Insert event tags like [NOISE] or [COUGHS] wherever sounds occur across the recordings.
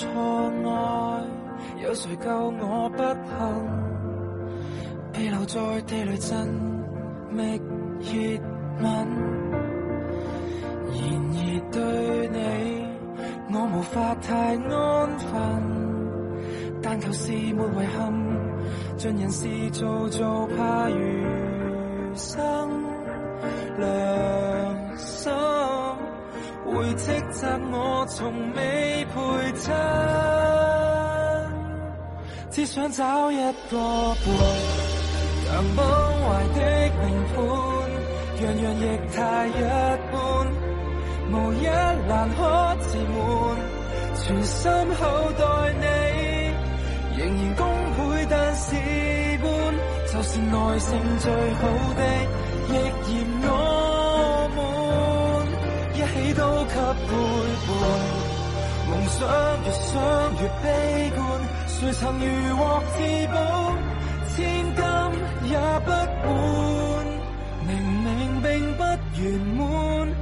錯愛，有誰救我不幸？被留在地雷陣，覓熱吻。然而對你，我無法太安分。但求事沒遺憾，盡人事做做怕生，怕餘生涼。每積攢我從未配襯，只想找一個伴。樣樣壞的評判，樣樣亦太一般，無一難可自滿。全心厚待你，仍然功倍但事半，就是耐性最好的。不背叛，夢想越想越悲觀，誰曾如獲至寶，千金也不換。明明並不圓滿，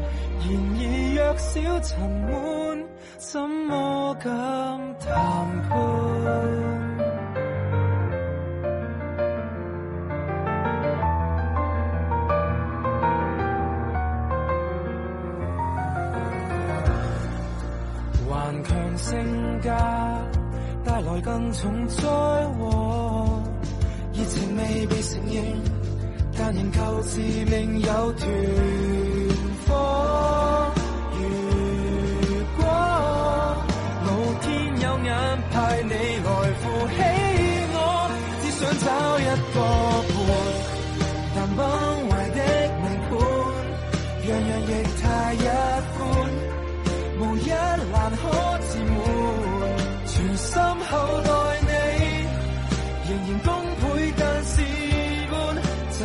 然而若小塵滿，怎麼敢談判？性格帶來更重災禍，熱情未被承認，但仍舊自命有團火。如果老天有眼派你來扶起我，只想找一個。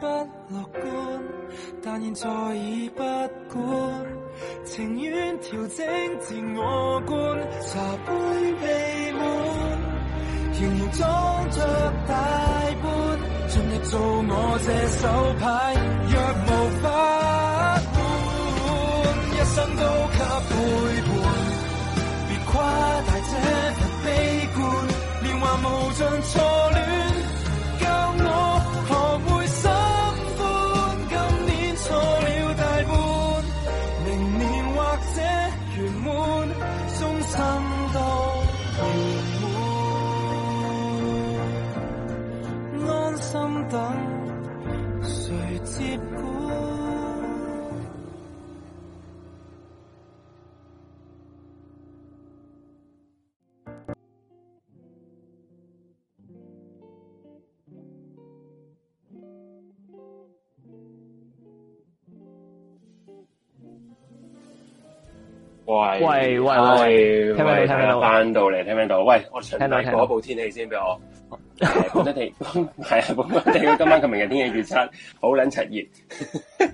不樂觀，但現在已不管，情願調整自我觀。茶杯未滿，仍然裝着大半。盡力做我這手牌，若無法換，一生都給陪伴。別誇大這悲觀，年華無盡錯戀。喂喂喂，喂，聽唔聽到？翻到嚟，聽唔聽到？喂，我循例播一部天氣先俾我、嗯。本地係啊、嗯，本地、嗯、本地，本地今晚同明日天氣預測好捻柒熱，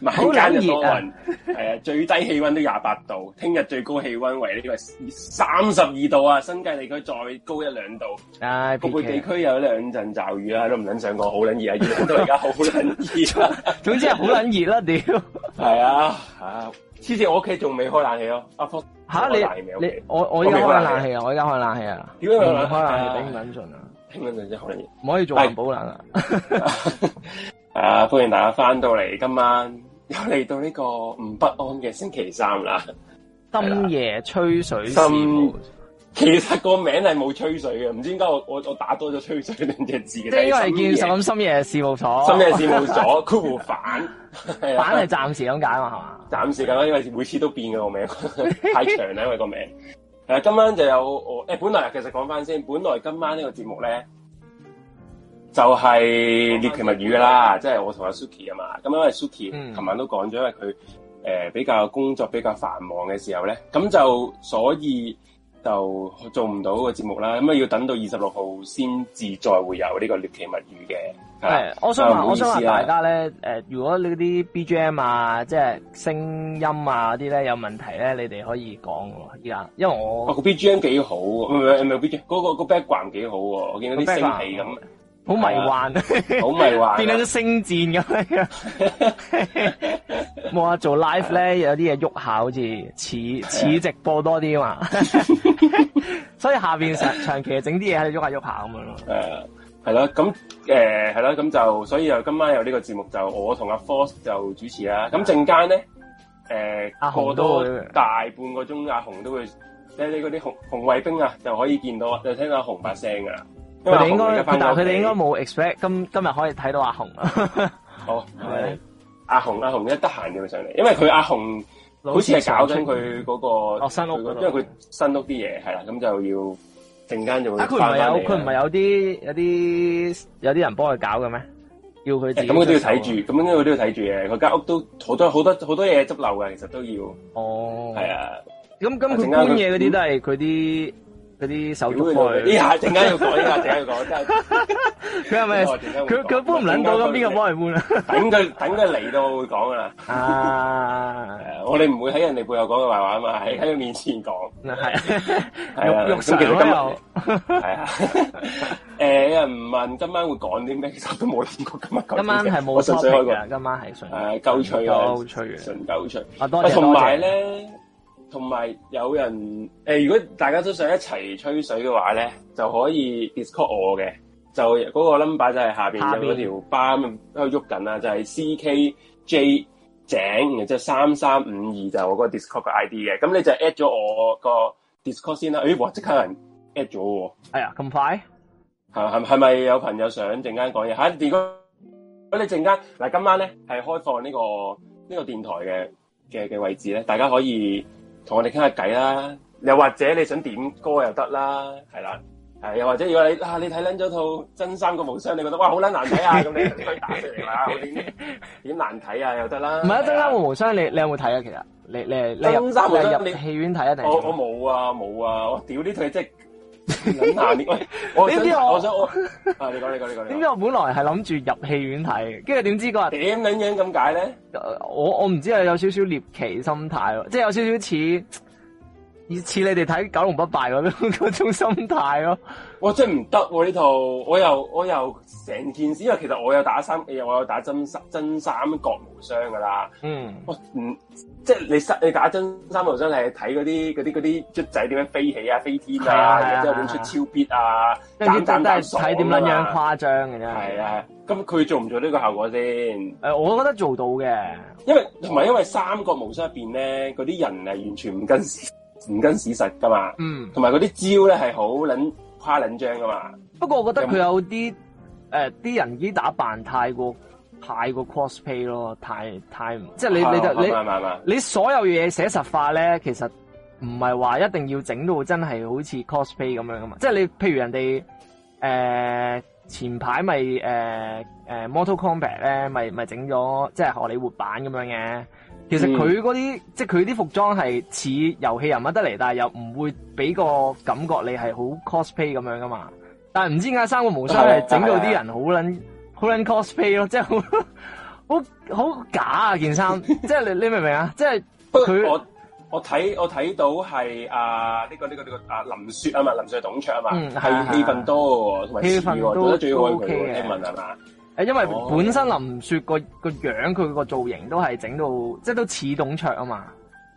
唔係好捻熱啊？係啊，最低氣溫都廿八度，聽日最高氣溫為呢個三十二度啊！新界地區再高一兩度。唉、哎，局部地區有兩陣驟雨啦，都唔捻想講好捻熱啊！而家好捻熱，總之係好捻熱啦！屌，係啊，吓、嗯。之前我屋企仲未開冷氣咯、阿福，吓、啊、你你我我依家開冷氣啊，我依家開冷氣啊，點解佢冷氣頂緊盡啊？頂緊盡先可能唔可以做環保冷啊？ [LAUGHS] [LAUGHS] 啊，歡迎大家翻到嚟，今晚又嚟到呢個唔不，不安嘅星期三啦，深夜吹水、嗯。其實個名係冇吹水嘅，唔知點解我我我打多咗吹水兩隻字嘅。即係應該係叫深夜事務所。 [LAUGHS] 深夜事務所，酷 [LAUGHS] 酷不反， [LAUGHS] 反係暫時咁解嘛，係嘛？暫時咁解，因為每次都變嘅個名， [LAUGHS] 太長啦，因為個名。誒， [LAUGHS] 今晚就有我誒、欸，本來其實講翻先，本來今晚個節呢個節目咧，就係獵奇物語啦、嗯，即係我同阿 Suki 啊嘛。咁因為 Suki 琴晚都講咗，因為佢誒、呃、比較工作比較繁忙嘅時候咧，咁就所以。就做唔到個節目啦，咁啊要等到二十六號先至再會有呢個獵奇物語嘅。我想話我想話大家咧，誒，如果你嗰啲 BGM 啊，即係聲音啊啲咧有問題咧，你哋可以講喎而家，因為我個 BGM 幾好，喎，唔係唔係 BGM，嗰個個 background 幾好喎，我見到啲聲氣咁。好 [NOISE] 迷幻，好迷幻，變咗星戰咁樣。我 [LAUGHS] 做 live 咧， [LAUGHS] 有啲嘢喐下，好似似似直播多啲嘛、啊 [LAUGHS] 所啊呃。所以下邊長長期整啲嘢喺度喐下喐下咁樣咯。誒，係咯，咁誒係咯，咁就所以又今晚有呢個節目，就我同阿 Force 就主持啦。咁陣間咧，誒、呃、過多大半個鐘，阿紅都會即你嗰啲紅紅衛兵啊，兵就可以見到，就聽到紅把聲呀。 [NOISE] 佢哋應該，但佢哋應該冇 expect 今今日可以睇到阿紅。好、哦， [LAUGHS] 阿紅阿紅一得閒就會上嚟，因為佢阿紅好似係搞清佢嗰個、嗰個哦、新屋，因為佢新屋啲嘢係啦，咁就要陣間就會翻返嚟。佢唔係有佢唔係有啲有啲有啲人幫佢搞嘅咩？要佢自己。咁佢都要睇住，咁佢都要睇住嘅。佢間屋都好多好多好多嘢執漏嘅，其實都要。哦，係啊。咁咁佢搬嘢嗰啲都係佢啲。嗰啲手足愛，呢下陣間要講？呢下陣間要講？真係。佢係咪佢佢搬唔撚到咁？邊個幫你搬啊？等佢等佢嚟到會講啊！啊！我哋唔會喺人哋背後講佢壞話啊嘛，喺喺佢面前講。係啊，玉玉神咯，係啊。誒，有人唔問今晚會講啲咩？其實都冇諗過今晚。今晚係冇錯別嘅，今晚係純。誒，夠趣嘅，夠趣嘅，純夠趣。啊，多謝。同埋咧。同埋有，有人誒、欸，如果大家都想一齊吹水嘅話咧，就可以 Discord 我嘅，就嗰、那個 number 就係下邊有條斑喺度喐緊啦，就係 C K J 井，然之後三三五二就，是、就我嗰個 Discord 嘅 I D 嘅，咁你就 at 咗我個 Discord 先啦。哎，哇即刻有人 at 咗喎。係、哎、啊，咁快？係係係咪有朋友想陣間講嘢？嚇、啊，如果我哋陣間嗱今晚咧係開放呢、這個呢、這個電台嘅嘅嘅位置咧，大家可以，同我哋傾下偈啦，又或者你想點歌又得啦，係啦、啊，係又或者如果你啊你睇捻咗套《真三國無雙》，你覺得哇好捻難睇啊，咁 [LAUGHS] 你可以打出嚟啊，點難睇啊又得啦、啊。唔係、啊啊《真三國無雙》，你你有冇睇啊？其實你你，你入真無雙你你入你戲院睇啊？我冇啊冇啊，我屌呢套嘢真。點下點知我？ [LAUGHS] 我想，我，想我，啊，你講你講你講。點 [LAUGHS] 知 [LAUGHS] 我本來係諗住入戲院睇，跟住點知嗰日點樣樣咁解咧？我我唔知啊，有少少獵奇心態咯，即係有少少似，似你哋睇《九龍不敗》嗰種種心態咯。 [LAUGHS] 我真係唔得喎呢套，我又我又成件事，因為其實我有打三，我又我有打真三真三角無雙噶啦。嗯我，我唔即係你三你打真三角無雙係睇嗰啲嗰啲嗰啲卒仔點樣飛起啊飛天啊，啊然之後會出超必啊，啊，簡單睇點樣誇張嘅啫。係啊，咁佢、啊、做唔做呢個效果先？誒、呃，我覺得做到嘅，因為同埋因為三角無雙入邊咧，嗰啲人係完全唔跟唔跟事實噶嘛。嗯，同埋嗰啲招咧係好捻。誇張㗎嘛？不過我覺得佢有啲誒啲人啲打扮太過太過 cosplay 咯，太太唔即係你、oh，你你、right, right, right。你所有嘢寫實化咧，其實唔係話一定要整到真係好似 cosplay 咁樣㗎嘛。即係你譬如人哋誒、呃、前排咪誒誒 Mortal Kombat 咧，咪咪整咗即係荷里活版咁樣嘅。其實佢嗰啲即係佢啲服裝係似遊戲人物得嚟，但係又唔會俾個感覺你係好 cosplay 咁樣噶嘛。但係唔知點解三個毛衫係整到啲人好撚好撚 cosplay 咯，即係好好好假啊件衫。即係你你明唔明啊？即係佢我我睇我睇到係啊呢個呢個呢個啊林雪啊嘛，林雪、林雪董卓啊嘛，係戲份多，同埋得最多佢、okay。你問下嘛。誒，因為本身林雪的、哦、個個樣佢個造型都係整到，即係都似董卓啊嘛。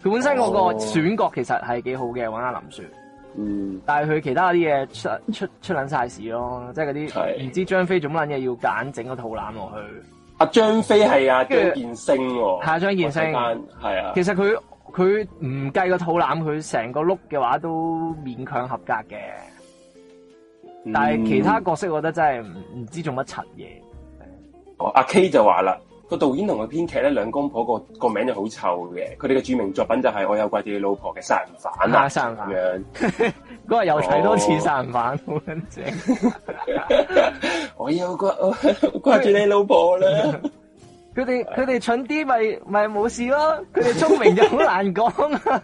佢本身嗰個選角其實係幾好嘅，揾阿林雪、哦。嗯。但係佢其他啲嘢出出出捻晒事咯，即係嗰啲唔知張飛做乜捻嘢要揀整個肚腩落去。阿張飛係阿張建星喎。係啊，張建、啊、星。係、哦、啊。其實佢佢唔計個肚腩，佢成個碌嘅話都勉強合格嘅、嗯。但係其他角色我覺得真係唔唔知做乜柒嘢。阿、啊、K 就話啦，個導演同個編劇咧兩公婆個個名就好臭嘅，佢哋嘅著名作品就係、是、我有掛住你老婆嘅殺人犯啊，殺、啊、人犯，嗰 [LAUGHS] 日又睇多次殺人犯，好正，我有掛掛住你老婆啦。 [LAUGHS] [LAUGHS] 佢哋佢哋蠢啲咪咪冇事咯，佢哋聰明就好難講 [LAUGHS]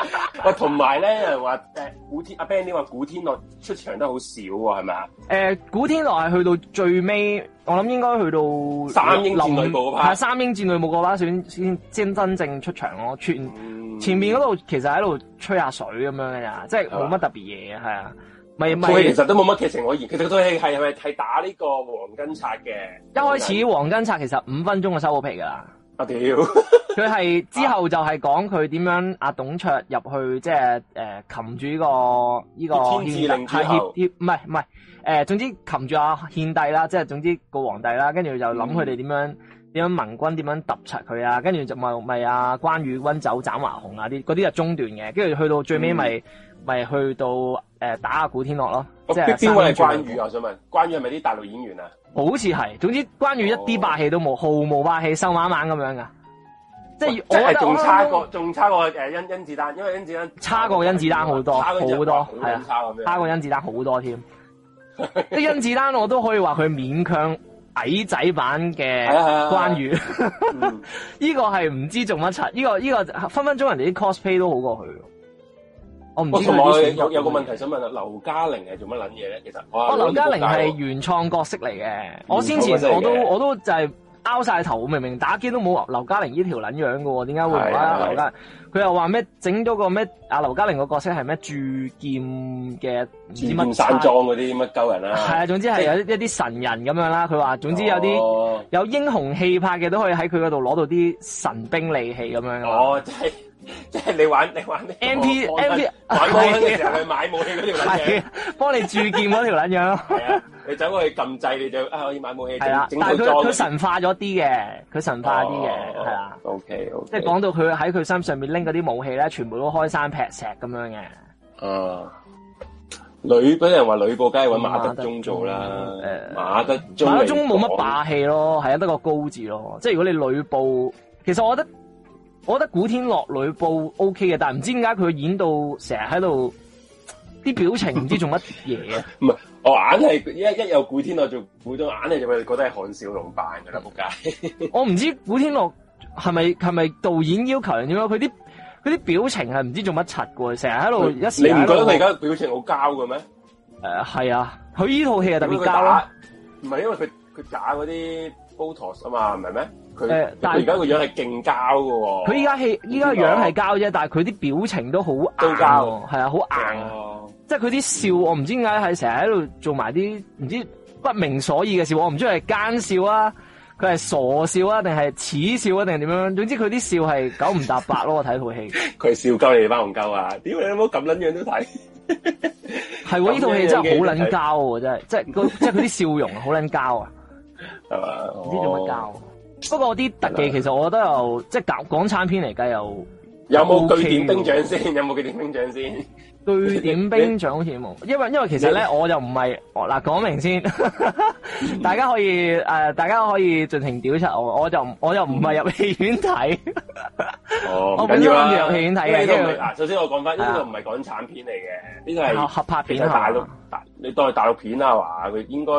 [LAUGHS] 啊，同埋咧，有人話誒古天阿 Ben 啲話古天樂出場得好少喎，係咪啊？誒，古天樂係去到最尾，我諗應該去到三英戰呂布嗰幕。三英戰呂布嗰幕先先先真正出場咯，全、嗯、前面嗰度其實喺度吹下水咁樣㗎啫，即係冇乜特別嘢係啊。唔係，其實都冇乜劇情可言。其實套戲係係係打呢個黃巾賊嘅。一開始黃巾賊其實五分鐘就收好皮噶啦。我、啊、屌，佢係之後就係講佢點樣阿董卓入去，即係誒擒住呢個呢、這個天子令之後，唔係唔係誒，總之擒住阿獻帝啦，即、就、係、是、總之個皇帝啦。跟住就諗佢哋點樣點、嗯、樣盟軍點樣揼柒佢啊。跟住就咪咪阿關羽溫酒斬華雄啊啲，嗰啲就中段嘅。跟住去到最尾咪、就是。嗯咪去到誒、呃、打下古天樂咯，啊、即係邊位係關羽啊？我想問，關羽係咪啲大陸演員啊？好似係，總之關羽一啲霸氣都冇，毫無霸氣，瘦蜢蜢咁樣噶，即係我係仲差過仲差過誒甄甄子丹，因為甄子丹，子丹差過甄子丹好多，丹多好多，係啊，差過甄子丹好多添，即甄、啊、子丹我都可以話佢勉強矮仔版嘅關羽，呢、啊啊、 [LAUGHS] [LAUGHS] [LAUGHS] 個係唔知做乜柒，呢、這個呢、這個、這個、分分鐘人哋啲 cosplay 都好過佢。我唔知，哦、有有個問題想問啊，劉嘉玲係做乜撚嘢咧？其實剛剛，哦，劉嘉玲係原創角色嚟嘅。我先前我都我都，我都就係拗曬頭，明明打機都冇劉嘉玲呢條撚樣嘅喎，點解會唔得啊？佢又話咩整咗個咩啊？劉嘉玲個角色係咩？鑄劍嘅，唔知乜山莊嗰啲乜鳩人啦。係啊，總之係有一啲神人咁樣啦。佢話總之有啲、哦、有英雄氣魄嘅都可以喺佢嗰度攞到啲神兵利器咁樣。哦，即、就、係、是。即係、 [NOISE] 就是、你玩你玩 M P M P 玩武器嘅時候，去買武器嗰條捻嘢，幫你鑄劍嗰條捻樣。係 [LAUGHS] 啊，你走過去撳掣，你就可以、啊、買武器。係啦，但係佢佢神化咗啲嘅，佢神化啲嘅係啦。哦、o、okay, K，、okay、即係講到佢喺佢身上面拎嗰啲武器咧，全部都開山劈石咁樣嘅、呃。女呂，有人話呂布梗係搵馬德中做啦。誒，馬德中、嗯嗯嗯、馬德中冇乜霸氣咯，係啊，得個高字咯。即係如果你呂布，其實我覺得。我覺得古天樂呂布 O K 嘅，但係唔知點解佢演到成日喺度啲表情唔知做乜嘢啊？唔 [LAUGHS] 係，眼係一一有古天樂做古，古咗眼咧就會覺得係漢小龍扮噶啦仆街。 [LAUGHS] 我唔知古天樂係咪係咪導演要求點樣，佢啲佢啲表情係唔知做乜柒嘅，成日喺度一時，你唔覺得佢而家表情好膠嘅咩？誒、呃，係啊，佢依套戲係特別膠咯。唔係因為佢佢假嗰啲 b o t o s 啊嘛，唔係咩？誒，但係而家個樣係勁膠噶，佢依家戲依家樣係膠啫，但係佢啲表情都好都膠，係啊，好、啊、硬、啊，哦、即係佢啲笑，我唔知點解係成日喺度做埋啲唔知不明所以嘅笑，我唔知佢係奸笑啊，佢係傻笑啊，定係恥笑啊，定點、啊、樣？總之佢啲笑係九唔搭八咯。我睇套戲，佢係笑鳩你哋班戇鳩啊！屌你有冇咁撚樣都睇，係喎！呢套戲真係好撚膠，真係即係即係佢啲笑容好撚膠啊，係唔知做乜膠？不過我啲特技其實我都有， [LAUGHS] 即係港港產片嚟計又、OK、有冇據點兵獎先？有冇據點兵獎先？據 [LAUGHS] 點兵獎好似冇，因 [LAUGHS] 為因為其實咧我就唔係嗱講明先 [LAUGHS] 大、呃，大家可以誒大家可以盡情屌柒我，我就我就唔係入戲院睇、 [LAUGHS] 哦。哦，我緊要入戲院睇。首先我講翻呢個唔係港產片嚟嘅，呢個係合拍片，大陸大你當係大陸片啦，話佢應該。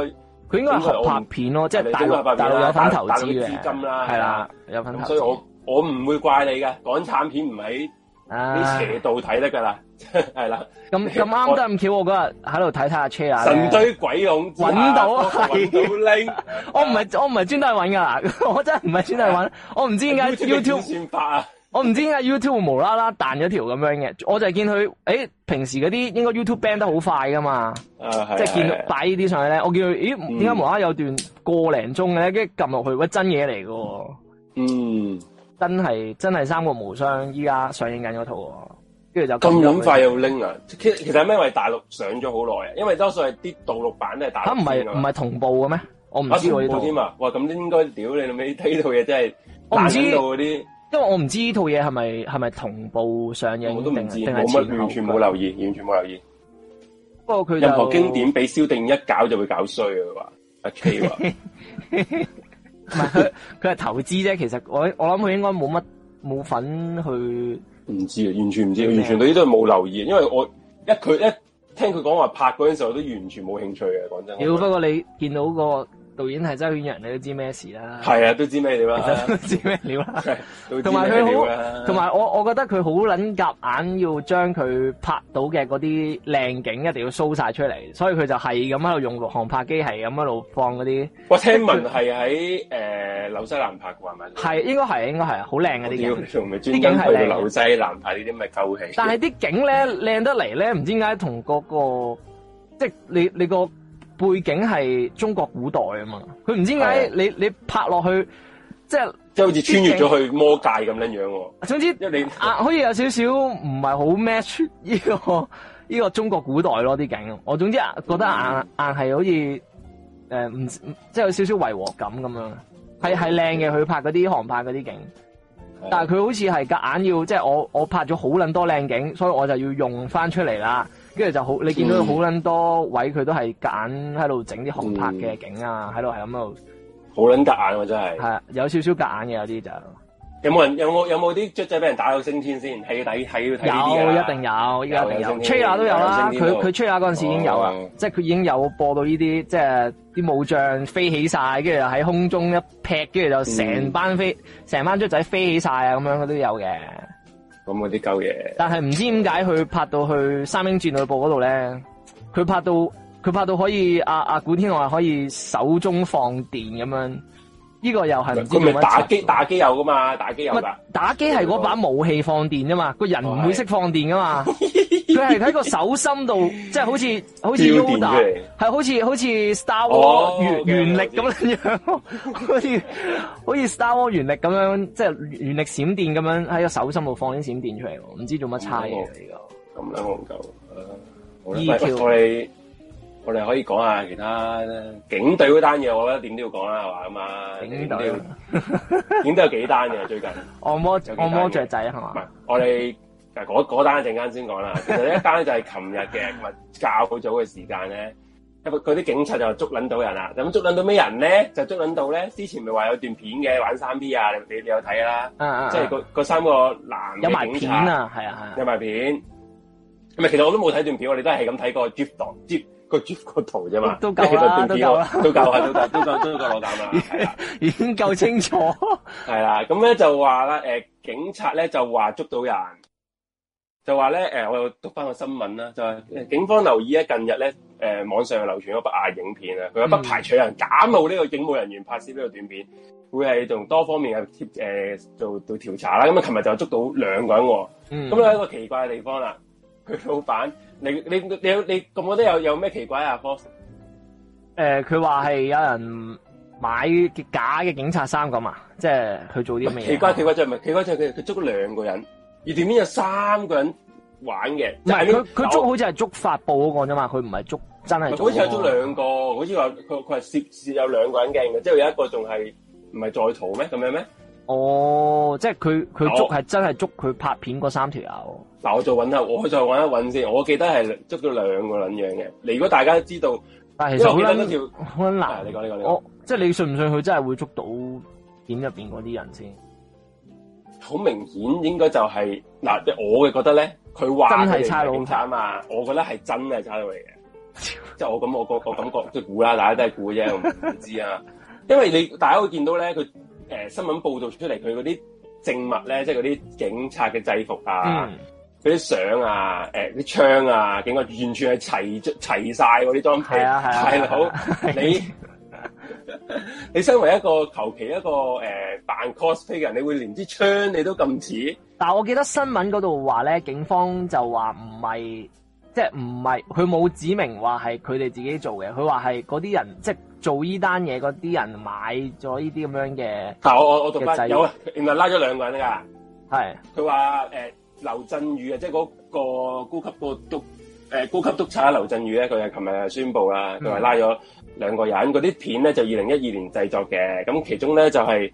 佢應該係合拍片咯，即係大陸有份投資嘅，係啦，有份投資。所以我我唔會怪你嘅，港產片唔喺斜度睇得噶啦，係啦。咁咁啱得咁巧，我嗰日喺度睇睇下《車啊神堆鬼勇》，搵到，搵到拎。我唔係我唔係專登去揾噶，我真係唔係專登搵。我唔 [LAUGHS] [LAUGHS] [LAUGHS] [LAUGHS] [LAUGHS] [LAUGHS] [LAUGHS] [LAUGHS] [LAUGHS] 知點解 you YouTube 先啊！我唔知點解 YouTube 無啦啦彈咗條咁樣嘅，我就係見佢，誒、欸、平時嗰啲應該 YouTube band 得好快噶嘛，啊、即係見擺呢啲上去咧，我見佢，咦點解無啦啦有一段一個零鐘嘅咧，跟住撳落去，喂、欸、真嘢嚟嘅，嗯，真係真係三國無雙依家上映緊嗰套嘅，跟住就咁咁快又拎啊，其實其實咩因為大陸上咗好耐啊，因為多數係啲盜錄版咧，大陸唔係唔係同步嘅咩？我唔知我呢套添啊，啊啊嗯、哇咁應該屌你，你睇到嘢真係，我知道。因為我唔知呢套嘢係咪係咪同步上映，我都唔知冇乜完全冇留意，完全冇留意。不過佢任何經典俾蕭定一搞就會搞衰啊嘛，阿 K 話，佢佢係投資啫。其實我我諗佢應該冇乜冇份去。唔知啊，完全唔知，完全對呢啲都係冇留意。因為我一佢一聽佢講話拍嗰陣時候，我都完全冇興趣嘅。講真，屌不，不過你見到個。導演係周顯揚，你都知咩事啦？係啊，都知咩料啦？都知咩料啦？同埋佢好，同埋我，我覺得佢好捻夾硬，要將佢拍到嘅嗰啲靚景一定要 show 晒出嚟，所以佢就係咁喺度用航拍機，係咁喺度放嗰啲。我聽聞係喺誒紐西蘭拍過，係咪？係，應該係，應該係，好靚嘅啲。啲景係紐西蘭拍呢啲咪舊戲？但係啲景咧靚得嚟咧，唔知點解同嗰個即係你你個。背景係中國古代啊嘛，佢唔知點解你你，你拍落去，即係即係好似穿越咗去魔界咁樣樣。總之，啊，好似有少少唔係好 match 呢、這個呢、這個中國古代咯啲景。我總之覺得硬、嗯、硬係好似誒唔即係有少少違和感咁樣。係係靚嘅，佢拍嗰啲航拍嗰啲景，但係佢好似係夾硬要即係、就是、我我拍咗好捻多靚景，所以我就要用翻出嚟啦。跟住就好，你見到好撚多位佢都係揀喺度整啲紅拍嘅景、嗯、啊，喺度係咁喺度。好撚夾眼喎，真係。係啊，有少少夾眼嘅有啲就是。有冇人有冇有冇啲雀仔俾人打到升天先？睇睇睇睇有，一定有，依家有。有有吹下都有啦，佢佢吹下嗰陣時已經有啦，即係佢已經有播到呢啲，即係啲武將飛起曬，跟住喺空中一劈，跟住就成班飛，成班雀仔飛起曬啊咁樣，佢都有嘅。咁啲舊嘢，但係唔知點解佢拍到去《三英戰呂布》嗰度咧，佢拍到佢拍到可以阿、啊啊、古天樂可以手中放電咁樣，呢、呢個又係唔知用乜打機，打機有噶嘛，打機有啦。打機係嗰把武器放電㗎嘛，個、哦、人唔會識放電噶嘛。哦 [LAUGHS] 係喺個手心度，即、就、係、是、好似好似 Yoda，係好似好似 Star Wars 原力咁、oh, okay, 樣， [LAUGHS] 好似好似 Star Wars 原力咁樣，即係原力閃電咁樣喺個手心度放啲閃電出嚟，唔知做乜差嘢嚟噶。咁樣我唔夠。我哋、嗯、我哋可以講下其他警隊嗰單嘢，我覺得點都要講啦，係嘛咁啊？警隊警都有幾單嘅最近。按摩按摩雀仔係嘛？係 [LAUGHS] 我哋。嗰單陣間先講啦，其實呢一單就係琴日嘅，咁 [LAUGHS] 啊較早嘅時間咧，因為啲警察就捉撚到人啦。咁捉撚到咩人呢？就捉撚到呢，之前咪話有段片嘅玩三 P 啊，你，你，你有睇啦，uh, uh, 即係嗰三個男警有埋片啊，係啊，有埋片。其實我都冇睇段片，我哋都係咁睇過《jump g j u p 個 j u p 個圖啫嘛，都夠啦，都夠啦，都夠下都夠，都夠攞膽啦， [LAUGHS] [LAUGHS] 已經夠清楚。係 [LAUGHS] 啦，咁咧就話啦，呃，警察呢就話捉到人。就話咧，誒，我又讀翻個新聞啦，就係警方留意咧，近日咧，誒，網上流傳咗不雅影片啊，佢話不排除有人、嗯、假冒呢個警務人員拍攝呢個短片，會係從多方面嘅貼誒做到調查啦。咁啊，琴日就捉到兩個人，咁、嗯、有一個奇怪嘅地方啦。佢老闆，你你你你，覺唔覺得有有咩奇怪啊 Boss 誒，佢話係有人買假嘅警察衫咁啊，即係去做啲咩？奇怪，奇怪就係奇怪就係佢佢捉咗兩個人。而點邊有三個人玩嘅，唔係佢佢捉好似係捉發布嗰個咋嘛，佢唔係捉真係捉、嗯。好似係捉兩個，嗯、好似話佢佢係涉事有兩個人驚嘅、嗯，即係有一個仲係唔係在逃咩？咁樣咩？哦，即係佢佢捉係真係捉佢拍片嗰三條友。嗱，我再搵下，我再搵一搵先。我記得係捉咗兩個撚樣嘅。如果大家都知道，但其實我好得嗰條嗰男，你講呢個你講，即係你信唔信佢真係會捉到片入邊嗰啲人先？好明顯應該就係、是、嗱，即我嘅覺得咧，佢話係警察啊嘛，我覺得係真係差佬嚟嘅，即係我咁 [LAUGHS] 我個個感覺即係估啦，大家都係估啫，我唔知啊。 [LAUGHS] 因為你大家會見到咧，佢誒、呃、新聞報道出嚟佢嗰啲證物咧，即係嗰啲警察嘅制服啊，嗰啲相啊，誒啲槍啊，點解完全係齊出齊晒啲裝備？大 [LAUGHS] 佬、啊啊啊、 [LAUGHS] 你。 [LAUGHS] 你身為一個求其一個誒扮、呃、cosplay 嘅人，你會連支槍你都咁似？但係我記得新聞嗰度話咧，警方就話唔係，即係唔係佢冇指明話係佢哋自己做嘅，佢話係嗰啲人，即係做呢單嘢嗰啲人買咗呢啲咁樣嘅。但我我我同你話有啊，原來拉咗兩個人噶，係佢話誒劉振宇啊，即係嗰個高級督誒高級督察劉振宇咧，佢係琴日係宣布啦，佢話拉咗。嗯兩個人，嗰啲片咧就二零一二年製作嘅，咁其中咧就係、是、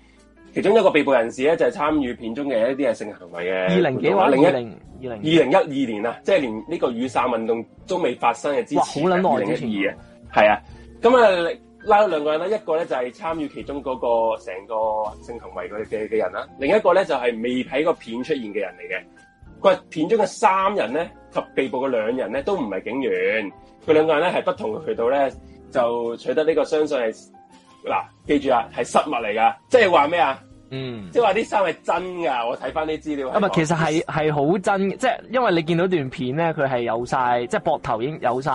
其中一個被捕人士咧就係參與片中嘅一啲嘅性行為嘅。二零幾話？二零二零,二零,二,零二零一二年啊，即、就、係、是、連呢個雨傘運動都未發生嘅之前，很前 2012, 二零一二啊，係啊，咁啊拉咗兩個人啦，一個咧就係參與其中嗰個成個性行為嗰啲嘅嘅人啦，另一個咧就係未睇個片出現嘅人嚟嘅。佢話片中嘅三人咧及被捕嘅兩人咧都唔係警員，佢兩個人咧係不同嘅渠道咧。就取得呢個相信係嗱，記住啊，係失物嚟㗎，即係話咩啊？嗯，即係話啲衫係真㗎，我睇翻啲資料。咁啊，其實係係好真，即 [LAUGHS] 係因為你見到段片咧，佢係有晒，即係膊頭已經有晒，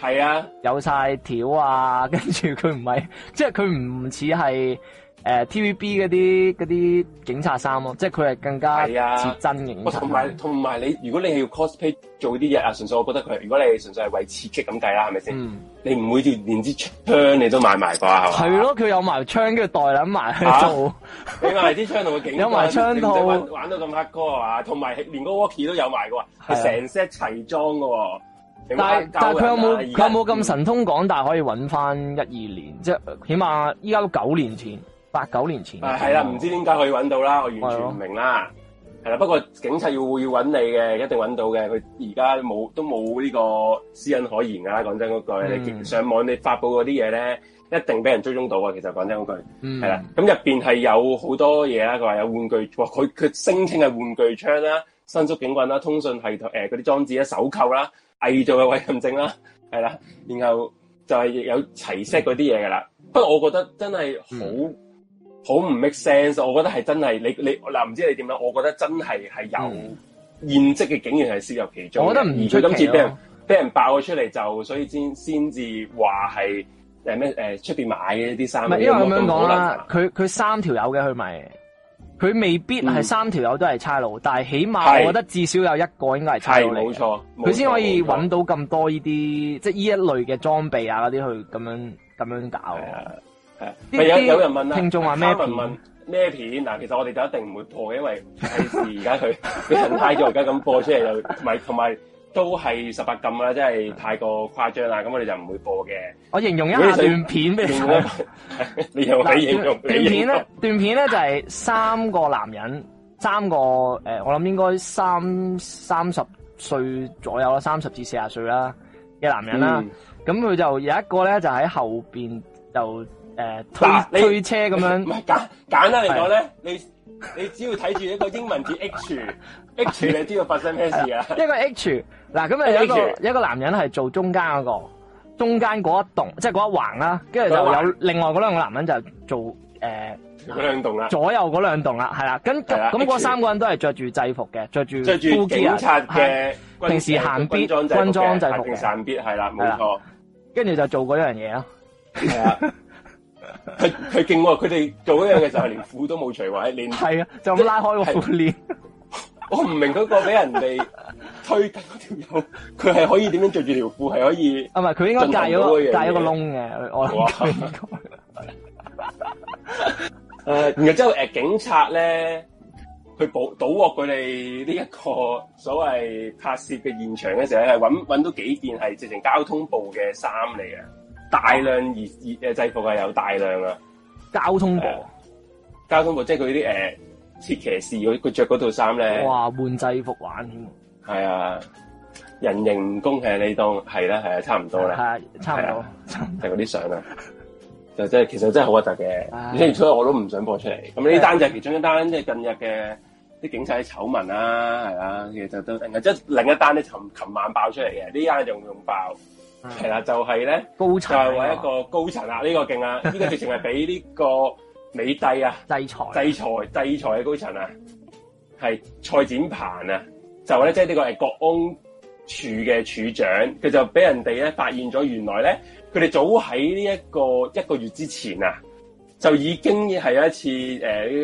係啊，有晒條啊，跟住佢唔係，即係佢唔似係。誒、uh, TVB 嗰啲啲警察衫咯，即係佢係更加貼真嘅。同埋同埋你，如果你要 cosplay 做啲嘢啊，純粹我覺得，佢。如果你純粹係為刺激咁計啦，係咪先？你唔會連支槍你都買埋啩，係嘛？係咯，佢有埋槍，跟住袋攬埋做。你買支槍同個警察， [LAUGHS] 有埋槍套，玩到咁黑哥啊！同埋連個 walkie 都有埋嘅喎，係成 set 齊裝嘅喎。但係佢有冇佢有冇咁、啊、神通廣大，可以揾翻一二年，即係起碼依家都九年前。八九年前啊，係啦，唔、嗯、知點解可以揾到啦，我完全唔明啦。係啦、哦，不過警察要會要揾你嘅，一定揾到嘅。佢而家冇都冇呢個私隱可言噶啦。講真嗰句，嗯、你上網你發布嗰啲嘢咧，一定俾人追蹤到啊。其實講真嗰句，係、嗯、啦。咁入邊係有好多嘢啦。佢話有玩具，佢佢聲稱係玩具槍啦、伸縮警棍啦、通訊系統誒嗰啲裝置啊，手扣啦、偽造嘅委任證啦，係啦，然後就係有齊式嗰啲嘢噶啦。不、嗯、過我覺得真係好。嗯好唔 make sense，我覺得係真係你你嗱唔知你點樣？我覺得真係係有現職嘅警員係涉入其中，我覺得唔出奇。今次俾人俾人爆咗出嚟就，所以先先至話係誒咩誒出面買嘅啲衫。唔係，因為我咁樣講啦，佢佢三條友嘅佢咪，佢未必係三條友都係差佬，但係起碼我覺得至少有一個應該係差佬冇錯，佢先可以揾到咁多呢啲即係呢一類嘅裝備啊嗰啲去咁樣咁樣搞。咪有有人問啦，聽眾話咩片？咩片？嗱，其實我哋就一定唔會播嘅，因為係而家佢佢陳太咗，而家咁播出嚟又係，同埋都係十八禁啦，真係太過誇張啦，咁 [LAUGHS] 我哋就唔會播嘅。我形容一下段片俾你。你又形容嘢？段片咧，片 [LAUGHS] [LAUGHS] [LAUGHS] 段片咧呢 [LAUGHS] 就係三個男人， [LAUGHS] 三個誒，我諗應該三三十歲左右啦，三十至四十歲啦嘅男人啦。咁、嗯、佢就有一個咧，就喺後邊就。誒、呃，推推車咁樣，唔簡簡單嚟講咧，你你,你只要睇住一個英文字 H，H [LAUGHS] 你知道發生咩事啊？一個 H，嗱咁啊，有一個 H, 一個男人係做中間嗰、嗰個中間嗰一棟，即係嗰一橫啦，跟住就有另外嗰兩個男人就做誒，兩棟啦，兩左右嗰兩棟啦，係啦，咁咁嗰三個人都係着住制服嘅，着住護警,警察嘅，平時行必軍裝制服嘅，行必係啦，冇錯，跟住就做嗰樣嘢咯，係啊。 [LAUGHS] 佢佢勁喎！佢哋做嗰樣嘅時候連褲都冇除，話連係啊，就咁拉開個褲鏈。我唔明嗰個俾人哋推緊嗰條友，佢係可以點樣着住條褲？係可以啊？唔係佢應該戒咗戒咗個窿嘅。我唔應該。誒，然之後誒，警察咧，去捕搗獲佢哋呢一個所謂拍攝嘅現場嘅時候，係搵搵到幾件係直情交通部嘅衫嚟嘅。大量而而嘅制服啊，有大量啊，交通部，呃、交通部即係佢啲誒切騎士，佢着嗰套衫咧，哇，換制服玩添，係啊，人形唔公嘅你當係啦，係啊，啊，差唔多啦，係啊，差唔多是、啊是嗰啲 [LAUGHS] 就，就嗰啲相啊，就真係其實真係好核突嘅，而且、啊、所以我都唔想播出嚟。咁呢、啊、單就係其中一單，即、就、係、是、近日嘅啲警察嘅醜聞啊，係啊，其實都，另即係另一單咧，琴琴晚爆出嚟嘅呢單就用爆。係、嗯、啦，就係、是、咧、啊，就係、是、話一個高層啊，呢、這個勁啊，呢、這個直情係俾呢個美帝啊， [LAUGHS] 制裁、制裁、制裁嘅高層啊，係蔡展鵬啊，就咧即係呢、就是、個係國安處嘅處長，佢就俾人哋咧發現咗，原來咧佢哋早喺呢一個一個月之前啊，就已經係有一次誒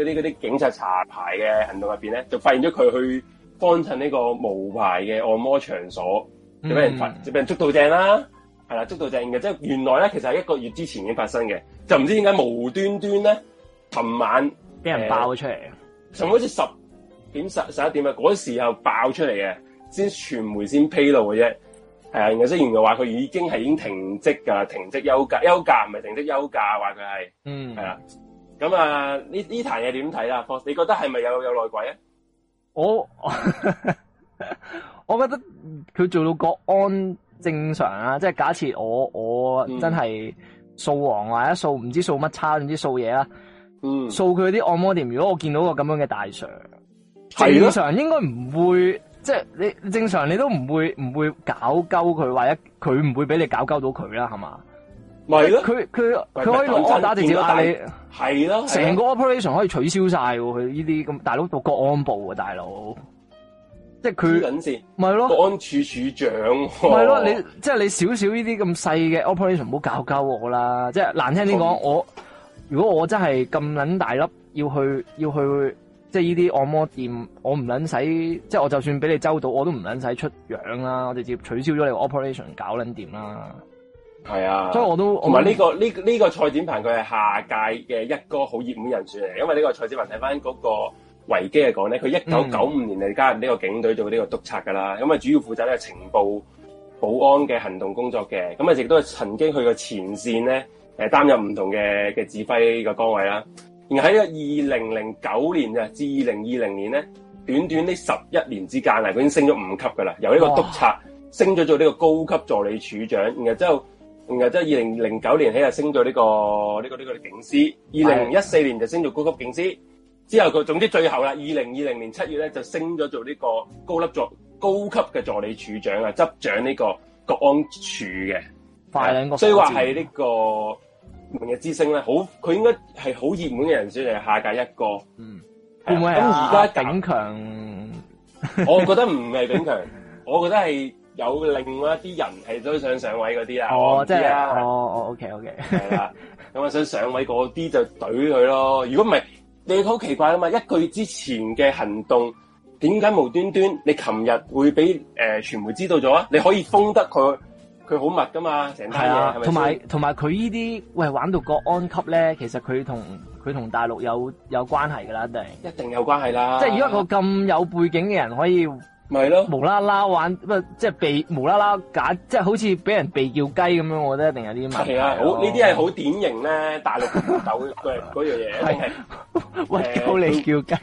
呢啲啲警察查牌嘅行動入邊咧，就發現咗佢去幫襯呢個無牌嘅按摩場所。人就俾人捉到正啦、啊，係、嗯、啦，捉到正嘅，即係原來咧，其實係一個月之前已經發生嘅，就唔知點解無端端咧，琴晚俾人爆出嚟啊！琴晚好似十點十十一點啊？嗰時候爆出嚟嘅，先傳媒先披露嘅啫。係啊，有職員就話，佢已經係已經停職噶，停職休假，休假唔係停職休假，話佢係，嗯，係啦。咁啊，呢呢壇嘢點睇啦？你覺得係咪有有內鬼啊？我 [LAUGHS] 我覺得。佢做到國安正常啊，即係假設我我真係掃黃或者掃唔知掃乜叉總之掃嘢啦，掃佢啲按摩店。如果我見到個咁樣嘅大 Sir，正常應該唔會，即係你正常你都唔會唔會搞鳩佢，或者佢唔會俾你搞鳩到佢啦，係嘛？咪咯，佢佢佢可以老集打直接係、啊、你係咯，成個 operation 可以取消晒佢呢啲咁，大佬做國安部啊，大佬。即係佢，唔係咯？保安處處長，係咯、啊就是？你即係、就是、你少少呢啲咁細嘅 operation，唔好搞鳩我啦！即、就、係、是、難聽啲講、嗯，我如果我真係咁撚大粒，要去要去，即係呢啲按摩店，我唔撚使，即、就、係、是、我就算俾你周到，我都唔撚使出樣啦！我直接取消咗你個 operation，搞撚掂啦！係啊，所以我都同埋呢個呢呢、嗯這個蔡、這個這個、展鵬佢係下屆嘅一個好熱門人選嚟，因為呢個蔡展鵬睇翻嗰個。維基嚟講咧，佢一九九五年就加入呢個警隊做呢個督察噶啦，咁啊主要負責咧情報、保安嘅行動工作嘅，咁啊亦都係曾經去過前線咧，誒擔任唔同嘅嘅指揮個崗位啦。然後喺呢個二零零九年啊，至二零二零年咧，短短呢十一年之間啊，佢已經升咗五級噶啦，由呢個督察升咗做呢個高級助理處長，然後之後，然後即係二零零九年起啊、這個，升咗呢個呢個呢個警司，二零一四年就升咗高級警司。之後佢，總之最後啦，二零二零年七月咧就升咗做呢個高級助高級嘅助理處長啊，執掌呢個國安處嘅快兩個所，啊，所以話係呢個明日之星咧，好，佢應該係好熱門嘅人選嚟，下屆一個，嗯會唔會啊？咁而家炳強，我覺得唔係炳強，我覺得係有另外一啲人係都想上位嗰啲啊，哦，即係、啊、哦哦，OK OK，係 [LAUGHS] 啦、啊，咁啊想上位啲就懟佢咯，如果唔係。你好奇怪啊嘛？一個月之前嘅行動，點解無端端你琴日會俾誒、呃、傳媒知道咗啊？你可以封得佢，佢好密㗎嘛？成批嘢係啊，同埋同埋佢呢啲喂玩到國安級咧，其實佢同佢同大陸有有關係㗎啦，一定一定有關係啦。即係如果一個咁有背景嘅人可以。咪係咯，無啦啦玩乜，即係被無啦啦揀，即係好似俾人被叫雞咁樣，我覺得一定有啲問題。好呢啲係好典型咧，大陸狗嘅嗰樣嘢，係叫你叫雞，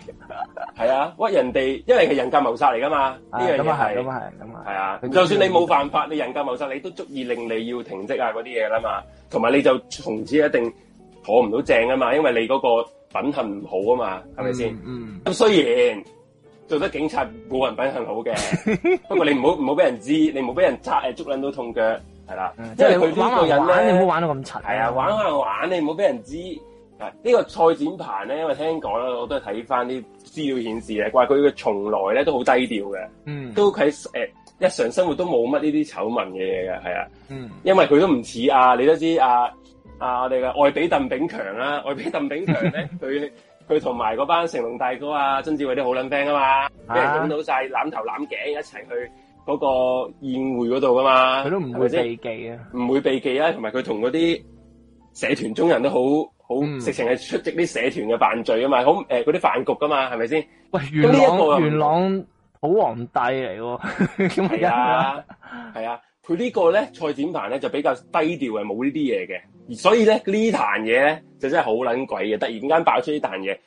係啊，屈人哋，因為係人格謀殺嚟噶嘛。呢樣嘢係咁啊係，咁啊係，咁啊係。係啊，就算你冇犯法，你人格謀殺你都足以令你要停職啊嗰啲嘢啦嘛。同埋你就從此一定坐唔到正啊嘛，因為你嗰個品行唔好啊嘛，係咪先？嗯。咁雖然。做得警察冇人品係好嘅。 [LAUGHS] 不過你唔好唔好俾人知，你唔好俾人抓捉撚到痛腳，係啦。即係佢呢個人咧，你唔好玩到咁柒。係啊，玩玩玩，玩玩你唔好俾人知。啊，玩玩這個、賽呢個蔡展鵬咧，因為聽講啦我都睇翻啲資料顯示怪佢嘅從來咧都好低調嘅，嗯，都喺誒日常生活都冇乜呢啲醜聞嘅嘢嘅，係啊，嗯，因為佢都唔似啊你都知啊，啊我哋嘅愛比鄧炳強啦、啊，愛比鄧炳強咧，佢。 [LAUGHS] 佢同埋嗰班成龍大哥啊、曾志偉啲好撚 friend 啊嘛，俾人影到晒，攬頭攬頸一齊去嗰個宴會嗰度噶嘛，佢都唔會避忌啊，唔會避忌啊，同埋佢同嗰啲社團中人都好好，直情係出席啲社團嘅飯聚啊嘛，好誒嗰啲飯局噶嘛，係咪先？喂，元朗元朗土皇帝嚟喎，咁 [LAUGHS] 係啊，係啊，佢、啊、呢個咧蔡展鵬咧就比較低調嘅，冇呢啲嘢嘅。所以咧呢壇嘢咧就真係好撚鬼嘅，突然間爆出呢壇嘢，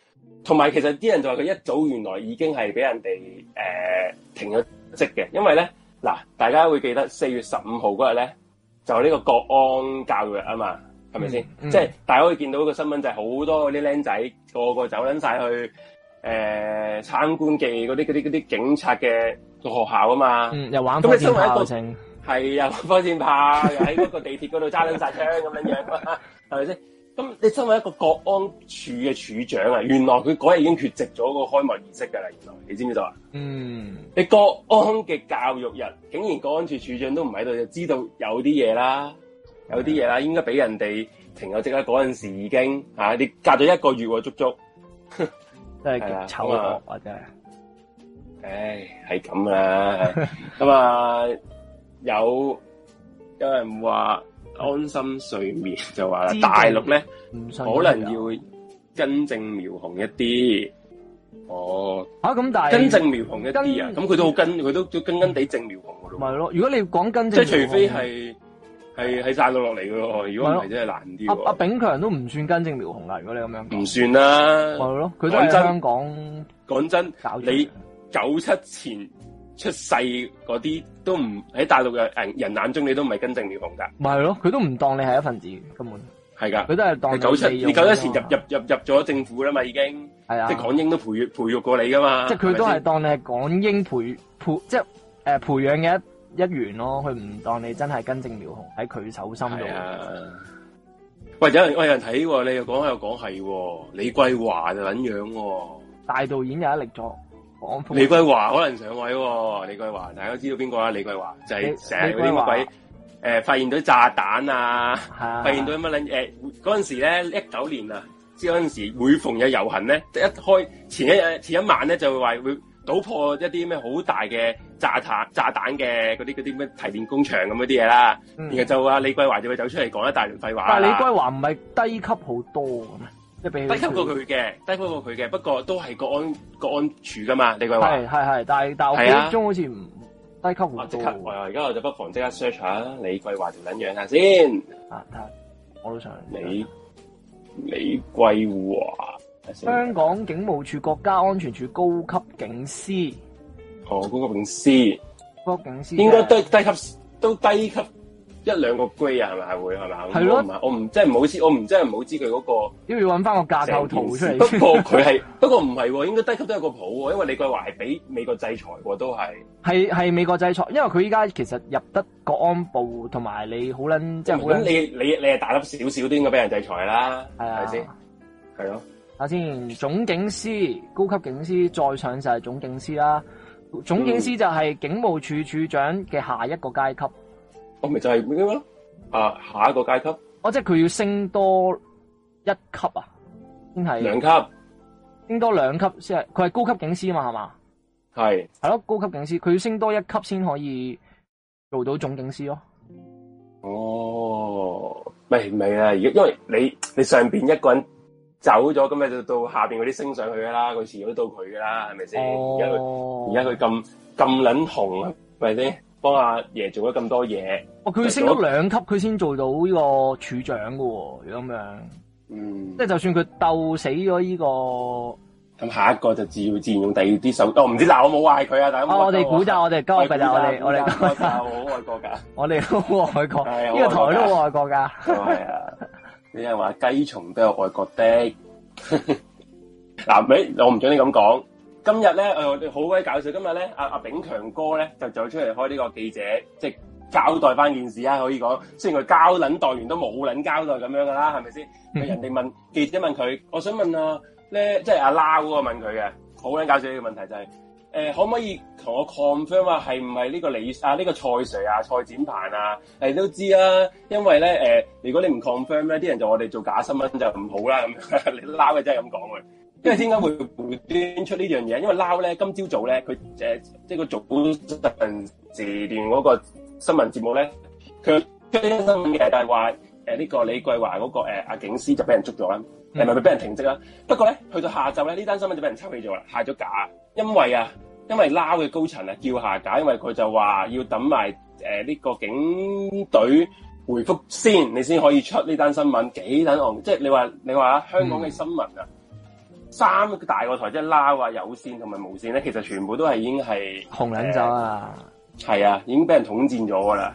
同埋其實啲人就話佢一早原來已經係俾人哋誒、呃、停咗職嘅，因為咧嗱大家會記得四月十五號嗰日咧就呢個國安教育啊嘛，係咪先？即係、嗯就是、大家可以見到個新聞就係好多嗰啲僆仔個個走撚晒去誒、呃、參觀嘅嗰啲嗰啲嗰啲警察嘅學校啊嘛，嗯，又玩。咁你身為一個係啊，火箭炮又喺嗰個地鐵嗰度揸拎晒槍咁樣樣係咪先？咁 [LAUGHS] 你身為一個國安處嘅處長啊，原來佢嗰日已經缺席咗個開幕儀式噶啦，原來你知唔知道啊？嗯，你國安嘅教育日竟然國安處處長都唔喺度，就知道有啲嘢啦，有啲嘢啦，應該俾人哋停咗職啦。嗰陣時已經吓、啊，你隔咗一個月喎，足足 [LAUGHS] 真係醜惡啊！真係， [LAUGHS] 唉，係咁啦，咁 [LAUGHS] 啊。有有人話安心睡眠就話啦，大陸咧可能要根正苗紅一啲。哦，吓、啊、咁但係根正苗紅一啲啊，咁佢都好根，佢都跟都根根地正苗紅噶咯。咪係咯，如果你講根正，即係除非係係係大陸落嚟噶咯，如果唔係真係難啲。阿炳強都唔算根正苗紅啦，如果你咁樣。唔算啦。係咯，佢都真香港。講真，你九七前。出世嗰啲都唔喺大陸嘅人人眼中，你都唔係根正苗紅噶。唔係咯，佢都唔當你係一份子，根本係噶。佢都係當你九七，你九七前入入入入咗政府啦嘛，已經係啊。即港英都培育培育過你噶嘛。即佢都係當你係港英培培，培，即誒培養嘅一一員咯。佢唔當你真係根正苗紅喺佢手心度。喂，有人喂有人睇喎，你又講又講係，李桂華就咁樣，大導演有一力作。李桂華可能上位喎，哦，李桂華大家知道邊個啦？李桂華就係成日嗰啲乜鬼誒、呃，發現到啲炸彈啊，啊，發現到啲乜撚誒，嗰、呃、陣時咧一九年啊，即嗰陣時每逢有遊行咧，一開前一前一晚咧就會話會搗破一啲咩好大嘅炸彈炸彈嘅嗰啲嗰啲乜提煉工廠咁嗰啲嘢啦，然後就阿李桂華就會走出嚟講一大段廢話。但係李桂華唔係低級好多低級過佢嘅，低級過佢嘅，不過都係國安國安處噶嘛？李桂華係係，但係但係我幾鐘好似唔低級唔到啊啊。我而家我就不妨即刻 search 下李桂華條捻樣下先。睇、啊，我都想李等等李桂華，香港警務處國家安全處高級警司。哦，高，高級警司，高警司應該低低級都低級。到低級一兩個 grade 啊，係咪？係會係咪？係咯。我唔、即係，我唔，即係唔好知，我唔，即係唔好知佢嗰個，都要揾翻個架構圖出嚟。不過佢係，不過唔係，應該低級都有個譜，因為李桂華係俾美國制裁，都係。係係美國制裁，因為佢依家,其實入得國安部，同埋你好捻，即係好捻，你你你係大粒少少啲，應該俾人制裁啦。係啊，先係咯。啊，先總警司、高級警司再上就係總警司啦。總警司就係警務處處長嘅下一個階級。嗯我、哦、咪就係咁樣咯，啊，下一個階級。哦，即係佢要升多一級啊，先係兩級，升多兩級先係，佢係高級警司啊嘛，係嘛？係。係咯，高級警司，佢要升多一級先可以做到總警司咯。哦，咪唔係啊，而因為你你上邊一個人走咗，咁咪就到下邊嗰啲升上去噶啦，個時候都到佢噶啦，係咪先？而家佢而家佢咁咁撚紅，係咪先？幫阿爺做咗咁多嘢，佢、哦、升咗兩級，佢、就、先、是、做，做到呢個處長嘅。如果咁樣，嗯，即係就算佢鬥死咗呢、這個，咁下一個就自然自然用第二啲手。哦、我唔知嗱，但我冇嗌佢啊。我哋估就我哋，交哋估就我哋，我哋。我好愛國噶， [LAUGHS] 我哋好愛國，呢、這個台都好愛國噶。係 [LAUGHS] 啊，你係話雞蟲都有愛國的。嗱、 [LAUGHS] 啊，咪我唔准你咁講。今日咧我哋好鬼搞笑，今日咧阿阿炳強哥咧就走出嚟開呢個記者，即係交代翻件事啊，可以講，雖然佢交撚代完都冇撚交代咁樣噶啦，係咪先？人哋問記者問佢，我想問啊咧，即係阿撈個問佢嘅，好撚搞笑呢個問題就係、是、誒、呃，可唔可以同我 confirm 話係唔係呢個李啊呢、這個蔡 Sir 啊蔡展鵬啊？誒、啊、都知啦、啊，因為咧誒、呃，如果你唔 confirm 咧，啲人就我哋做假新聞就唔好啦咁，你撈嘅真係咁講嘅。因為點解會會端出呢樣嘢？因為撈咧今朝早咧佢誒，即係個早晨時段嗰個新聞節目咧，佢出呢單新聞嘅就係話誒呢個李桂華嗰、嗰個誒阿、呃、警司就俾人捉咗啦，係咪咪俾人停職啦？不過咧去到下晝咧呢單新聞就俾人抽起咗啦，下咗架。因為啊，因為撈嘅高層啊叫下架，因為佢就話要等埋誒呢個警隊回覆先，你先可以出呢單新聞。幾等案！即係你話你話、啊、香港嘅新聞啊！嗯三大個台即係撈啊，有線同埋無線咧，其實全部都係已經係紅撚走啊！係啊，已經俾人統戰咗噶啦！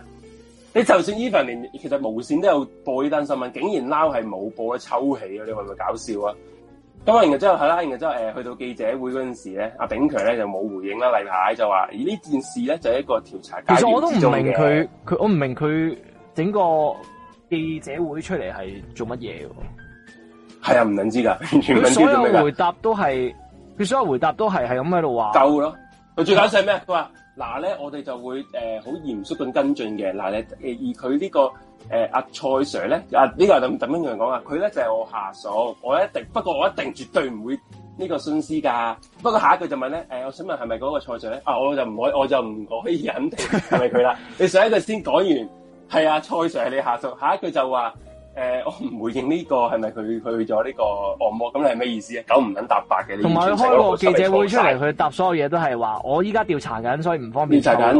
你就算 even 連其實無線都有播呢單新聞，竟然撈係冇播，抽起啊！你話唔話搞笑啊？咁啊，然之後係啦，然之後誒去到記者會嗰陣時咧，阿炳強咧就冇回應啦，例牌就話而呢件事咧就係一個調查。其實我都唔明佢佢，我唔明佢整個記者會出嚟係做乜嘢。係啊，唔能知噶，完全唔知，所有回答都係，佢所有回答都係係咁喺度話夠咯。佢最搞笑係咩？佢話嗱咧，我哋就會誒好嚴肅咁跟進嘅。嗱你誒而佢呢，這個誒阿，呃、蔡 Sir 咧，啊，這個，等等呢個就咁樣樣講啊。佢咧就係我下屬，我一定，不過我一定絕對唔會呢個徇私噶。不過下一句就問咧，誒，呃、我想問係咪嗰個蔡 Sir 咧？啊我就唔可，以，我就唔可以肯定係咪佢啦。你上一句先講完，係啊，蔡 Sir 係你下屬，下一句就話。誒、呃，我唔回應呢、這個係咪佢去咗呢、這個按摩？咁你係咩意思啊？九唔肯搭八嘅。同埋佢開個記者會出嚟，佢答所有嘢都係話我依家調查緊，所以唔方便。調查緊，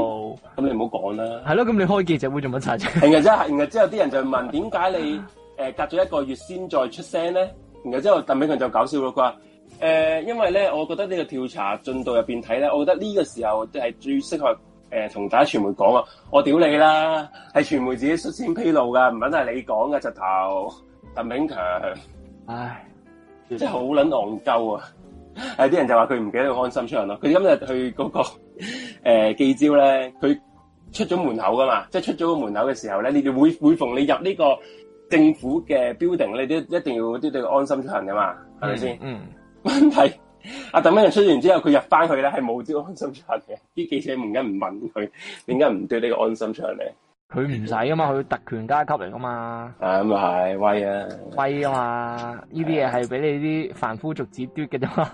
咁你唔好講啦。係咯，咁你開記者會做乜查？然後即係，然後之後啲人就問點解你誒隔咗一個月先再出聲咧？然後之後鄧炳強就搞笑咯，佢話誒，因為咧，我覺得呢個調查進度入邊睇咧，我覺得呢個時候即係最適合。誒、呃，同大家傳媒講啊，我屌你啦，係傳媒自己率先披露噶，唔肯係你講嘅，直頭鄧炳強，唉，真係好捻戇鳩啊！有啲人就話佢唔記得要安心出行咯。佢今日去嗰、那個誒、呃，記招咧，佢出咗門口噶嘛，即係出咗個門口嘅時候咧，你哋會會逢你入呢個政府嘅 building，你都一定要啲對安心出行噶嘛，係咪先？嗯，問題。嗯 [LAUGHS] 阿鄧炳強出完之後，佢入翻去咧係冇啲安心出嘅，啲記者問緊唔問佢，點解唔奪呢個安心出嚟。佢唔使噶嘛，佢特權階級嚟噶嘛。咁又係威啊！威啊嘛，呢啲嘢係俾你啲凡夫俗子奪嘅啫嘛。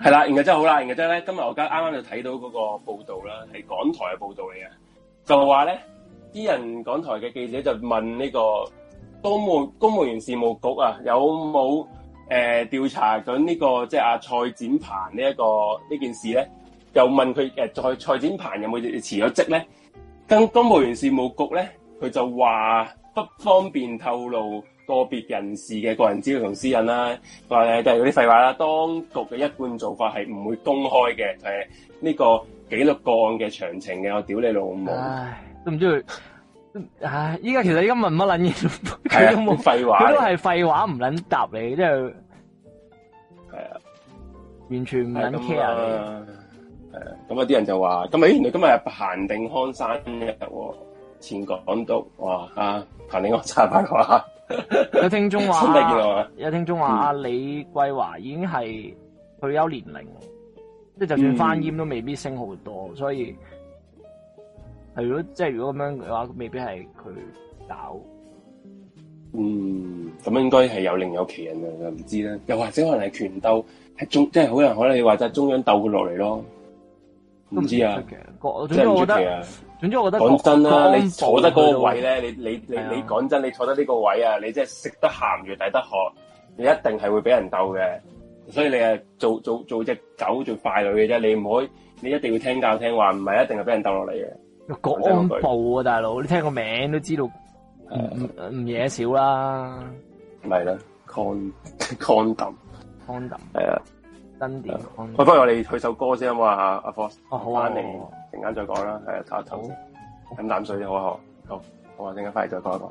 係啦、啊，然後真係好啦，然後真係咧，今日我而家啱啱就睇到嗰個報道啦，係港台嘅報道嚟嘅，就話咧啲人港台嘅記者就問呢個公務公務員事務局啊，有冇？誒、呃，調查緊、這、呢個即係阿蔡展鵬、這個這個、呢一個呢件事咧，又問佢誒蔡蔡展鵬有冇辭咗職咧？跟公務員事務局咧，佢就話不方便透露個別人士嘅個人資料同私隱啦，話嘅都係啲廢話啦。當局嘅一貫做法係唔會公開嘅，誒、這、呢個紀錄個案嘅詳情嘅，我屌你老母！唉，都唔知佢。唉、啊，依家其實依家問乜撚嘢？佢都冇，佢都係廢話，唔撚答你，嗯、即係係啊，完全唔撚 care 啊！係啊，咁有啲人就話，今日原來今日係彭定康生日，前港督哇啊，彭定康差唔多啦。啊啊啊、 [LAUGHS] [LAUGHS] 聽中說 [LAUGHS] 有聽眾話，有聽眾話，阿、啊、李桂華已經係退休年齡，即係就算翻閹都未必升好多，所以。係如果即係如果咁樣嘅話，未必係佢搞，嗯，咁應該係有另有其人嘅，唔知啦。又或者可能係拳鬥喺中，即係好有可能你話係中央鬥佢落嚟咯，唔知啊。知我覺得即係預期啊。總之我覺得講真啦、啊，你坐得嗰個位咧，你你你你講真，你坐得呢個位啊，你即係食得鹹魚抵得渴，你一定係會俾人鬥嘅。所以你係做做做隻狗做快女嘅啫，你唔可以，你一定要聽教聽話，唔係一定係俾人鬥落嚟嘅。國安部啊，大佬，你聽個名都知道，唔唔唔嘢少啦，係、嗯、啦，Condom Condom，Condom 係啊，經 Con... 典。我、嗯、不如我哋去首歌先啊嘛，阿阿 Force，好啊，翻嚟，陣間再講啦，係啊，唞、啊、一唞，飲啖、啊、水先好啊，好，好、啊，我陣間翻嚟再講一講。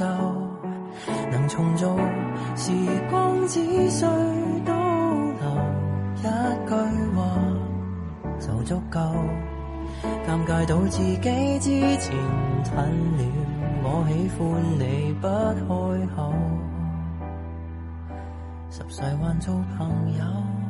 能重做時光，只需倒流一句話就足夠。尷尬到自己之前趁了，我喜歡你不開口，十世還做朋友。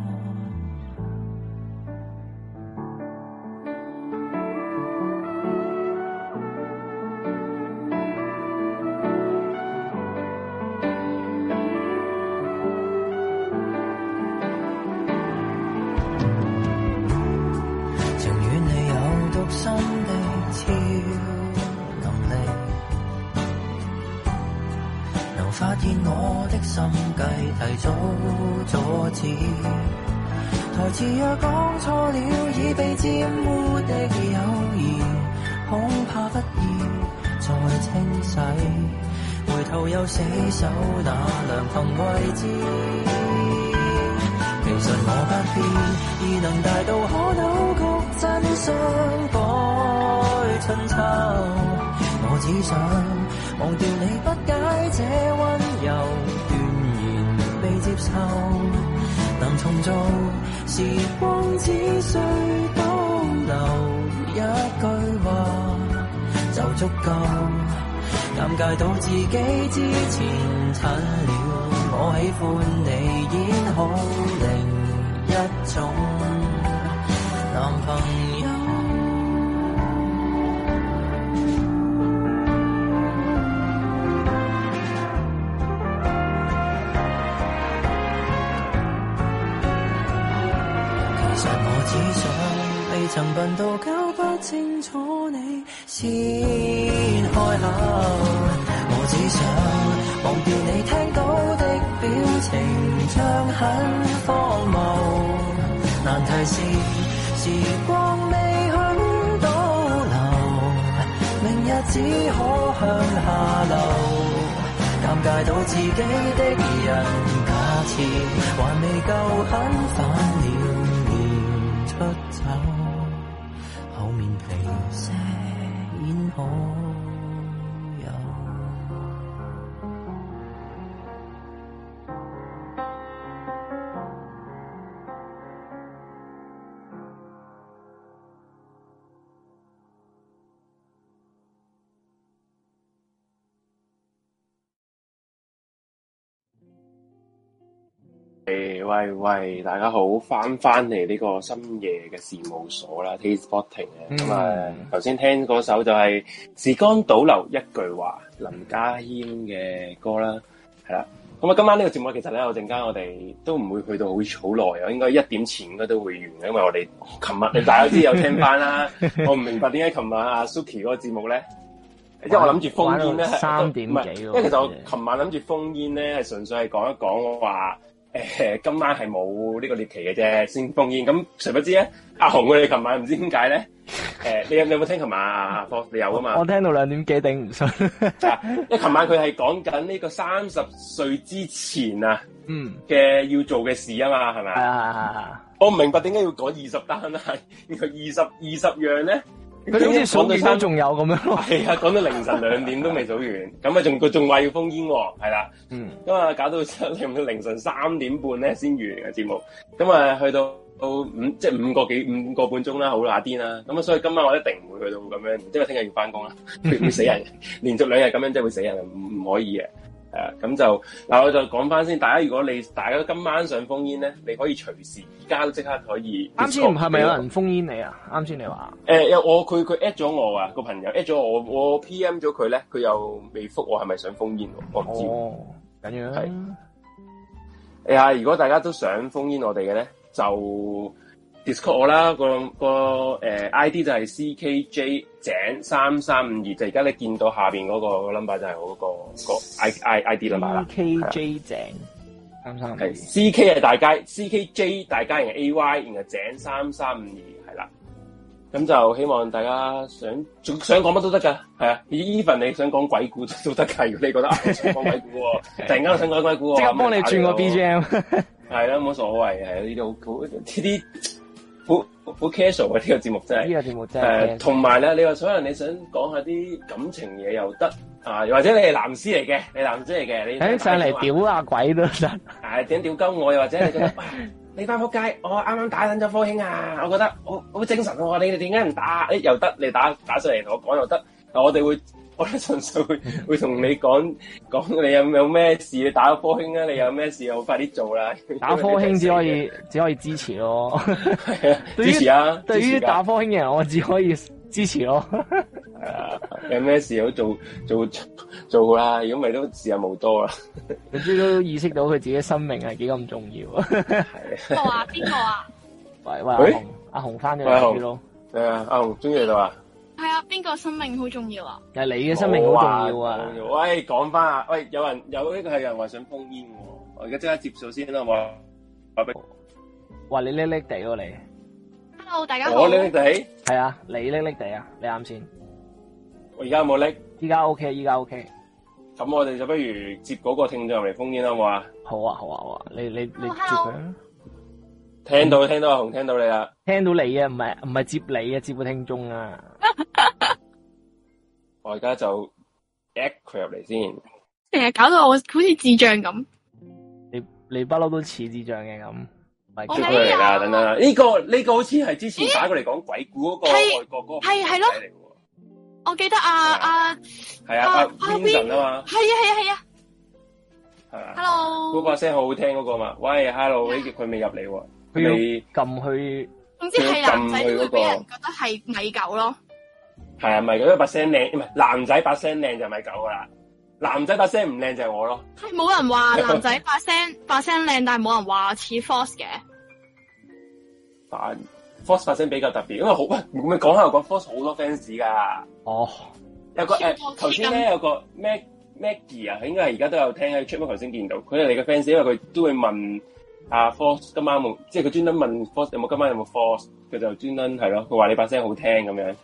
到自己之前親了，我喜歡你演好另一種男朋友，嗯。其實我只想，被曾笨到搞不清楚你先開口。情像很荒謬，難題是時光未去倒流，明日只可向下流。尷尬到自己的人假笑，還未夠狠反了面出走，後面平些演好。喂喂，大家好，翻翻嚟呢個深夜嘅事務所啦，TasteSpotting 啊，咁啊，頭先聽嗰首就係時光倒流一句話，林家謙嘅歌啦，係啦，咁啊，今晚呢個節目其實咧，我陣間我哋都唔會去到好好耐，我應該一點前應該都會完，因為我哋琴日你大家知有聽翻啦，我唔明白點解琴晚阿 Suki 嗰個節目咧，即係我諗住封煙咧，唔係，因為其實我琴晚諗住封煙咧，係純粹係講一講話。誒、呃、今晚係冇呢個獵奇嘅啫，先烽煙。咁誰不知咧，阿紅佢哋琴晚唔知點解咧，誒、呃，你有，冇 [LAUGHS] 你有冇聽琴晚？阿阿波，你有啊嘛？我聽到兩點幾頂唔順。啊， [LAUGHS] 因為琴晚佢係講緊呢個三十歲之前啊，嗯嘅要做嘅事啊嘛，係咪啊？ [LAUGHS] 我唔明白點解要講二十單啊？20, 20呢個二十二十樣咧？佢好似掃完都仲有咁樣咯，係 [LAUGHS] 啊，講到凌晨兩點都未掃完，咁啊仲佢仲話要封煙喎、哦，係啦，咁、嗯、啊、嗯、搞到凌晨三點半咧先完嘅節目，咁、嗯、啊去到到五即五個幾五個半鐘啦，好乸癲啦，咁啊所以今晚我一定唔會去到咁樣，即係聽日要翻工啦，會會死人， [LAUGHS] 連續兩日咁樣即係、就是、會死人，唔唔可以嘅。誒、嗯，咁就嗱，我就講翻先。大家如果你大家都今晚想封煙咧，你可以隨時而家都即刻可以。啱先唔係咪有人封煙你啊？啱先你話誒，有、欸、我佢佢 at 咗我啊個朋友 at 咗我，我 PM 咗佢咧，佢又未覆我，係咪想封煙？我唔知。哦，咁樣係。呀、嗯，如果大家都想封煙我哋嘅咧，就。Discord 我啦，個個誒 I D 就係 C K J 井三三五二，就而家你見到下邊嗰個個 number 就係我個個 I I I D number 啦。C K J 井三三五二，C K 係大街，C K J 大街，然後 A Y，然後井三三五二，係啦。咁就希望大家想想講乜都得噶，係啊。Even 你想講鬼故都得噶，如果你覺得、 [LAUGHS] 啊、想講鬼故，突然間想講鬼故，即刻幫你轉個 B G M，係 [LAUGHS] 啦，冇所謂啊，呢啲好呢啲。好好 casual 係、啊，呢、這個節目真係，同埋咧，你話可能你想講下啲感情嘢又得，啊或者你係男師嚟嘅，你男師嚟嘅，你上嚟屌啊，啊鬼都得、啊，係點屌鳩我又或者你覺得、 [LAUGHS] 啊，你返仆街，我啱啱打緊咗科興啊，我覺得好好精神喎、啊，你哋點解唔打？誒又得，你打打上嚟同我講又得，我哋會。我都純粹會會同你講講你有有咩事？打科興啊，你有咩事好快啲做啦！打科興只可以只可以支持咯 [LAUGHS] 、啊，支持啊！對於打科興嘅人，我只可以支持咯。係 [LAUGHS] 啊，有咩事好做做做，做啦，如果唔係都時日無多啦。你 [LAUGHS] 之都意識到佢自己生命係幾咁重要。係邊個啊？邊個啊？喂喂，喂，阿紅返去嘅阿洪咯，係啊，阿洪專話。係啊，邊個生命好重要啊？係你嘅生命好重要啊！啊喂，講翻啊！喂，有人有呢個係有人話想封煙，我而家即刻接數先啦，好冇啊？喂，你叻叻地喎你！Hello，大家好！我叻叻地係啊，你叻叻地啊，你啱先。我而家有冇叻？依家 OK，依家 OK。咁我哋就不如接嗰個聽眾嚟封煙啦，好冇啊？好啊，好啊，好啊！你你你接佢，啊。聽到聽到阿紅，聽到你啊！聽到你啊，唔係唔係接你啊，接個聽眾啊。 [LAUGHS] 我而家就 add 佢入嚟先，成日搞到我好似智障咁。你你不嬲都似智障嘅咁，咪叫佢嚟啦。等等，呢、這個呢、這個好似係之前打過嚟講鬼故嗰個外國歌，係係咯。我記得啊，啊，啊，Vinson、啊，啊，係啊，Vinson 啊嘛，係啊係啊係啊。係啊。Hello，嗰個聲好好聽嗰個嘛？喂，Hello，呢條佢未入嚟喎，佢哋撳去，總之係男仔嗰個俾人覺得係米狗咯。係啊，咪佢都把聲靚，唔係男仔把聲靚就咪狗噶啦。男仔把聲唔靚就，就係我咯。係冇人話男仔把聲把聲靚，但係冇人話似 Force 嘅。但 Force 把聲比較特別，因為好你講下又講 Force 好多 fans 噶。哦，有個誒，頭先咧有個 Maggie 啊，應該係而家都有聽喺 Twitter 頭先見到佢係你嘅 fans，因為佢都會問啊 Force 今晚冇？即係佢專登問 Force 有冇今晚有冇 Force，佢就專登係咯，佢話你把聲好聽咁樣。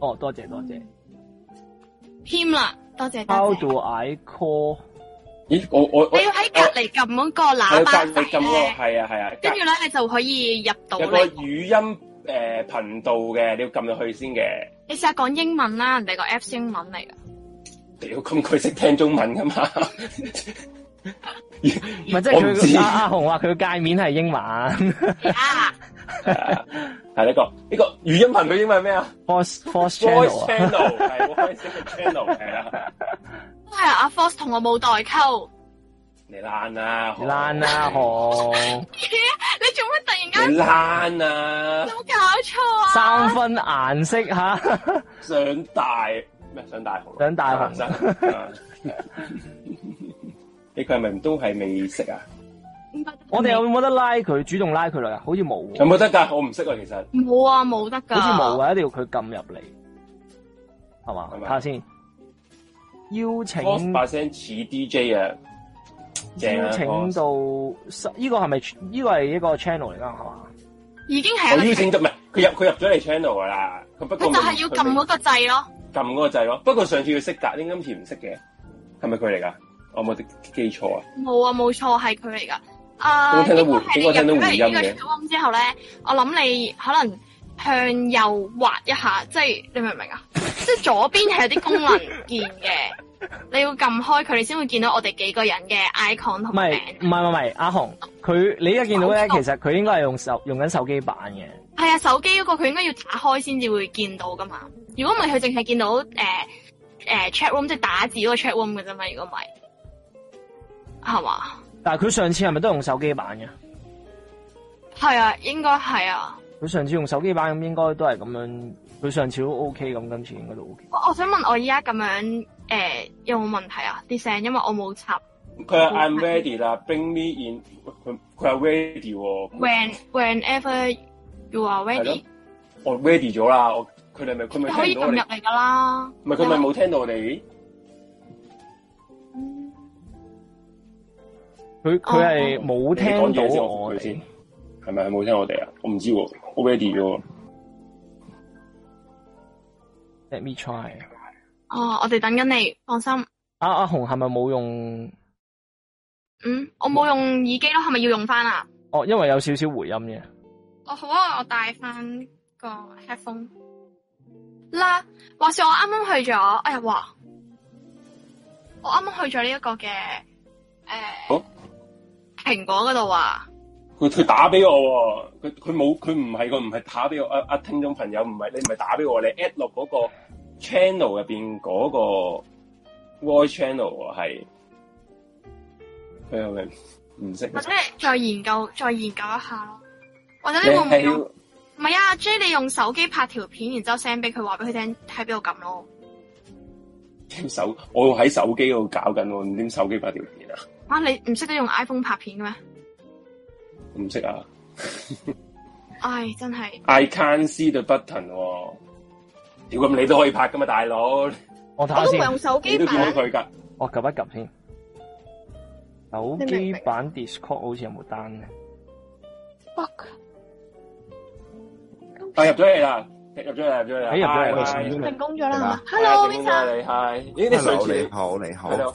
哦，多謝多謝，添啦，多謝 How do I call？咦，我我,我你要喺隔籬撳嗰個喇叭先。撳係啊係啊，跟住咧你就可以入到。有個語音誒頻道嘅，你要撳入去先嘅。你試下講英文啦，人哋個 app 英文嚟噶。屌，咁佢識聽中文噶嘛？ [LAUGHS] 咪即係佢阿阿紅話佢嘅界面係英文，係呢、啊 [LAUGHS] 這個呢、這個語音頻佢英文係咩啊？Force Force Channel，係、啊、Force Channel，係 [LAUGHS] 啊，都係阿 Force 同我冇代溝，你爛啊爛啊紅，你做乜突然間爛啊？有冇搞錯啊？三分顏色吓，上大咩？上大紅，上、啊、大紅色。 [LAUGHS] 你佢係咪都係未識啊？我哋有冇得拉佢？主動拉佢嚟啊？好似冇。有冇得噶？我唔識啊，其實。冇啊，冇得噶。好似冇啊，一定要佢撳入嚟，係嘛？睇下先。邀請把聲似 DJ 啊！邀請到呢個係咪？呢個係一個 channel 嚟㗎，係嘛？已經係。邀請到唔係佢入佢入咗你 channel 噶啦。佢就係要撳嗰個掣咯。撳嗰個掣咯。不過上次要識噶，呢今次唔識嘅，係咪佢嚟噶？我冇得記錯啊！冇啊，冇錯，係佢嚟噶。啊，呢個係你撳開呢個 check room 之後咧，我諗你可能向右滑一下，即係你明唔明啊？ [LAUGHS] 即係左邊係有啲功能鍵嘅， [LAUGHS] 你要撳開佢，你先會見到我哋幾個人嘅 icon 同。唔唔係唔係，阿紅佢 [LAUGHS] 你而家見到咧，其實佢應該係用手用緊手機版嘅。係啊，手機嗰、嗰個佢應該要打開先至會見到噶嘛。如果唔係，佢淨係見到誒誒、呃呃、check room 即係打字嗰個 check room 嘅啫嘛。如果唔係。係嘛？但係佢上次係咪都是用手機版嘅？係啊，應該係啊。佢上次用手機版咁，應該都係咁樣。佢上次都 OK 咁，今次應該都 OK 我。我想問我依家咁樣誒、呃、有冇問題啊？啲聲因為我冇插。佢係、嗯、I'm ready 啦，bring me in。佢佢係 ready。When whenever you are ready。我 ready 咗啦，我佢哋咪佢咪聽唔到你。可以入嚟噶啦。唔係佢咪冇聽到我哋？佢佢係冇聽到 these，我，佢先，係咪冇聽我哋啊？我唔知喎，ready let me try。哦，我哋等緊你，放心。阿阿紅係咪冇用？嗯，我冇用耳機咯，係咪要用翻啊？哦、oh，因為有少少回音嘅。哦、oh, 好啊，我戴翻個 headphone 啦。話說我啱啱去咗，哎呀，哇！我啱啱去咗呢一個嘅，誒。蘋果嗰度話，佢佢打俾我，佢佢冇，佢唔係個，唔係打俾我啊，啊聽眾朋友唔係你唔係打俾我，你 at 落嗰個 channel 入邊嗰個 Y channel 係，你明唔識？或者再研究再研究一下咯，或者你會唔會唔係啊？J 你用手機拍條片，然之後 send 俾佢，話俾佢聽喺邊度撳咯。手我喺手機度搞緊，我唔知手機拍條片。啊！你唔識得用 iPhone 拍片嘅咩？唔識啊 [LAUGHS] ！唉、哎，真係。I can see the button，哦。屌，咁你都可以拍噶嘛，大佬。我都唔先。用手機拍。你都撳佢噶。我撳一撳先。手機版 Discord 好似有冇單咧？Fuck！我入咗嚟啦！入咗嚟啦！入咗嚟啦！成功咗啦！Hello，Vincent，你係。咦、啊？是是 Hello, Hello, 你好，你好，你好。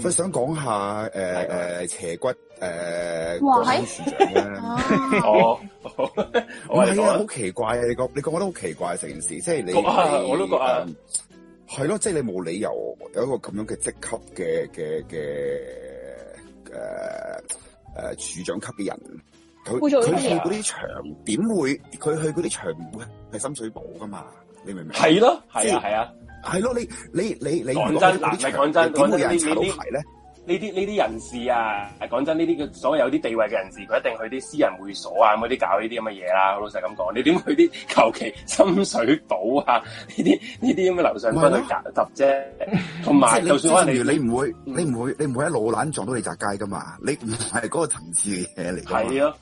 佢想講下誒誒邪骨誒個副處長唔、啊 [LAUGHS] 啊、 [LAUGHS] 哦， [LAUGHS] 是啊，好 [LAUGHS] 奇怪啊！你講你講，我覺得好奇怪成、啊、件事，即係你，我都覺得啊，係、um, 咯、啊，即、就、係、是、你冇理由有一個咁樣嘅職級嘅嘅嘅誒誒處長級嘅人，佢佢去嗰啲場點、啊、會佢去嗰啲場咧？係深水埗噶嘛？你明唔明？係咯，係啊，係啊。係咯，你你你你講真，唔講真，講真呢呢啲呢啲呢啲人士啊，講真呢啲嘅所謂有啲地位嘅人士，佢一定去啲私人會所啊，咁嗰啲搞呢啲咁嘅嘢啦。老實係咁講，你點去啲求其深水埗啊？呢啲呢啲咁嘅樓上翻去夾閘啫。同埋、啊就是，就算你你唔會，你唔會，你唔會喺老爛撞到你砸街噶嘛？你唔係嗰個層次嘅嘢嚟。係咯、啊，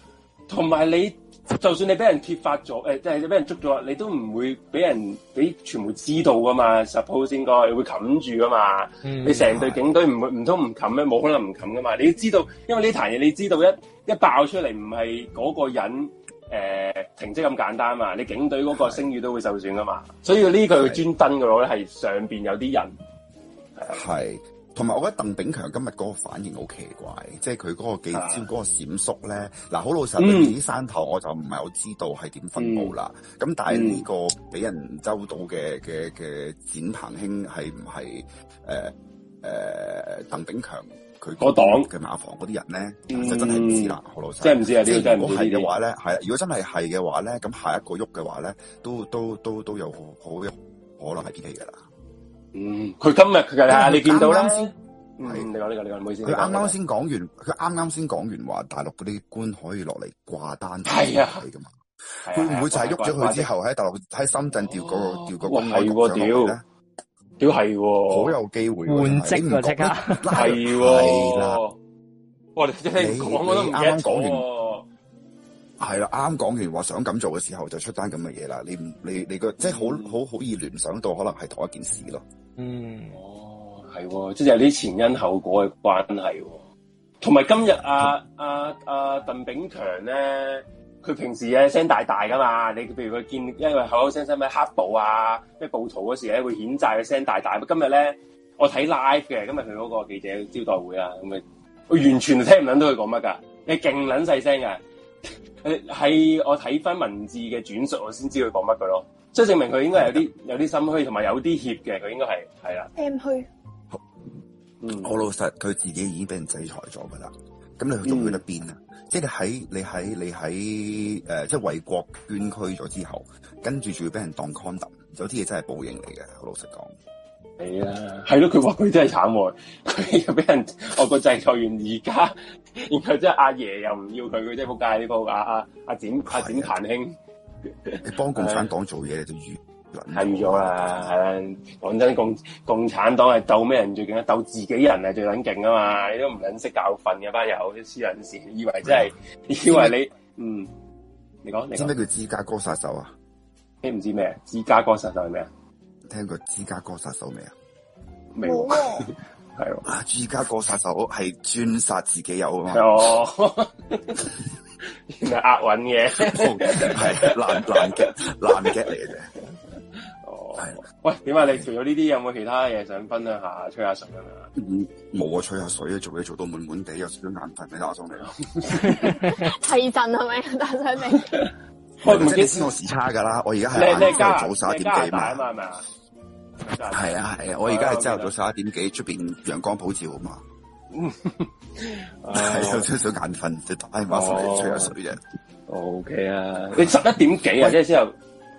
同埋你。就算你俾人揭發咗，誒、呃，即係俾人捉咗，你都唔會俾人俾全部知道噶嘛，suppose 應該會冚住噶嘛。God, 你成、嗯、隊警隊唔會唔通唔冚咩？冇可能唔冚噶嘛。你要知道，因為呢壇嘢你知道一一爆出嚟，唔係嗰個人誒、呃、停職咁簡單嘛。你警隊嗰個聲譽都會受損噶嘛。所以呢句專登嘅話咧，係上邊有啲人係，同埋我覺得鄧炳強今日嗰個反應好奇怪，即係佢嗰個記招嗰個閃縮咧，嗱好、啊啊、老實，自己山頭我就唔係好知道係點分佈啦。咁、嗯、但係呢個俾人周到嘅嘅嘅展鵬興係唔係鄧炳強佢、嗰檔嘅馬房嗰啲人咧，就真係唔知啦。好、嗯、老實，真係唔知啊！呢個真係嘅話咧，如果真係係嘅話咧，咁下一個喐嘅話咧，都都都都有好有可能係機器嘅啦。嗯，佢今日佢、就係、啊，你見到啦。嗯，你講你個，你講唔好意思。佢啱啱先講完，佢啱啱先講完話，大陸嗰啲官可以落嚟掛單，係啊，係噶嘛？佢唔會就係喐咗佢之後喺大陸喺深圳調個調個官係喎？屌，屌係喎，好有機會換職噶，係喎，我哋聽講我都唔啱講完係啦，啱講完話想咁做嘅時候就出單咁嘅嘢啦。你你你個即係好好好易聯想到可能係同一件事咯。嗯，哦，係、哦，即係有啲前因後果嘅關係、哦，同埋今日阿阿阿鄧炳強咧，佢平時嘅聲大大噶嘛，你譬如佢見因為口口聲聲咩黑暴啊，咩暴徒嗰時咧會顯晒個聲大大，今日咧我睇 live 嘅，今日佢嗰個記者招待會啊，咁咪我完全聽唔捻到佢講乜噶，你勁捻細聲㗎，係我睇翻文字嘅轉述，我先知佢講乜句咯。即係證明佢應該有啲有啲心虛，同埋有啲怯嘅，佢應該係係啦。M 虛，嗯，好我老實，佢自己已經俾人制裁咗噶啦。咁你仲去得邊啊？即係喺你喺你喺誒、呃，即係為國捐軀咗之後，跟住仲要俾人當 condom 有啲嘢真係報應嚟嘅。好老實講，係啊，係、啊、咯，佢話佢真係慘喎，佢又俾人我國制裁完，而家而家即係阿爺又唔要佢，佢即係仆街呢鋪啊啊展阿、啊、展壇兄。你幫共產黨做嘢，就預係預咗啦。講、哎啊啊、真，共共產黨係鬥咩人最勁啊？鬥自己人係最撚勁啊嘛。你都唔撚識教訓嘅班友，黐撚線，以為真係以為你嗯？你講，你講，知唔知叫芝加哥殺手啊？你唔知咩？芝加哥殺手係咩？聽過芝加哥殺手未、哦 [LAUGHS] 對哦、 [LAUGHS] 啊？未係啊！芝加哥殺手係專殺自己友啊嘛。 [LAUGHS] [LAUGHS] 係押韻嘅，係爛爛爛 get 嚟嘅。哦，係。喂，點解、啊、你除咗呢啲，有冇其他嘢想分享下吹下水啊？嗯，冇啊，吹下水啊，做嘢做到滿滿地，有少少眼瞓，咪、哦、 [LAUGHS] 打鐘嚟咯。提神係咪打鐘明，我唔知先我時差噶啦，我而家係早十一點幾嘛。係啊係啊，我而家係朝頭早十一點幾，出邊陽光普照啊嘛。嗯、oh oh okay 啊，係吹水眼瞓，就打起馬上嚟吹下水嘅。O K 啊，你十一點幾啊？即係之後，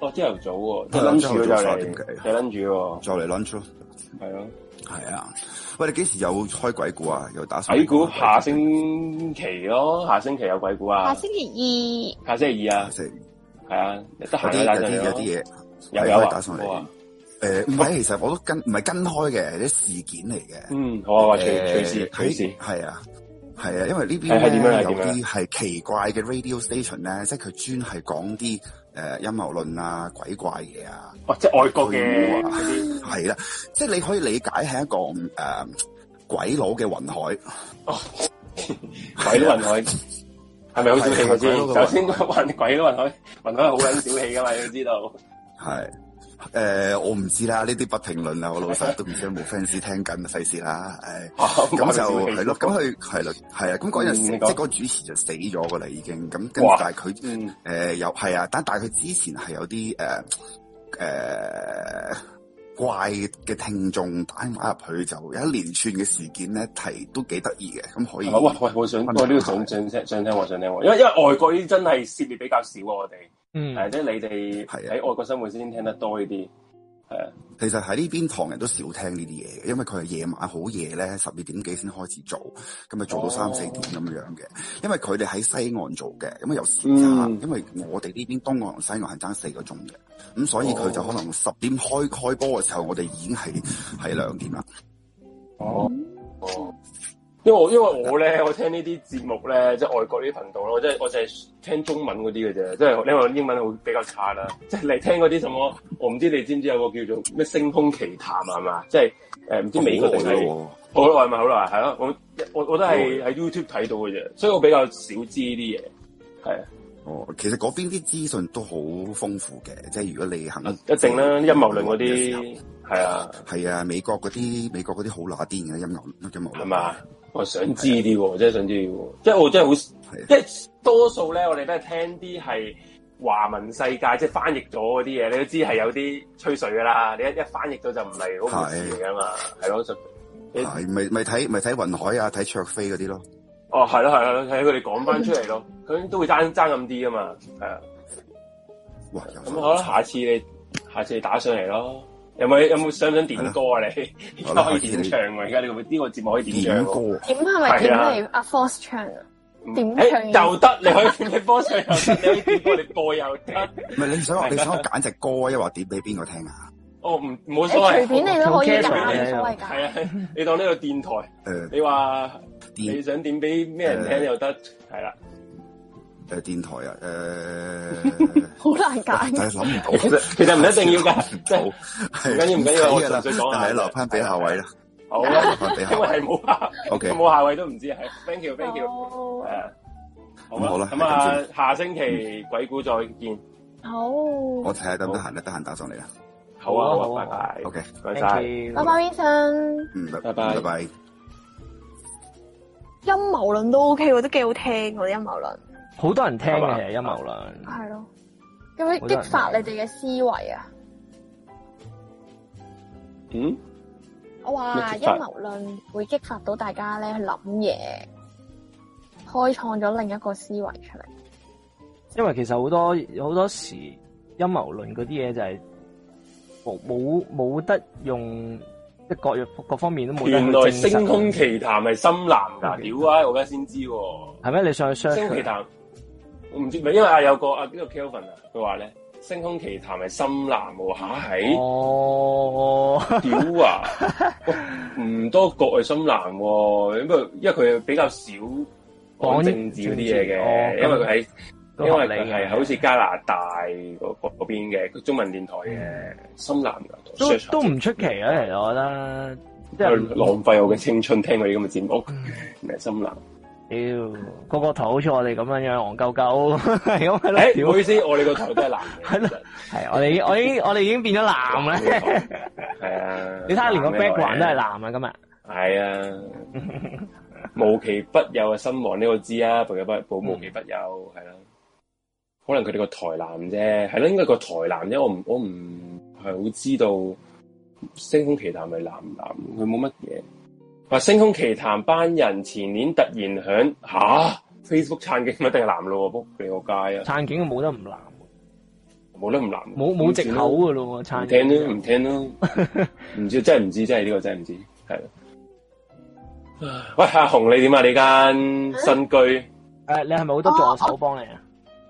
哦，朝頭早喎，得諗住就係，得諗住喎，再嚟諗住咯。係咯，係啊。喂，你幾時有開鬼故啊？有打上鬼故？下星期咯，下星期有鬼故啊？下星期二，下星期二啊？星期二，係啊，得閒啦，有啲嘢，又有打上嚟。誒、呃，唔係、哦，其實我都跟，唔係跟開嘅，啲事件嚟嘅。嗯，好啊，隨、呃、時，隨時，係啊，係啊，因為邊呢邊係點樣？有啲係奇怪嘅 radio station 咧，即係佢專係講啲誒陰謀論啊、鬼怪嘢啊。哇、哦，即係外國嘅，係啦、啊，即係你可以理解係一個誒、呃、鬼佬嘅雲海。哦， [LAUGHS] 鬼雲海係咪好似？首首先鬼佬雲海，雲 [LAUGHS] 海好捻、嗯、小氣㗎嘛，要 [LAUGHS] 知道係。誒、呃，我唔知啦，呢啲不評論啦，我老實都唔想冇 fans 聽緊，費事啦。誒，咁就係咯，咁佢係啦，係啊。咁嗰陣時，即係嗰個主持就死咗噶啦，已經咁。跟住但係佢誒又係啊，但但係佢之前係有啲誒誒怪嘅聽眾打電話入去，就有一連串嘅事件咧，係都幾得意嘅。咁可以。好、呃、啊、呃，我想聽呢個總正先，想聽我想，想聽，因為因為外國啲真係涉獵比較少啊，我哋。嗯，即係你哋喺外國生活先聽得多呢啲、係啊、係啊，其實喺呢邊唐人都少聽呢啲嘢嘅，因為佢係夜晚好夜咧，十二點幾先開始做，咁咪做到三、哦、四點咁樣嘅。因為佢哋喺西岸做嘅，咁啊有時差、嗯，因為我哋呢邊東岸同西岸係爭四個鐘嘅，咁所以佢就可能十點開、哦、開波嘅時候，我哋已經係係兩點啦。哦哦。因為我因為我咧，我聽呢啲節目咧，即係外國啲頻道咯，我即、就、係、是、我淨係聽中文嗰啲嘅啫，即係你話英文會比較差啦。即係嚟聽嗰啲什麼，我唔知你知唔知有個叫做咩《星空奇談》係嘛？即係誒，唔、呃、知道、哦、美國定係好耐咪好耐啊？係咯，我是我我，我都係喺 YouTube 睇到嘅啫，所以我比較少知呢啲嘢。係啊，哦，其實嗰邊啲資訊都好豐富嘅，即係如果你行得一定啦，音樂類嗰啲係啊，係啊，美國嗰啲美國嗰啲好乸癲嘅音樂音樂係嘛？我想知啲喎，真係想知啲喎，即係我真係好，即係多數咧，我哋都係聽啲係華文世界，即係翻譯咗嗰啲嘢，你都知係有啲吹水㗎啦。你一一翻譯咗就唔係好回事嚟㗎嘛，係咯，就係咪咪睇咪睇雲海啊，睇卓飛嗰啲咯。哦，係咯係咯，睇佢哋講翻出嚟咯，佢 [LAUGHS] 都會爭爭咁啲㗎嘛，係啊。哇！咁好啦，下次你下次你打上嚟咯。有冇有冇想唔想點歌啊你？你而家 [LAUGHS] 可以點唱喎？而家你會呢個節目可以點唱？點係咪點嚟阿 Force 唱啊？點、啊、唱、啊嗯欸、又得？你可以點俾 Force 唱又得，你你播又得。唔係你想話 [LAUGHS] 你想揀我隻 [LAUGHS] 歌，一話點俾邊個聽啊？哦唔冇所謂，隨便你都可以噶，okay, 冇所謂噶。係啊,啊 [LAUGHS] ，你當呢個電台， [LAUGHS] 你話你想點俾咩人聽、 [LAUGHS] 呃、又得，係啦。誒、呃，電台啊，誒、呃，好 [LAUGHS] 難揀但係諗唔到，其實唔一定要嘅，唔緊要、就是、唔緊要嘅啦，係留番俾下位啦，好啊，好 [LAUGHS] 因為係冇下，O K，冇下位都唔知道，係 thank you，thank you，係啊，咁好啦，咁啊，下星期、嗯、鬼故再見，好，我睇下得唔得閒咧，得閒打上嚟啦，好啊，拜拜，O K，多謝，okay, 拜拜，醫生，嗯，拜拜，拜拜，陰謀論都 O K，我覺得幾好聽的，我啲陰謀論。好多人聽嘅陰謀論係咯，咁佢激發你哋嘅思維啊？嗯，我話陰謀論會激發到大家咧去諗嘢，開創咗另一個思維出嚟。因為其實好多好多時陰謀論嗰啲嘢，就係冇冇冇得用，即各各各方面都冇。原來星空奇談係深藍噶，屌啊！我而家先知喎，係咩？你上去星空奇談。唔知咪，因為啊有個啊呢、這個 Kelvin 啊，佢話咧《星空奇談》係深藍喎嚇哦，屌啊！唔、啊 oh. [LAUGHS] 多覺係深藍喎、啊，因為因為佢比較少講政治嗰啲嘢嘅，因為佢喺因為佢係好似加拿大嗰邊嘅中文電台嘅、yeah. 深藍都唔出奇啊，其實我覺得，即、就、係、是、浪費我嘅青春聽佢啲咁嘅節目，咩 [LAUGHS] 深藍。屌，個個頭好似我哋咁樣樣黃鳩鳩，咁係咯。欸，唔好意思，我哋個頭都係藍，係係我哋 [LAUGHS] 我已我哋已經變咗藍啦，係啊，你睇下連個 background 都係藍啊，今日。係 [LAUGHS] 啊， [LAUGHS] 啊， [LAUGHS] 男 [LAUGHS] 啊，無奇不有啊，身亡呢個知啊，不奇不無無奇不有係啦、嗯。可能佢哋個台藍啫，係咯，應該個台藍，啫我唔我唔係好知道星空奇譚係藍唔藍，佢冇乜嘢。嗱、啊，星空奇談班人前年突然響吓、啊、Facebook 撐警一定係藍囉啊，仆你個街啊？撐警冇得唔藍，冇得唔藍。冇冇藉口噶咯，撐。撐聽都唔聽咯，唔 [LAUGHS] 知真係唔知，真係呢個真係唔知道，係。道 [LAUGHS] 喂，阿、啊、紅你點啊？你間新居，誒、啊，你係咪好多助手幫你剛剛剛剛床床啊？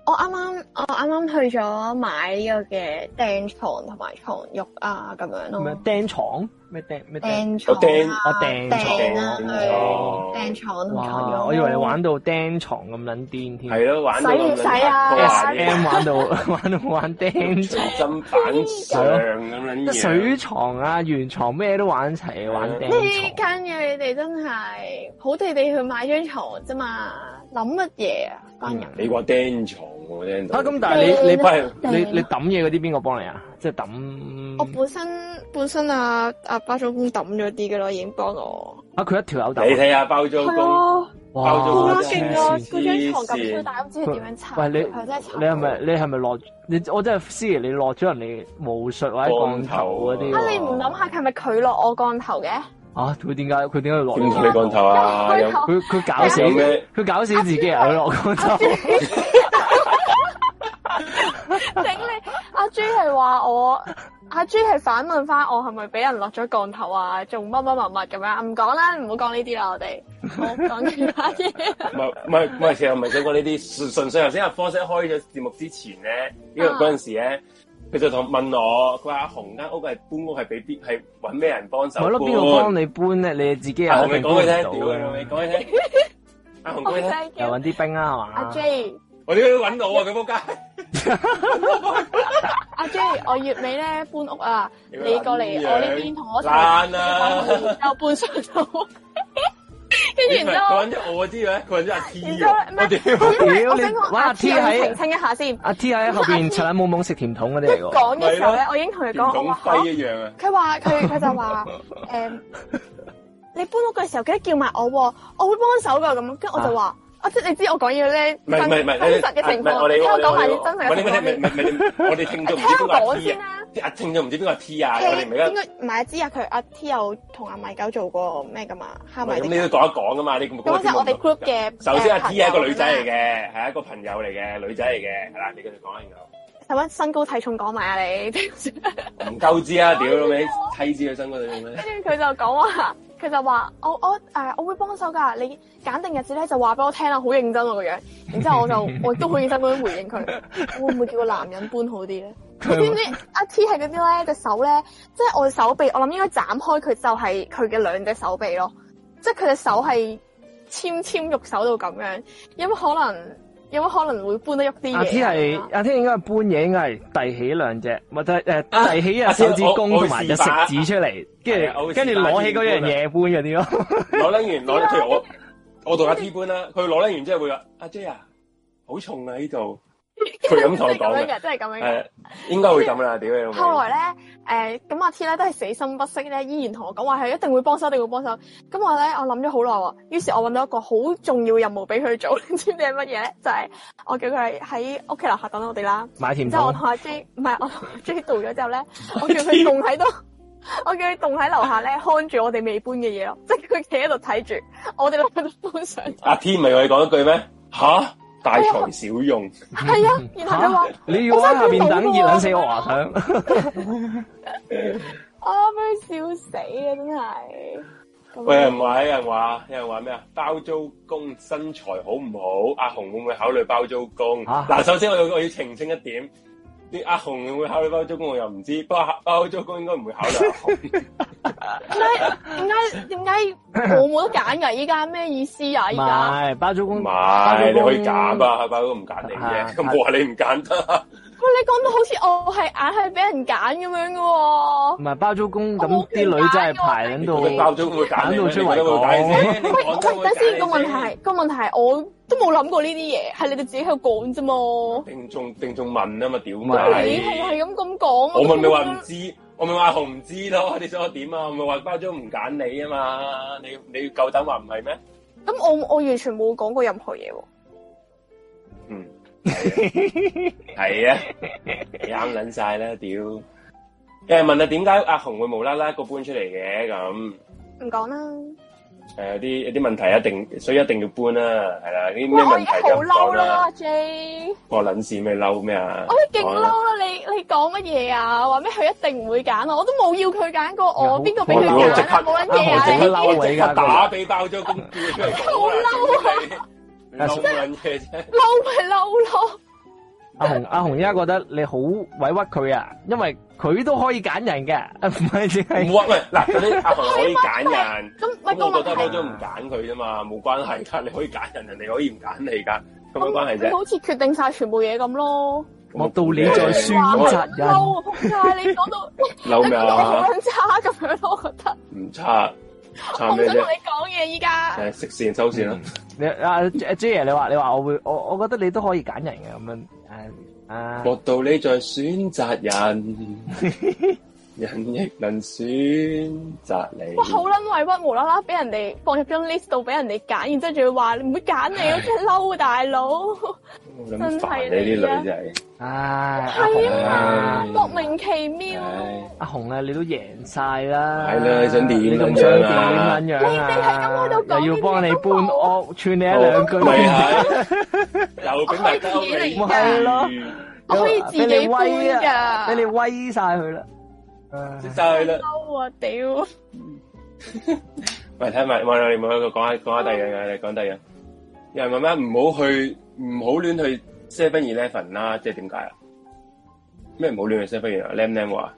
我啱啱我啱啱去咗買個嘅釘床同埋床褥啊，咁樣咯。釘床？咩咩床啊！釘、哦、床啊！床唔錯、啊。我以為你玩到釘床咁撚癲添。係咯，玩唔使啊？玩 SM 玩到 [LAUGHS] 玩到玩釘床咁反上咁撚樣水床啊，原床咩都玩齊，玩釘床。呢啲咁你哋真係，好地地去買張床啫嘛，諗乜嘢啊？班人。你話釘床喎啊，咁、啊、但係你你唔係、啊、你你抌嘢嗰啲邊個幫你啊？即係抌，我本身本身阿阿包租公抌咗啲嘅咯，已經幫我。啊，佢一條友抌。你睇下包租公，係 [LAUGHS] 啊，哇，好啦，勁啊，嗰、啊、張床咁小，大都唔知佢點樣拆。喂你，真的你係咪你係咪落？你我真係思疑，你落咗人哋巫術或者降頭嗰啲、啊。啊，你唔諗下係咪佢落我降頭嘅？啊，佢點解？佢點解落？點落降頭啊？佢 [LAUGHS] 佢搞死佢、啊、搞死自己佢落我降頭。啊啊整你阿 J 係話我 [LAUGHS] 阿 J 係反問翻我係咪俾人落咗降頭啊？仲乜乜乜乜咁樣？唔講啦，唔好講呢啲啦，我哋講其他嘢。唔係唔係唔係，其實唔係想講呢啲，純粹頭先阿方 Sir 開咗節目之前咧，因為嗰陣時咧佢、啊、就同問我，佢話阿紅間屋係搬屋係俾啲，係咩人幫手？我諗邊個幫你搬咧？你自己有啊？我咪講佢聽，屌、啊、你說說，講你聽，阿紅哥咧，嚟揾啲兵啊，係嘛、啊？阿 J。我點解都揾到啊？佢仆街！阿 J，我月尾咧搬屋啊，你過嚟我呢邊同我一齊。爛啦，又搬新屋。跟住然之後，我揾咗我啲咩？佢揾咗阿 T。然之後咩？我我我我我阿 T 澄清一下先。阿 T 喺後邊擦眼懵懵食甜筒嗰啲嚟。講嘅時候咧，我已經同佢講，我話：，佢話佢佢就話，誒，你搬屋嘅時候，記得叫埋我，我會幫手噶。咁，跟住我就話。我即係你知我講嘢咧，真實嘅情況。聽我講埋啲真實嘅。唔唔唔唔，我哋聽唔到邊個 T。聽我講先啦。即係阿聽都唔知邊個係 T 啊？應該唔係啊，知啊，佢阿 T 又同阿米狗做過咩㗎嘛？係咪？咁你都講一講㗎嘛？你咁講。咁即係我哋 group 嘅。首先阿 T 係一個女仔嚟嘅，係一個朋友嚟嘅，女仔嚟嘅，係啦，你繼續講啊，然後，使乜身高體重講埋啊？你唔夠知啊？屌老尾，睇知佢身高體重咩？跟住佢就講話。佢就話：我我、啊、我會幫手㗎。你揀定日子咧，就話俾我聽啦，好認真個樣。然之後我就我都好認真咁樣回應佢。 [LAUGHS] 我會唔會叫個男人搬好啲咧？佢知唔知阿 T 係嗰啲咧隻手咧，即係我嘅手臂，我諗應該斬開佢就係佢嘅兩隻手臂咯。即係佢隻手係纖纖玉手到咁樣，有冇可能？有冇可能會搬得喐啲嘢？隻 T 係阿 T 應該搬嘢，應該係遞起兩隻，或者誒遞起、啊、阿手指公同埋隻食指出嚟，跟住跟住攞起嗰樣嘢搬嗰啲咯。攞拎完攞譬如我我同阿 T 搬啦。佢攞拎完之後會話：阿姐啊，好重啊呢度。佢咁同你講嘅，應該會咁啦。點樣？後來咧，誒、呃，咁阿天咧都係死心不息咧，依然同我講話，係一定會幫手，一定會幫手。咁我咧，我諗咗好耐，於是我搵到一個好重要任務俾佢做， [LAUGHS] 知唔知係乜嘢咧？就係、是、我叫佢喺屋企樓下等我哋啦。買甜品後我 J，不是我到了之後我同阿 J 唔係我同阿 J 到咗之後咧，我叫佢戙喺度，我叫佢戙喺樓下咧看住我哋未搬嘅嘢咯，即係佢企喺度睇住我哋都喺度搬上。阿天咪話你講一句咩？吓？大材小用，哎，係 [LAUGHS] 啊！然後你話你要喺下面等熱撚死我，我啊、 [LAUGHS] [LAUGHS] [LAUGHS] 哦！我俾佢笑死啊！真係喂，有人話，有人話咩啊？包租公身材好唔好？阿紅會唔會考慮包租公？嗱、啊，首先我我要澄清一點。啲阿雄會考慮包租公，我又唔知。不過包租公應該唔會考慮阿雄 [LAUGHS] [LAUGHS] 點解？點解？點解？我冇得揀㗎依家，咩意思啊？依家係，包租公唔係，你可以揀，嗯、啊，包租公唔揀你嘅，咁冇話你唔揀得。 [LAUGHS] 哦、你講到好似我係硬係俾人揀咁樣嘅喎，哦，唔係包租公咁，啲女仔係排喺度，包租公揀到出圍講。喂喂，喂，等先，個問題係個問題係， [LAUGHS] 我都冇諗過呢啲嘢，係你哋自己喺度講啫嘛。定仲定仲問啊？嘛，屌，你係咁咁講。 [LAUGHS] 不不 [LAUGHS] 我咪咪話唔知， [LAUGHS] 我咪話紅唔知咯。你想我點啊？我咪話包租唔揀你啊嘛。你你夠膽話唔係咩？咁 [LAUGHS] 我我完全冇講過任何嘢喎，哦。係啊，啱捻晒啦屌！誒，問下點解阿紅會無啦啦個搬出嚟嘅咁？唔講啦。誒，啲有啲問題一定，所以一定要搬啦，係啦。啲咩問題咁講啦？我而家好嬲啦，J。我捻事咪嬲咩啊？我勁嬲啦！你你講乜嘢啊？話咩佢一定唔會揀我，我都冇要佢揀過我，邊個俾佢揀啊？冇捻嘢啊！你你打俾包租公叫出嚟講啦！好嬲啊！撈緊嘢啫，撈咪撈咯。阿紅阿紅而家覺得你好委屈佢啊，因為佢都可以揀人嘅，唔係唔好話喂嗱，嗰啲阿紅可以揀人，咁、嗯我，啊、我都覺得我都唔揀佢啫嘛，冇關係噶，你可以揀人，人哋可以唔揀你噶，冇關係啫。我好似決定晒全部嘢咁咯。我到你再選責任，啊你講到有咩啊？好卵差咁樣，我覺得唔差。我唔想同你講嘢依家。誒，識線收線啦、嗯 [LAUGHS] 啊。你啊，阿 J 爺，你話你話，我會我我覺得你都可以揀人嘅咁樣。誒啊。莫、啊、道你在選擇人。 [LAUGHS] 人亦能選擇你。哇！好撚委屈，無啦啦俾人哋放入張 list 度俾人哋揀，然之後仲要話唔會揀你，我真係嬲大佬！真係你啲女仔，唉、哎，係啊，莫名其妙。阿紅、哎、啊，啊，你都贏晒啦。係咧，想點？你想點？點撚樣啊？你係咁喺度講，我要幫你搬屋、啊，串你一兩句。係 [LAUGHS] [LAUGHS] 啊，有咁大嘅嘢㗎。咯，我可以自己威㗎、啊，俾你威晒佢啦。嬲啊, [LAUGHS] 啊！屌、就係，喂，睇埋，望下你冇去講下講下第二樣嘢。你講第二，有人問咩咩？唔好去，唔好亂去 Seven Eleven 啦，即係點解啊？咩唔好亂去 Seven Eleven？靚唔靚話？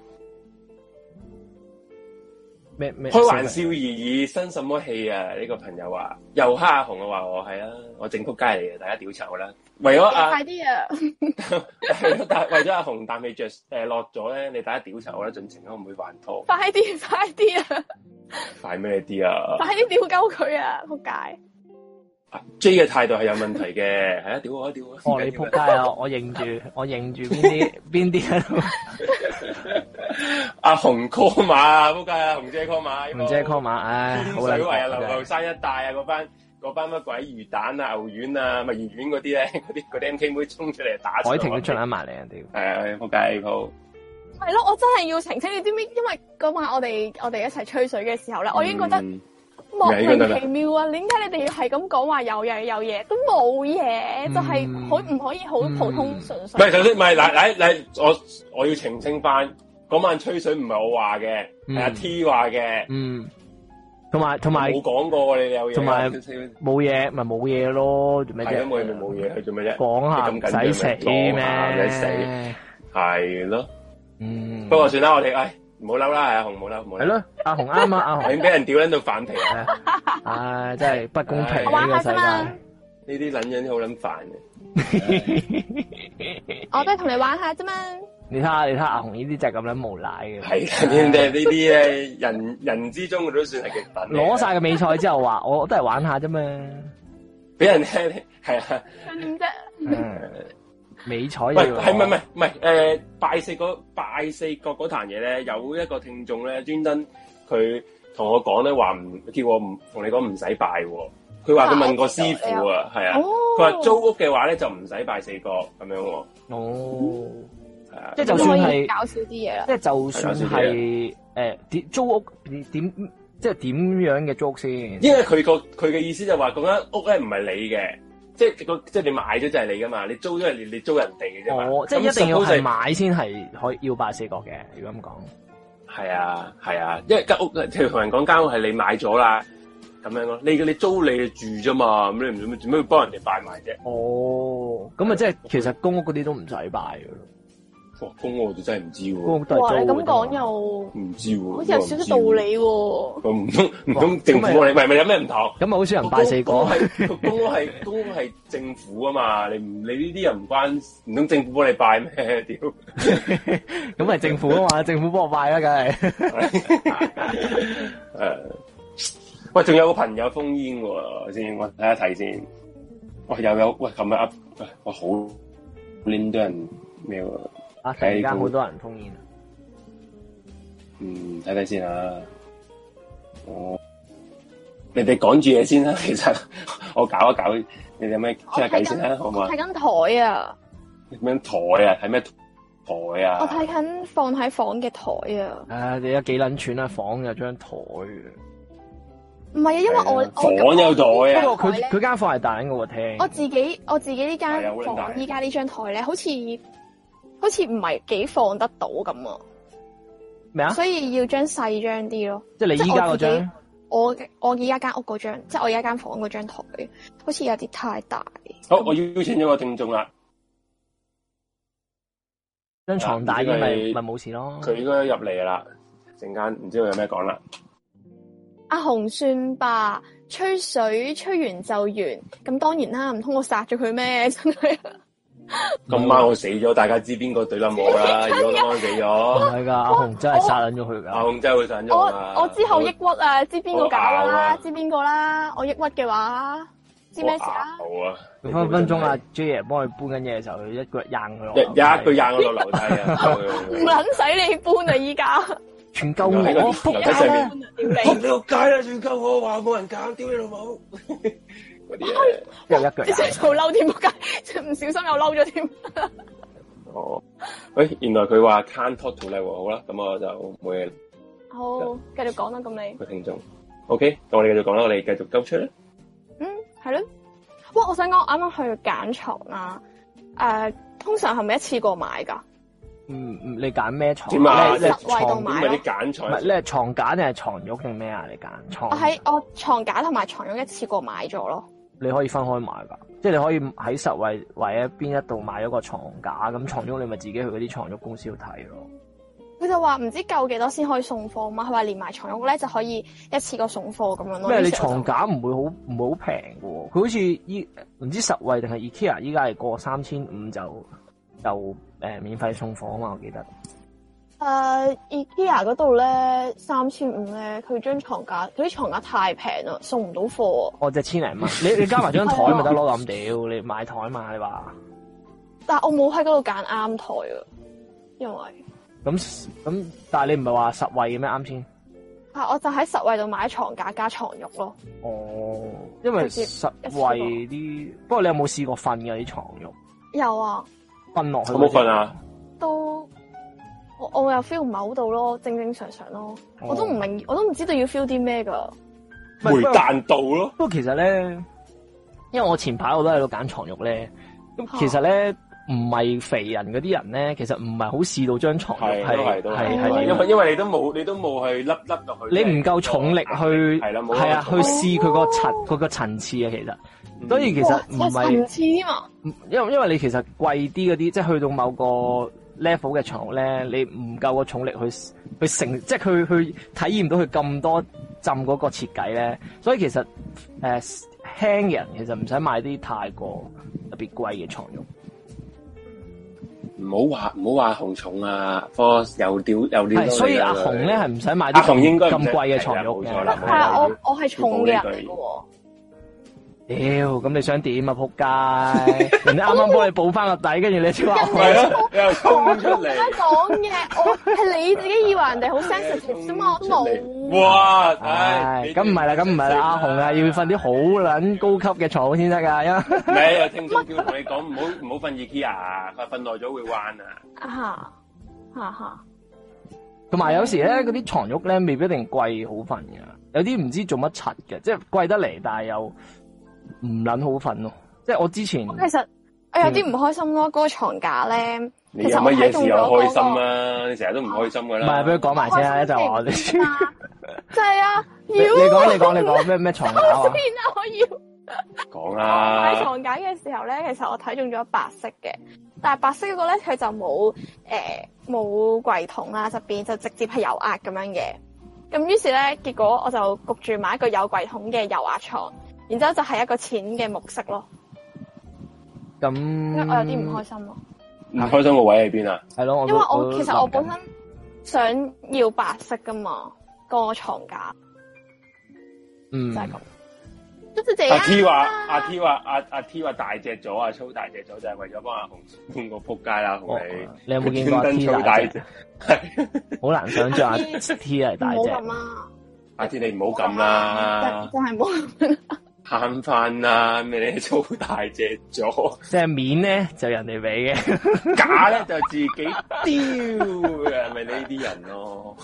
開玩笑而已，生什麼氣啊？呢、啊，這個朋友話又蝦阿紅啊，話我係啊，我整仆街嚟嘅，大家屌醜啦。為咗快啲啊，但、啊、 [LAUGHS] 為咗阿紅啖氣著誒落咗咧，你大家屌醜啦，盡情咯，唔會還拖。快啲，快啲啊！快咩啲啊？快啲屌鳩佢啊！仆街！J 嘅態度係有問題嘅，係啊，屌我，屌我！我、哦、你仆街啊！ [LAUGHS] 我認住，我認住邊啲邊啲喺度。 [LAUGHS] 些 [LAUGHS] 阿、啊、紅 co 馬，仆街啊！紅姐 co 馬，紅姐 co 馬，唉，好難啊！流、啊、流山一帶啊，嗰班班乜鬼魚蛋啊、牛丸啊、墨魚丸嗰啲咧，嗰啲啲 M K 妹衝出嚟打出海，海婷都出啦埋嚟啊！屌，係、嗯、啊，仆街好係咯，我真係要澄清，你知唔知？因為嗰晚我哋我哋一齊吹水嘅時候咧，我已經覺得莫名其妙啊！點、嗯、解你哋要係咁講話有嘢有嘢都冇嘢、嗯，就係可唔可以好普通純粹？唔係首先唔係，嗱嗱嗱，我我要澄清翻。嗰晚吹水唔係我話嘅，係阿 T 話嘅，嗯，同埋同埋冇講過你哋，同埋冇嘢咪冇嘢咯，係咯冇嘢咪冇嘢，佢做咩啫？講下咁緊要咩？講下你死係咯，嗯，不過算啦，我哋哎冇嬲啦，阿雄冇嬲冇嬲，係咯，阿雄啱啊，阿雄你俾人屌喺度反皮啊，唉真係不公平呢個世界，呢啲冷飲好卵煩嘅，我都係同你玩下啫嘛。你睇下，你睇阿紅呢啲就咁樣無賴嘅。係，呢啲呢啲咧，人 [LAUGHS] 人之中都算係極品。攞晒嘅美彩之後話， [LAUGHS] 我都係玩下啫嘛。俾人聽係 [LAUGHS] 啊。啫、嗯？美彩又係，唔係唔係唔係誒！拜四角拜四角嗰壇嘢咧，有一個聽眾咧，專登佢同我講咧話唔叫我唔同你講唔使拜。佢話佢問過師傅啊，係啊。佢話租屋嘅話咧就唔使拜四角咁樣。哦。即係就算係搞少啲嘢啦，即係就算係誒，點租屋點即係點樣嘅租屋先？因為佢個佢嘅意思就話，嗰間屋咧唔係你嘅，即係即係你買咗就係你噶嘛，你租咗你你租，你你租人哋嘅啫嘛。哦、即係一定要係買先係可以、嗯、要拜四角嘅。如果咁講，係啊係啊，因為間屋即係同人講間屋係你買咗啦，咁樣咯。你你租你住啫嘛，咁你唔做咩做要幫人哋拜埋啫？哦，咁啊，即係其實公屋嗰啲都唔使拜噶咯。公我就真係唔知喎。哇，你咁講又唔知喎，好似有少少道理喎。咁唔通唔通政府幫你？唔係唔係有咩唔妥？咁咪好少人拜四個，公係公係 [LAUGHS] 政府啊嘛。你唔你呢啲人唔關唔通政府幫你拜咩？屌，咁咪政府啊嘛，政府幫我拜啦，梗係 [LAUGHS] [LAUGHS] 喂，仲有個朋友封煙喎，先我睇一睇先。哇！又有喂，琴日 up 我好 link 到人咩啊！而家好多人封煙。嗯，睇睇先啦。哦，你哋趕住嘢先啦。其實我搞一搞，你哋有咩傾下偈先啦，好唔好睇緊台啊！咩台啊？睇咩台啊？我睇緊放喺房嘅台啊。唉、啊，你有幾捻串啊？房有張台，啊。唔係啊，因為我，是的我，我房有台啊。不過佢佢間房係大緊我個廳。我自己我自己呢間房依家呢張台咧，好似。好似唔係幾放得到咁啊！咩啊？所以要張細張啲咯。即係你依家嗰張，我我而家間屋嗰張，即係我而家間房嗰張台，好似有啲太大。好，嗯、我邀請咗個聽眾啦。張床大啲咪咪冇事咯。佢應該入嚟啦。陣間唔知佢有咩講啦。阿紅算吧，吹水吹完就完。咁當然啦，唔通我殺咗佢咩？真係。今晚我死咗，大家知邊個對得我啦？如果我安死咗，係噶阿紅真係殺捻咗佢噶，阿紅真係會殺捻咗佢我我，我之後抑鬱啊，知邊個搞啦？知邊個啦？我抑鬱嘅話，知咩事啊？好啊！分分鐘啊 J 爺幫佢搬緊嘢嘅時候，佢一腳掹佢，一腳硬我落樓梯啊！唔撚使你搬啊！依家全救你，我仆街你個街啦！全夠我話冇人搞，丟你老母！嗰啲嘢，即係又嬲添，唔 [LAUGHS] 小心又嬲咗添。哦，喂，原來佢話 can't talk to you，好啦，咁我就冇嘢。好，繼續講啦。咁你個聽眾，OK，咁我哋繼續講啦，我哋繼續揪出啦。嗯，係咯。喂，我想講，啱啱去揀床啊。誒、呃，通常係咪一次過買噶？嗯，你揀咩床？喺你物度買你揀牀，唔係咧牀架定係床褥定咩啊？你揀床？我喺我牀架同埋床褥一次過買咗咯。你可以分開買噶，即係你可以喺實惠或者邊一度買咗個床架，咁床褥你咪自己去嗰啲床褥公司度睇咯。佢就話唔知夠幾多先可以送貨嘛？佢話連埋床褥咧就可以一次過送貨咁樣咯。因為你床架唔會好唔會好平噶喎，佢好似依唔知實惠定係 IKEA 依家係過三千五就就誒、呃、免費送貨啊嘛，我記得。誒、uh，IKEA 嗰度咧三千五咧，佢張床架佢啲床架太平啦，送唔到貨。哦，就千零蚊， [LAUGHS] 你加張桌 [LAUGHS] 你加埋張台咪得咯咁屌，你買台嘛你話？但係我冇喺嗰度揀啱台啊，因為咁咁、嗯嗯，但係你唔係話實惠嘅咩啱先？係、啊，我就喺實惠度買床架加床褥咯。哦，因為實惠啲，不過你有冇試過瞓㗎啲床褥？有啊，瞓落去。好冇瞓啊？都。我我又 feel 唔好到咯，正正常常咯、oh.，我都唔明，我都唔知道要 feel 啲咩噶。回彈度咯，不過其實咧，因為我前排我都喺度揀床褥咧，咁其實咧唔係肥人嗰啲人咧，其實唔係好試到張床係係係，因為你都冇你都冇去甩甩落去，你唔夠重力去係啊，啊，去試佢個層佢個層次啊，其實，所、嗯、以其實唔係層次啊嘛，因為因為你其實貴啲嗰啲，即係去到某個。嗯 level 嘅床褥咧，你唔夠個重力去去承，即係佢去，去體驗到佢咁多浸嗰個設計咧。所以其實誒、呃、輕人其實唔使買啲太過特別貴嘅床褥。唔好話唔好話紅重啊，for 又掉又掉。所以阿紅咧係，唔使買啲紅應該咁貴嘅床褥嘅。係啊，我我係重嘅喎。屌、欸，咁你想點啊？仆街，人哋啱啱幫你補翻個底，跟 [LAUGHS] 住你先話係咯。我唔係講嘅，我係你自己以為 [LAUGHS] 人哋好 sensitive 啫嘛，我都冇。哇，唉，咁唔係啦，咁唔係啦，阿紅、哎、啊，要瞓啲好捻高級嘅床先得噶。咩？我清楚叫同你講，唔好唔好瞓 IKEA 啊，瞓耐咗會彎啊。吓，同埋有時咧，嗰啲床褥咧未必一定貴好瞓噶，有啲唔知做乜柒嘅，即係貴得嚟，但係又。唔捻好瞓咯，即係我之前。其實我有啲唔開心咯，嗰、那個床架咧、那個。你有乜嘢時候開心啊？你成日都唔開心㗎。咧。唔係，俾佢講埋先啦，講先就是、我 [LAUGHS] 就、啊 you、你。就係啊，要你講你講你講咩咩床架啊？邊啊， [LAUGHS] 我要講啦。喺床架嘅時候咧，其實我睇中咗白色嘅，但係白色嗰、那個咧，佢就冇誒冇櫃桶啦，入邊就直接係油壓咁樣嘅。咁於是咧，結果我就焗住買一個有櫃桶嘅油壓床。然之後就係一個淺嘅木色咯。咁我有啲唔開心咯。唔開心個位喺邊啊？係咯，因為我，我，因為我其實我本身想要白色噶嘛，個床架。嗯，就係、是、咁。阿 T 話、啊啊，阿 T 話，阿 T 阿 T 話大隻咗，啊，粗大隻咗，就係、是、為咗幫阿紅換個仆街啦，同你。你有冇見阿 T 大隻？好 [LAUGHS] 難想象阿 T 係大隻。唔好咁啦，阿 T 你唔好咁啦，真係冇。慳翻啊咩你粗大隻咗？即係面咧就人哋俾嘅， [LAUGHS] 假咧就自己丟嘅，係 [LAUGHS] 咪呢啲人咯？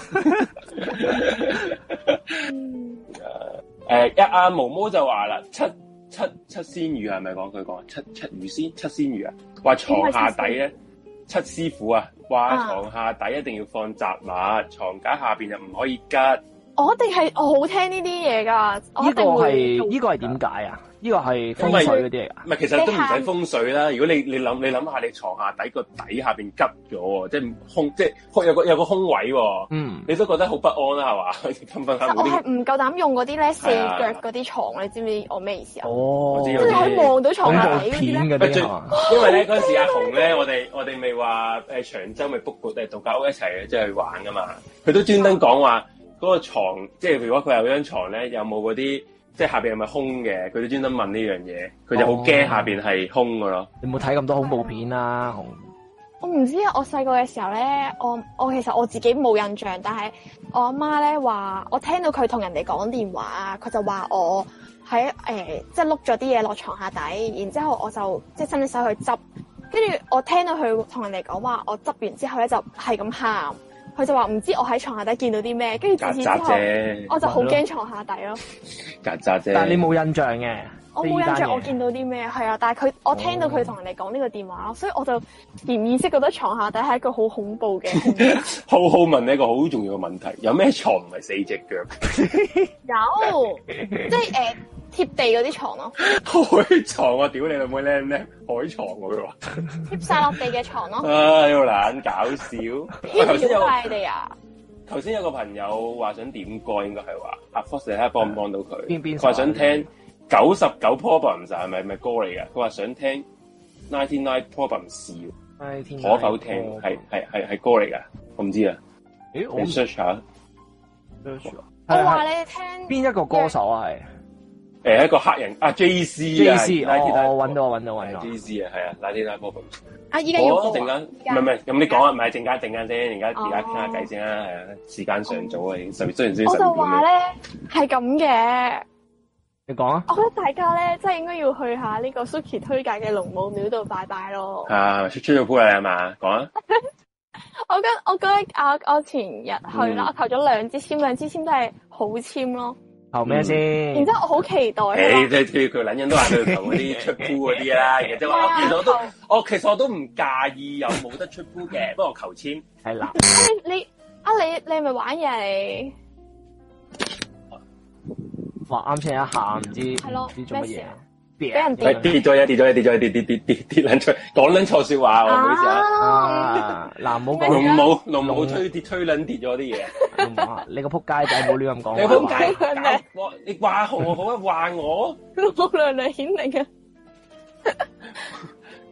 誒，一阿毛毛就話啦，七七七仙魚係咪講？佢講七七魚仙，七仙魚啊？話 [LAUGHS] 床下底咧， [LAUGHS] 七師傅啊，話床下底一定要放雜物，ah. 床架下邊就唔可以吉。我一定係我好聽呢啲嘢噶，我一定係。依、呢個係依個係點解啊？呢個係風水嗰啲嚟噶？唔係其實都唔使風水啦。如果你你諗你諗下，你，你，想想你床下底個底下邊急咗喎，即係空即係有個有個空位喎。嗯，你都覺得好不安啦，係嘛？我係唔夠膽用嗰啲咧四腳嗰啲床，你知唔知我咩意思啊？哦，即係喺望到床下底啲咧。因為咧嗰陣時、啊啊、阿紅咧、啊，我哋我哋未話誒長洲咪 book 過，誒度假屋一齊即係去玩噶嘛。佢都專登講話，嗰個牀，即係如果佢有張床咧，有冇嗰啲，即係下邊係咪空嘅？佢都專登問呢樣嘢，佢就好驚下邊係空嘅咯。你冇睇咁多恐怖片啊？我唔知啊！我細個嘅時候咧，我我其實我自己冇印象，但係我阿媽咧話，我聽到佢同人哋講電話，佢就話我喺誒，即係碌咗啲嘢落床下底，然之後我就即係伸隻手去執，跟住我聽到佢同人哋講話，我執完之後咧就係咁喊。佢就話唔知我喺床下底見到啲咩，跟住自此之後，我就好驚床下底咯。曱甴啫，但係你冇印象嘅，我冇印象我，我見到啲咩係啊？但係佢，我聽到佢同人哋講呢個電話、哦、所以我就潛意識覺得床下底係一個好恐怖嘅。好 [LAUGHS] 好問你一個好重要嘅問題，有咩床唔係四隻腳？ [LAUGHS] 有，即係誒。呃貼地嗰啲床咯、哦，海床啊，屌你老妹，靚咩？海床佢話貼晒落地嘅床咯、啊。唉、啊，要難搞笑。邊條壞地啊？頭先有個朋友話想點歌應該，應該係話，阿 Fox 睇下幫唔幫到佢。邊邊？佢話想聽九十九 problems 係咪咪歌嚟噶？佢話想聽 ninety nine problems 哪哪。可否聽？係係係係歌嚟噶？我唔知咦我 [NOISE] 啊。誒，我唔我話你聽邊一個歌手啊？係。誒，一個黑人啊，J C 啊，我搵到，我搵到，搵到 J C 啊，係啊 n i 啊，依家要唔係唔係，咁你講啊，唔係陣間陣間先，而家而家傾下偈先啦，係啊，時間尚早啊，我就話咧，係咁嘅。你講啊！我覺得大家咧，真係應該要去下呢個 Suki 推介嘅龍母廟度拜拜咯。啊，出咗到鋪嚟啊嘛，講啊！ [LAUGHS] 我覺得，我覺得，啊，我前日去啦，嗯、我求咗兩支籤，兩支籤都係好籤咯。求咩先？然之後我好期待。你即係佢嗰啲人都話佢求嗰啲出箍嗰啲啦， [LAUGHS] 然之後我見到都，我其實我都唔、 [LAUGHS] 哦、介意有冇得出箍嘅， [LAUGHS] 不過求簽係啦。你 [LAUGHS] 你、嗯、啊你你係咪玩嘢你，哇啱先一下唔知唔知做乜嘢。俾人跌跌咗一跌咗一跌咗一跌跌跌跌跌捻錯，講捻錯說話，唔好意思啊，嗱、啊，唔好，唔好，唔好推跌，推捻跌咗啲嘢，你個扑街仔，冇亂咁講。你扑街嚟？哇，你話我好啊？話我？好娘娘顯嚟噶。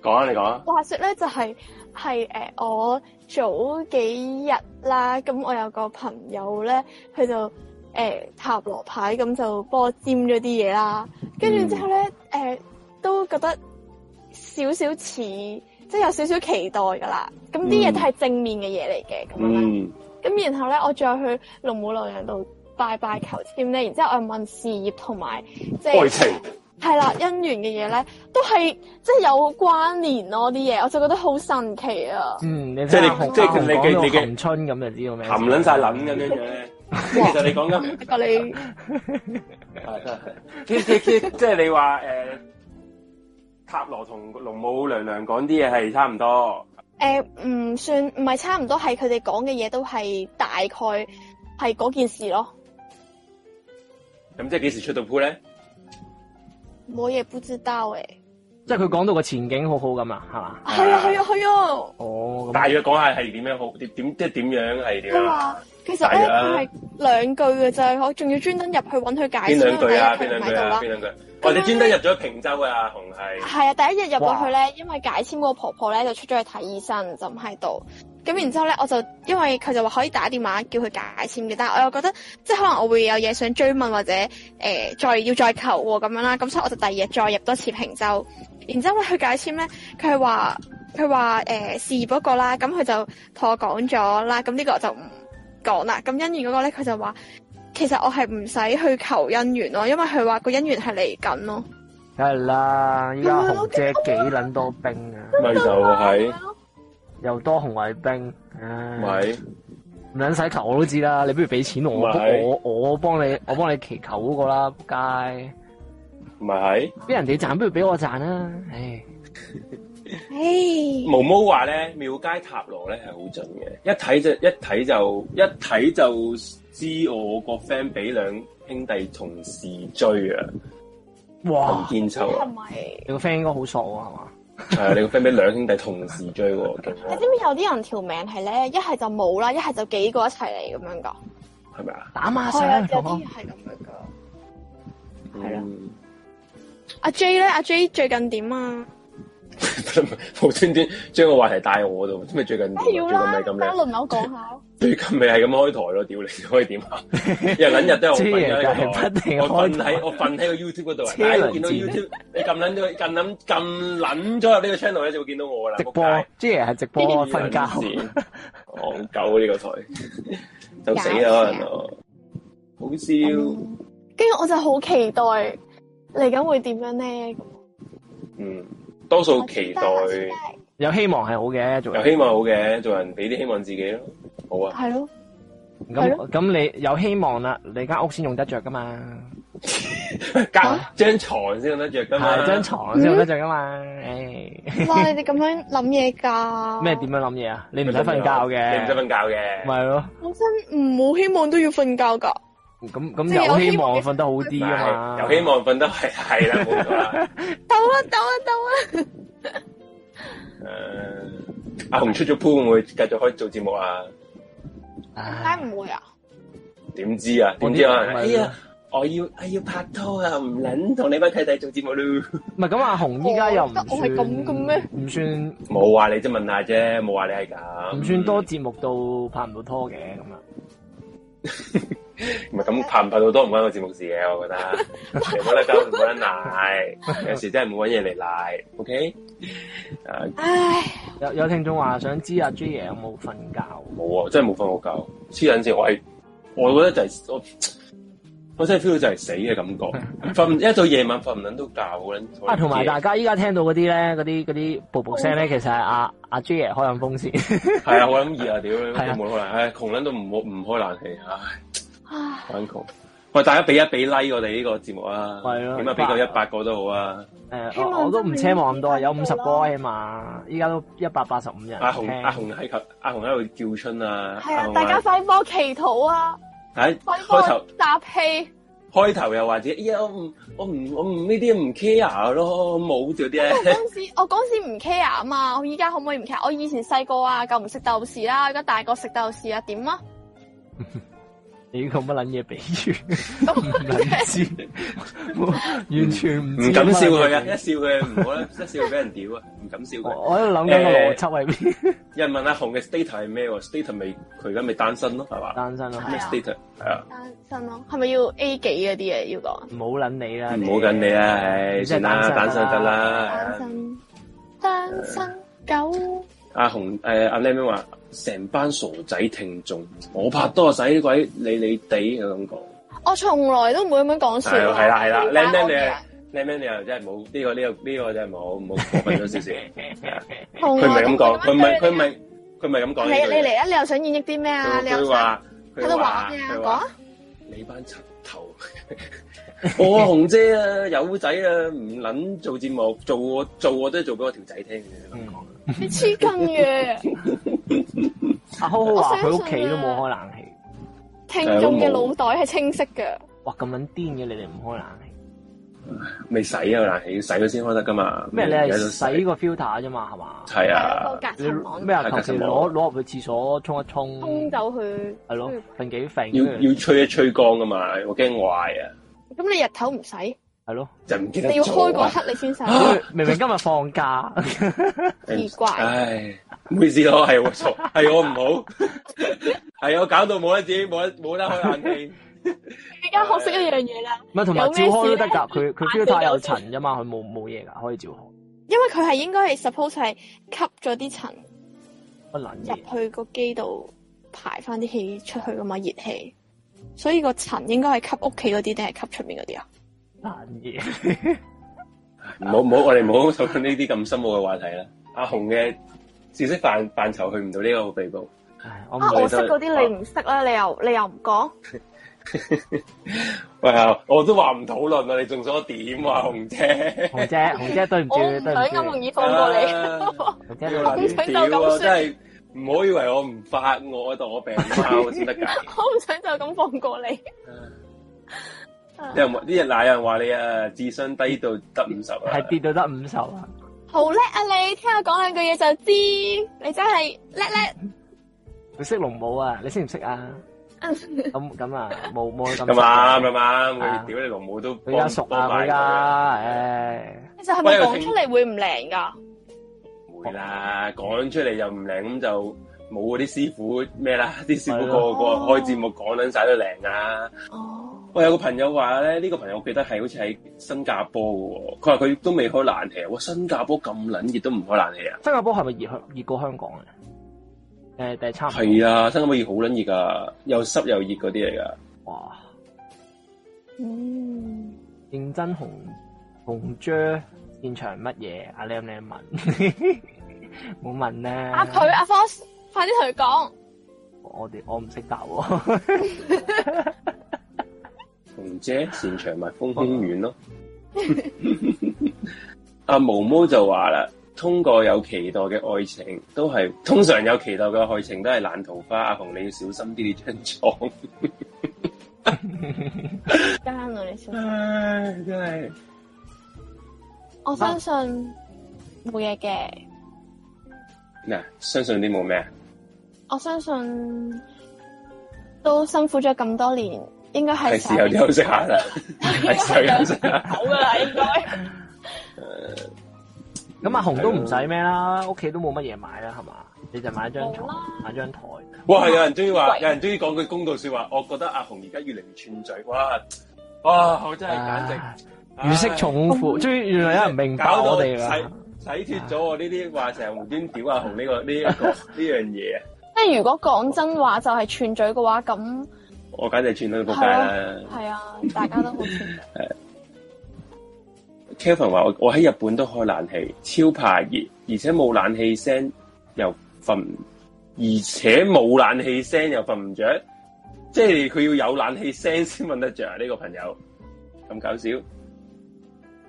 講啊，你講啊。話說咧、就是，就係係誒，我早幾日啦，咁我有個朋友咧，佢就。誒、欸，塔羅牌咁就幫我占咗啲嘢啦，跟、嗯、住之後咧，誒、欸、都覺得少少似，即、就、係、是、有少少期待噶啦。咁啲嘢都係正面嘅嘢嚟嘅，咁、嗯、咁然後咧，我再去龍母娘娘度拜拜求簽咧，然之後我問事業同埋即係愛情，係啦，姻緣嘅嘢咧，都係即係有關聯咯啲嘢，我就覺得好神奇啊。嗯，你，看看你即係你即係你嘅你嘅農春咁就知道咩？含撚晒撚咁嘅嘢。 [LAUGHS] 即是你講的其實你講緊、呃呃，不過你即係你話誒，塔羅同龍母娘娘講啲嘢係差唔多。誒，唔算唔係差唔多，係佢哋講嘅嘢都係大概係嗰件事咯。咁即係幾時出到鋪咧？我也不知道誒、啊。即係佢講到個前景很好好㗎嘛，係嘛？係 [NOISE] 啊，係 [NOISE] 啊，係啊。哦、啊，大約講下係點樣好？點即係點樣係點 [NOISE] [NOISE] 其實咧，佢係兩句嘅就係，我仲要專登入去揾佢解簽，邊兩句啊？邊兩句啊？邊兩句？或者專登入咗坪洲嘅阿紅係，係啊，第一日，啊啊哦嗯啊，入過去咧，因為解簽個婆婆咧就出咗去睇醫生，就唔喺度。咁然之後咧，我就因為佢就話可以打電話叫佢解簽嘅，但係我又覺得即係可能我會有嘢想追問或者誒，呃、再要再求咁樣啦。咁所以我就第二日再入多次坪洲，然之後去解簽咧，佢話佢話誒事不過啦，咁佢就同我講咗啦。咁呢個就唔。講啦，咁姻緣嗰個咧，佢就話，其實我係唔使去求姻緣咯，因為佢話個姻緣係嚟緊咯。梗係啦，依家紅姐幾捻多兵啊，咪就係又多紅衛兵，唉、哎，唔捻使求我都知啦，你不如俾錢我，我我幫你，我幫你祈求嗰個啦，扑街，咪係，俾人哋賺不如俾我賺啦，唉、哎。 [LAUGHS] Hey，毛毛話咧廟街塔羅咧係好準嘅，一睇就一睇就一睇就知我個 friend 俾兩兄弟同時追啊！哇，建秋，醜係咪？你個 friend 應該好傻啊，係嘛？係啊，你個 friend 俾兩兄弟同時追嘅。 [LAUGHS] 你知唔知有啲人條命係咧？一係就冇啦，一係就幾個一齊嚟咁樣噶。係咪啊？打麻雀、哎、有啲係咁樣噶。係、嗯、咯。阿 J 咧，阿 J 最近點啊？冇 [LAUGHS] 端端將個話題帶我度，咪最近我要最近咪咁樣。輪流，我講下。最近咪係咁開台咯，屌你可以點啊！日 [LAUGHS] 日都我一我瞓喺我瞓喺個 YouTube 嗰度。我輪見到 YouTube， [LAUGHS] 你撳捻咗，撳捻撳捻咗入呢個 channel 咧，就會見到我噶啦。直播，即係直播瞓覺。 [LAUGHS] 我搞呢、啊這個台， [LAUGHS] 就死咗可能。好笑。跟、嗯、住我就好期待嚟緊會點樣咧？嗯。多數期待有希望係好嘅，做有希望好嘅，做人俾啲希望自己咯，好啊，係咯，咁咁你有希望啦，你間屋先用得着噶嘛，間 [LAUGHS] 張、啊、床先用得着噶嘛，張床先用得着噶嘛，唉、嗯哎，你哋咁樣諗嘢噶，咩點樣諗嘢啊？你唔使瞓覺嘅，你唔使瞓覺嘅，唔係咯，我真唔冇希望都要瞓覺噶。咁咁又希望瞓得好啲啊嘛，又希望瞓得係係啦，冇錯。到啊到啊到啊！ [LAUGHS] 啊啊啊啊 uh, 阿紅出咗鋪會唔會繼續可以做節目啊？點解唔會啊？點知啊？點知啊？哎呀，我，hey, 我要係要拍拖啊，唔捻同你班契弟做節目咯。唔係咁，阿紅依家又唔算。我係咁嘅咩？唔算。冇話你啫，即問下啫，冇話你係咁。唔算多節目到拍唔到拖嘅咁啊。 [LAUGHS] 唔係咁拍唔拍到多唔關個節目事嘅，我覺得，冇 [LAUGHS] 得搞，冇得賴，有時真係冇揾嘢嚟賴，OK？、Uh, 唉，有有聽眾話想知阿朱爺有冇瞓覺？冇啊，真係冇瞓過覺。黐緊線，我係，我覺得就係、是、我，我真係 feel 到就係死嘅感覺。瞓 [LAUGHS] 一到夜晚瞓唔捻都覺,覺啊，同埋大家依家聽到嗰啲咧，嗰啲嗰啲布布聲咧，其實係阿阿朱爺開緊風扇。係 [LAUGHS] 啊，好撚熱 [LAUGHS] 啊屌，可能哎、都冇開，唉，窮捻都唔好唔開冷氣，唉。 [LAUGHS] Uncle，喂，大家俾一俾 like 我哋呢個節目啊，起碼俾夠一百個都好啊。誒，我都唔奢望咁多，啊，有五十個啊嘛。依家都一百八十五人。阿紅，阿、啊、紅喺阿、啊、紅喺度叫春啊。係啊，大家快波祈禱啊！喺、啊、開頭打氣，開頭又或者，咦、哎、呀，我唔，我唔，我唔呢啲唔 care 咯，冇做啲。我嗰陣時，我嗰陣時唔 care 啊嘛，我依家可唔可以唔 care？我以前細個啊，夠唔食豆豉啦，而家大個食豆豉啊，點啊？ [LAUGHS] 你咁乜撚嘢比喻，都唔捻知，完全唔敢笑佢啊！一笑佢唔好啦，一笑佢俾人屌啊！唔敢笑佢，我喺度諗緊個邏輯係邊。有人問阿紅嘅 status 係咩？status 咪佢而家咪單身咯，係嘛？單身啊，係啊。單身啊，係咪要 A 幾嗰啲嘢要講？唔好捻你啦，唔好捻你啦，唉，算啦，單身得啦。單身單身狗。阿紅誒，阿咩咩話？成班傻仔聽眾，我拍多仔鬼，你你哋嘅感覺。我從來都唔會咁樣講笑。係啦係啦，靚 man 你，靚 man 你又真係冇呢個呢個呢個真係冇，冇過咗少少。佢唔係咁講，佢唔係佢唔係佢唔係咁講。你嚟啊！你又想演繹啲咩啊？你話喺度話咩？講你班柒頭，我、 [LAUGHS] 哦、紅姐啊，有仔啊，唔捻做節目，做我做我都做俾我條仔聽嘅。你黐根嘅！阿康話佢屋企都冇開冷氣，聽眾嘅腦袋係清晰嘅。哇，咁樣癲嘅你哋唔開冷氣？未洗啊，冷氣要洗咗先開得噶嘛？咩？你係洗個 filter 啫嘛？係嘛？係啊。你隔咩啊？頭先攞攞入去廁所沖一沖，沖走佢係咯。瞓？幾要要，要吹一吹乾噶嘛？我驚壞啊！咁你日頭唔洗係咯，就唔記得你要開嗰刻你先洗。 [LAUGHS] 明明今日放假， [LAUGHS] 奇怪。唉唔好意思咯，係我錯，係我唔好，係我搞到冇得自己，冇得冇得開冷氣。你而家學識一樣嘢啦，乜、嗯、同照開都得噶，佢佢 feel 太有塵啫嘛，佢冇冇嘢噶，可以照開。因為佢係應該係 suppose 係吸咗啲塵，入去個機度排翻啲氣出去噶嘛，熱氣，所以個塵應該係吸屋企嗰啲定係吸出面嗰啲啊？難嘢，啊 [LAUGHS] 唔好唔好，我哋唔好討論呢啲咁深奧嘅話題啦。阿紅嘅。知識範範疇去唔到呢個地步。啊，我，唔我，我識嗰啲你唔識啦、啊，你又你又唔講。 [LAUGHS] 喂啊，我都話唔討論啊，你仲想點啊，紅姐？紅姐，紅姐對唔住，我唔想咁容易放過你。唔、啊、 [LAUGHS] 想就真係唔好以為我唔發我度我病貓先得噶。我唔想就咁放過你。啲日奶人嗱，人話你啊，智商低到得五十啊，係跌到得五十啊。好叻啊你！你聽我講兩句嘢就知，你真係叻叻。你識龍舞啊？你識唔、啊 [LAUGHS] 啊、識啊？咁、嗯、咁、嗯嗯嗯、啊，冇冇咁差。咁啊，咁啊，屌你龍舞都比較熟啊，而家你其實係咪講出嚟會唔靈噶？會會啦，講出嚟又唔靈，咁就冇嗰啲師傅咩啦，啲師傅、個個開節目講緊晒都靈啊。哦。我有個朋友話呢、呢個朋友我記得係好似喺新加坡嘅喎。佢話佢都未開冷氣啊！哇，新加坡咁撚熱都唔開冷氣啊！新加坡係咪熱？熱過香港嘅？誒，第七係啊！新加坡熱好撚熱㗎，又濕又熱嗰啲嚟㗎。哇！嗯，認真紅紅椒現場乜嘢？阿靚靚，你問冇 [LAUGHS] 問呢？阿、啊、佢，阿 fox、啊、快啲同佢講。我哋我唔識答喎、啊。 [LAUGHS] [LAUGHS] 紅姐擅長咪風風軟咯，阿、 [LAUGHS] 啊、毛毛就話啦：，通過有期待嘅愛情都係，通常有期待嘅愛情都係爛桃花。阿紅你要小心啲，呢張床。加 [LAUGHS] 你、啊、真係。我相信冇嘢嘅。嗱、啊，相信你冇咩？我相信都辛苦咗咁多年。應該係時候休息下啦，係時候休息下。好噶啦，應該。咁阿紅都唔使咩啦，屋企都冇乜嘢買啦，係嘛？你就買張床，嗯、買張台、嗯。哇，係有人中意話，有人中意講句公道說話，我覺得阿紅而家越嚟越串嘴，哇哇，我真係簡直如釋、啊啊、重負。終、嗯、於，原來有人明白我哋啦，洗脫咗我呢啲話成日無端屌阿紅呢個呢一個呢樣嘢。即係如果講真話就係串嘴嘅話，咁。我簡直串到撲街啦、啊！係啊，大家都好黐。Kevin 話：我喺日本都開冷氣，超怕熱，而且冇冷氣聲又瞓，而且冇冷氣聲又瞓唔着。即係佢要有冷氣聲先瞓得着啊。呢、呢個朋友咁搞笑。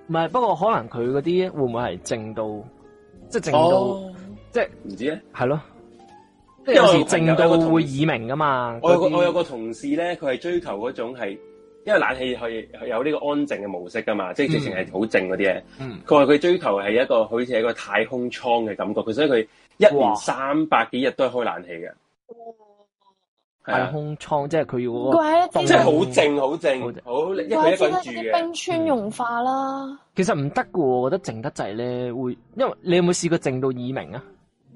唔係，不過可能佢嗰啲會唔會係靜到，即、就、係、是、靜到，即係唔知咧、啊。係咯。因為有時靜到佢會耳鳴噶嘛，我我有個同事咧，佢係追求嗰種係，因為冷氣係有呢個安靜嘅模式噶嘛，即係直情係好靜嗰啲嘢。嗯，佢話佢追求係一個好似係一個太空艙嘅感覺，佢所以佢一年三百幾日都係開冷氣嘅、啊。太空艙即係佢要，即係好靜好靜好。一個人住嘅，怪唔之得啲冰川融化啦、嗯。其實唔得噶，我覺得靜得滯咧，會，因為你有冇試過靜到耳鳴啊？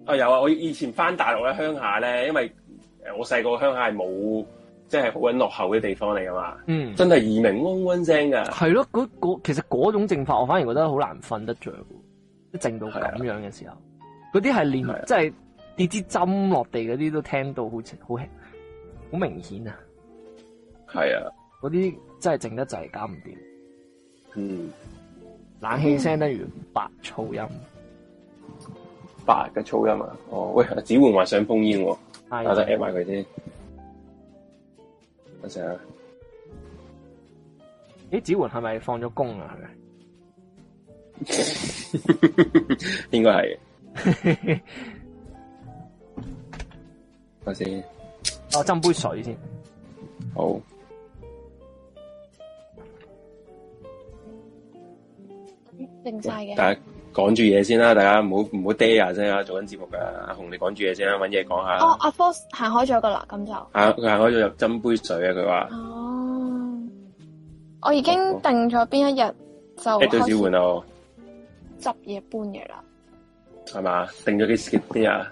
啊有啊！我以前翻大陸咧鄉下咧，因為誒我細個鄉下係冇，即係好揾落後嘅地方嚟噶嘛。嗯，真係耳鳴嗡嗡聲噶。係咯，其實嗰種靜法，我反而覺得好難瞓得著，一靜到咁樣嘅時候，嗰啲係連即係啲支針落地嗰啲都聽到好輕，好似好好明顯啊！係啊，嗰啲真係靜得滯，搞唔掂。嗯，冷氣聲等於、嗯、白噪音。白嘅粗音啊！哦喂，子煥話想封煙喎，我哋 at 埋佢先。等陣啊！咦，子煥係咪放咗工了？ [LAUGHS] 該是 [LAUGHS] 啊？應該係。等陣先。哦，斟杯水先。好。等定晒嘅。講住嘢先啦，大家唔好唔好 day 下先啦，dare，做緊節目噶，阿紅，你講住嘢先啦，搵嘢講下。哦、oh, 啊，阿 Force 行開咗噶啦，咁就。啊，佢行開咗入斟杯水啊，佢話。哦、oh,，我已經定咗邊一日、oh, oh. 就。誒，對，子煥啊。執嘢搬嘢啦。係嘛？定咗幾時？邊日啊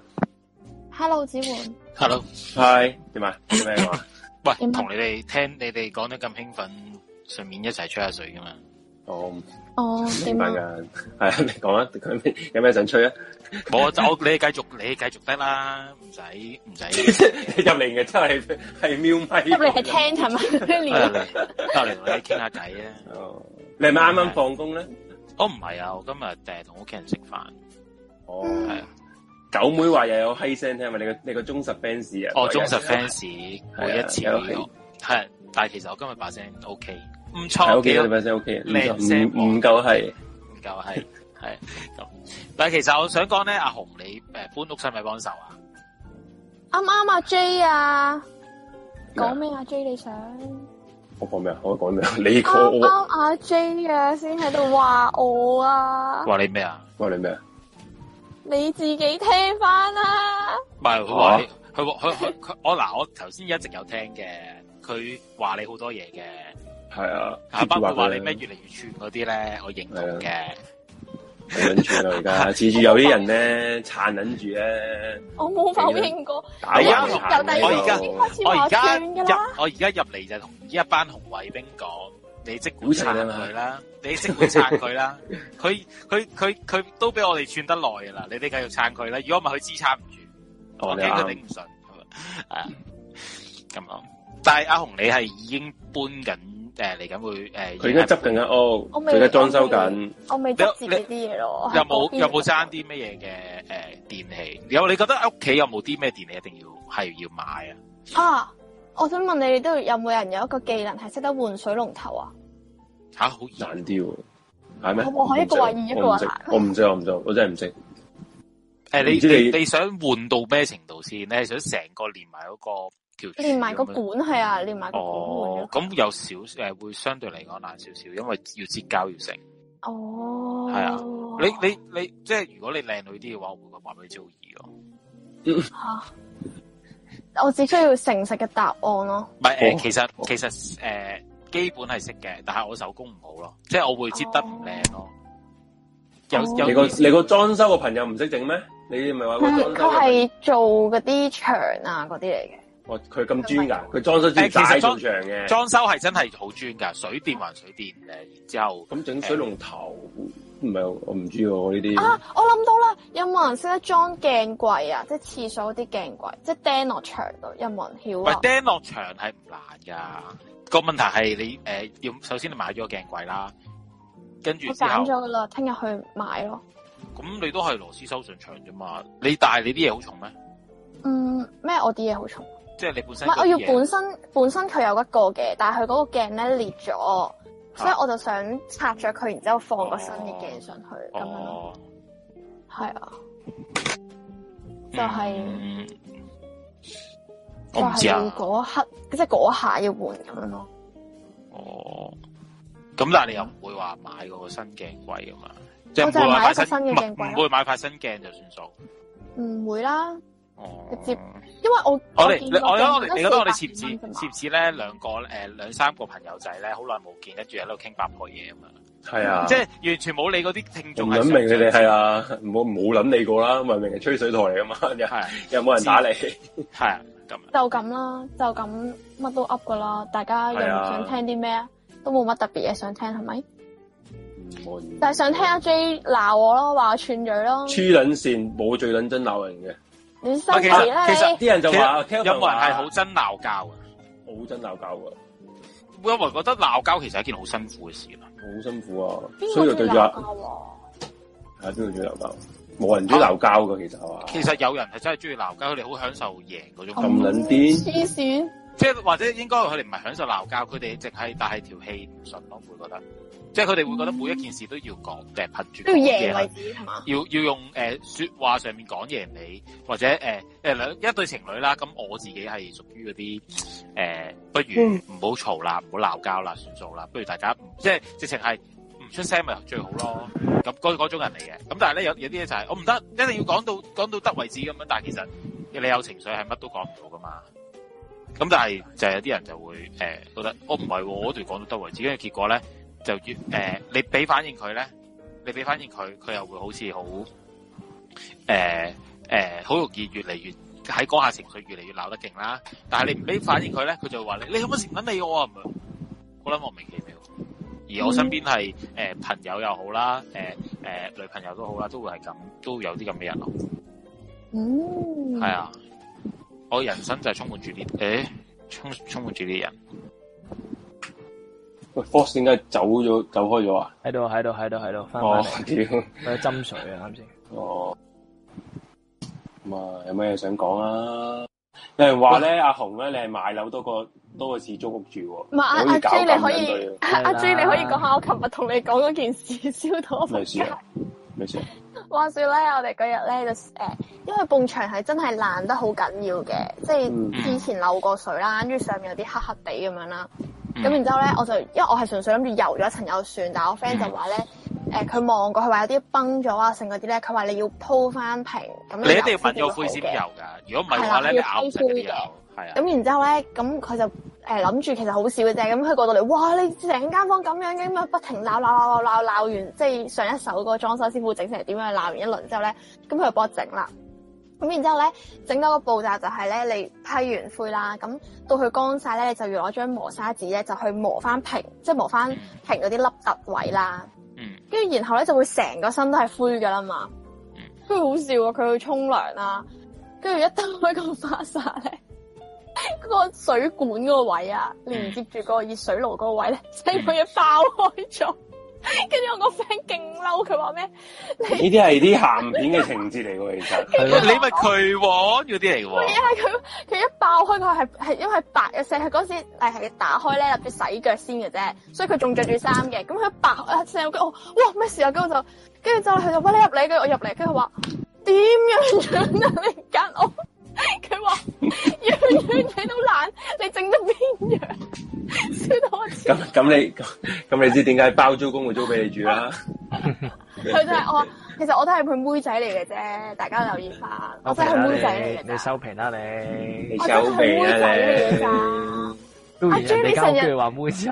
？Hello，子煥。Hello，Hi，點啊？咩 [LAUGHS] 話？喂，同你哋聽你哋講得咁興奮，順 [LAUGHS] 便一齊吹下水噶嘛？哦，明白噶？係啊， [LAUGHS] 嗯、你講啊，佢有咩想吹啊？我我你繼續你繼續得啦，唔使唔使入嚟嘅真係係喵咪入嚟係聽係咪？入嚟入嚟我哋傾下偈啊！哦，你係咪啱啱放工咧？我唔係啊，我今日淨係同屋企人食飯。哦，係啊。九妹話又有嗨聲聽啊！你個你個忠實 fans 啊！哦、oh,，忠實 fans 每一次係，但係其實我今日把聲 OK。唔錯嘅，靚、嗯 okay, 聲，五、okay, 唔夠係，唔夠係，係咁。但係其實我想講咧，阿紅你誒搬屋使唔使幫手啊，啊？啱啱阿 J 啊，講咩啊 J 你想？我講咩啊？我講咩啊？你講我。啱啱啊 J 啊，先喺度話我啊。話你咩啊？話你咩啊？你自己聽翻、啊啊、啦。唔係佢話佢佢佢我嗱我頭先一直有聽嘅，佢話你好多嘢嘅。係啊，阿爸話你咩越嚟越串嗰啲咧，我認同嘅。點樣串啊而家？次次有啲人咧撐忍住咧。我冇否認過。我而家我而家我而家入嚟就同呢一班紅衛兵講：你即管撐佢啦，你即管撐佢啦。佢佢佢佢都俾我哋串得耐噶啦。你哋繼續撐佢啦，如果唔係佢支撐唔住，我驚佢頂唔順。啊、okay，咁 [LAUGHS] 但係阿紅，你係已經搬緊。誒，嚟緊會誒，佢而家執緊間屋，佢而家裝修緊，我未執自己啲嘢咯。有冇有冇爭啲咩嘢嘅誒電器？有你覺得喺屋企有冇啲咩電器一定要係要買啊？啊，我想問你，都有冇人有一個技能係識得換水龍頭啊？吓、啊，好難啲喎，係咩？我可以一個話二一個話我唔識， [LAUGHS] 我唔識，我真係唔識。誒、 [LAUGHS] 呃，你你你，你想換到咩程度先？你係想成個連埋嗰個？連埋個管係啊，連埋個管咯。咁、哦、有少誒，會相對嚟講難少少，因為要接膠要成。哦，係啊，你你你，即係如果你靚女啲嘅話，我會話俾你做易咯。吓、啊， [LAUGHS] 我只需要誠實嘅答案咯。唔係誒，其實其實誒、呃，基本係識嘅，但係我手工唔好咯，即係我會接得唔靚咯。有、哦、有你個你個裝修嘅朋友唔識整咩？你咪話佢係做嗰啲牆啊嗰啲嚟嘅？哇！佢咁專噶，佢裝修自己裝嘅，裝修係真係好專噶，水電還水電誒，然之後咁整、嗯、水龍頭唔係、嗯、我唔知喎呢啲啊！我諗到啦，有冇人識得裝鏡櫃啊？即係廁所嗰啲鏡櫃，即係釘落牆度，有冇人曉啊？唔係釘落牆係唔難噶，個問題係你誒要、呃、首先你買咗個鏡櫃啦，跟住我揀咗噶啦，聽日去買咯。咁你都係螺絲收上牆啫嘛？你帶你啲嘢好重咩？嗯，咩我啲嘢好重？即係你本身的，唔係我要本身本身佢有一個嘅，但係佢嗰個鏡咧裂咗、啊，所以我就想拆咗佢，然之後放個新嘅鏡上去，咁、哦、樣，係、哦、啊，就係、是嗯嗯啊、就係、是、嗰刻，即係嗰下要換咁樣咯。哦，咁但係你又唔會話買嗰個新鏡櫃㗎嘛？即係唔會買塊新嘅鏡櫃，唔會買塊新鏡就算數，唔、嗯、會啦。直、嗯、接，因為我我哋我你我你覺得我哋設置設置咧兩個誒兩、呃、三個朋友仔咧好耐冇見，跟住喺度傾八卦嘢咁嘛，係、嗯、啊，即係完全冇理嗰啲聽眾。諗明你哋係啊，冇冇諗你過啦，明明係吹水台嚟噶嘛。是啊、又沒有有冇人打你？係 [LAUGHS] 啊，咁就咁啦，就咁乜都 up 噶啦，大家又唔想聽啲咩啊？都冇乜特別嘢想聽係咪？但係、就是、想聽阿 J 鬧我咯，話我串嘴咯，黐捻線冇最捻真鬧人嘅。啊、其實其實啲人就話，有冇人係好憎鬧交啊？好憎鬧交啊！有冇人覺得鬧交其實係一件好辛苦嘅事啊？好辛苦啊！所以鬧交，係邊度中意鬧交？冇，啊啊、人中意鬧交噶，其實其實有人係真係中意鬧交，佢哋好享受贏嗰種。咁撚癲！黐線！即、就、係、是、或者應該佢哋唔係享受鬧交，佢哋淨係但係條氣唔順，我會覺得。即係佢哋會覺得每一件事都要講，定係拍住都要贏為止係嘛？要要用、呃、說話上面講贏你，或者、呃、一對情侶啦。咁我自己係屬於嗰啲誒，不如唔好嘈啦，唔好鬧交啦，算數啦。不如大家即係直情係唔出聲咪最好咯。咁嗰種人嚟嘅。咁但係咧有有啲嘢就係、是、我唔得，一定要講到講到得為止咁樣。但係其實你有情緒係乜都講唔到噶嘛。咁但係就係有啲人就會誒、呃、覺得我唔係，我仲要講到得為止，因為結果咧。就越誒、呃，你俾反應佢咧，你俾反應佢，佢又會好似好誒誒，好、呃呃、容易越嚟越喺嗰下情緒越嚟越鬧得勁啦。但係你唔俾反應佢咧，佢就話你你有冇成日唔理我啊？咁係覺得莫名其妙。而我身邊係誒、呃、朋友又好啦，誒、呃、誒、呃、女朋友都好啦，都會係咁，都有啲咁嘅人咯。嗯，係啊，我人生就係充滿住啲誒，充充滿住啲人。個 force 點解走咗走開咗啊？喺度喺度喺度喺度翻翻。哦，屌！佢斟水啊，啱先。哦，咁啊，有咩嘢想講啊？有人話咧，阿紅咧，你係買樓多過多過自租屋住喎。唔係阿阿 J，你可以阿、啊、J，你可以講下我琴日同你講嗰件事，燒到我發。係啊。事話說咧，我哋嗰日咧就誒、是，因為埲牆係真係爛得好緊要嘅，即係之前漏過水啦，跟、嗯、住上面有啲黑黑地咁樣啦。咁、嗯、然之後咧，我就因為我係純粹諗住油咗一層油算，但係我 friend 就話咧，誒佢望過，佢話有啲崩咗啊，剩嗰啲咧，佢話你要鋪翻平。咁你，你一定要抹咗灰先油噶，如果唔係嘅話咧，你咬唔到油。係、嗯、啊。咁然之後咧，咁佢就。誒諗住其實好少嘅啫，咁佢過到嚟，哇！你成間房咁樣嘅，咁啊，不停鬧鬧鬧鬧鬧完，即係上一手嗰個裝修師傅整成點樣鬧完一輪之後咧，咁佢幫我整啦。咁然之後咧，整嗰個步驟就係咧，你批完灰啦，咁到佢乾晒咧，你就要攞張磨砂紙咧，就去磨翻平，即係磨翻平嗰啲粒凸位啦。嗯。跟住然後咧就會成個身都係灰㗎啦嘛。佢好笑啊！佢去沖涼啦，跟住一打開個花灑咧。嗰個水管嗰個位啊，連接住個熱水爐嗰個位咧，呢個嘢爆開咗。跟住我個 friend 勁嬲，佢話咩？呢啲係啲鹹片嘅情節嚟嘅喎，其實你咪佢蟒嗰啲嚟嘅喎。係啊，佢佢一爆開佢係係因為白一聲，嗰時誒係打開咧，入住洗腳先嘅啫，所以佢仲着住衫嘅。咁佢白一聲，跟、啊、住我話哇咩事啊？跟住就跟住就佢就你入嚟，跟住我入嚟，跟住佢話點樣樣啊？你間屋？佢話樣樣嘢都懶，你整得邊樣？咁咁你咁你知點解包租公會租俾你住啦？佢都係我，其實我都係佢妹仔嚟嘅啫，大家留意翻。我真係妹仔嚟嘅。你收皮啦你，你收皮啦你。你收皮阿 j a 中意你成日話妹仔，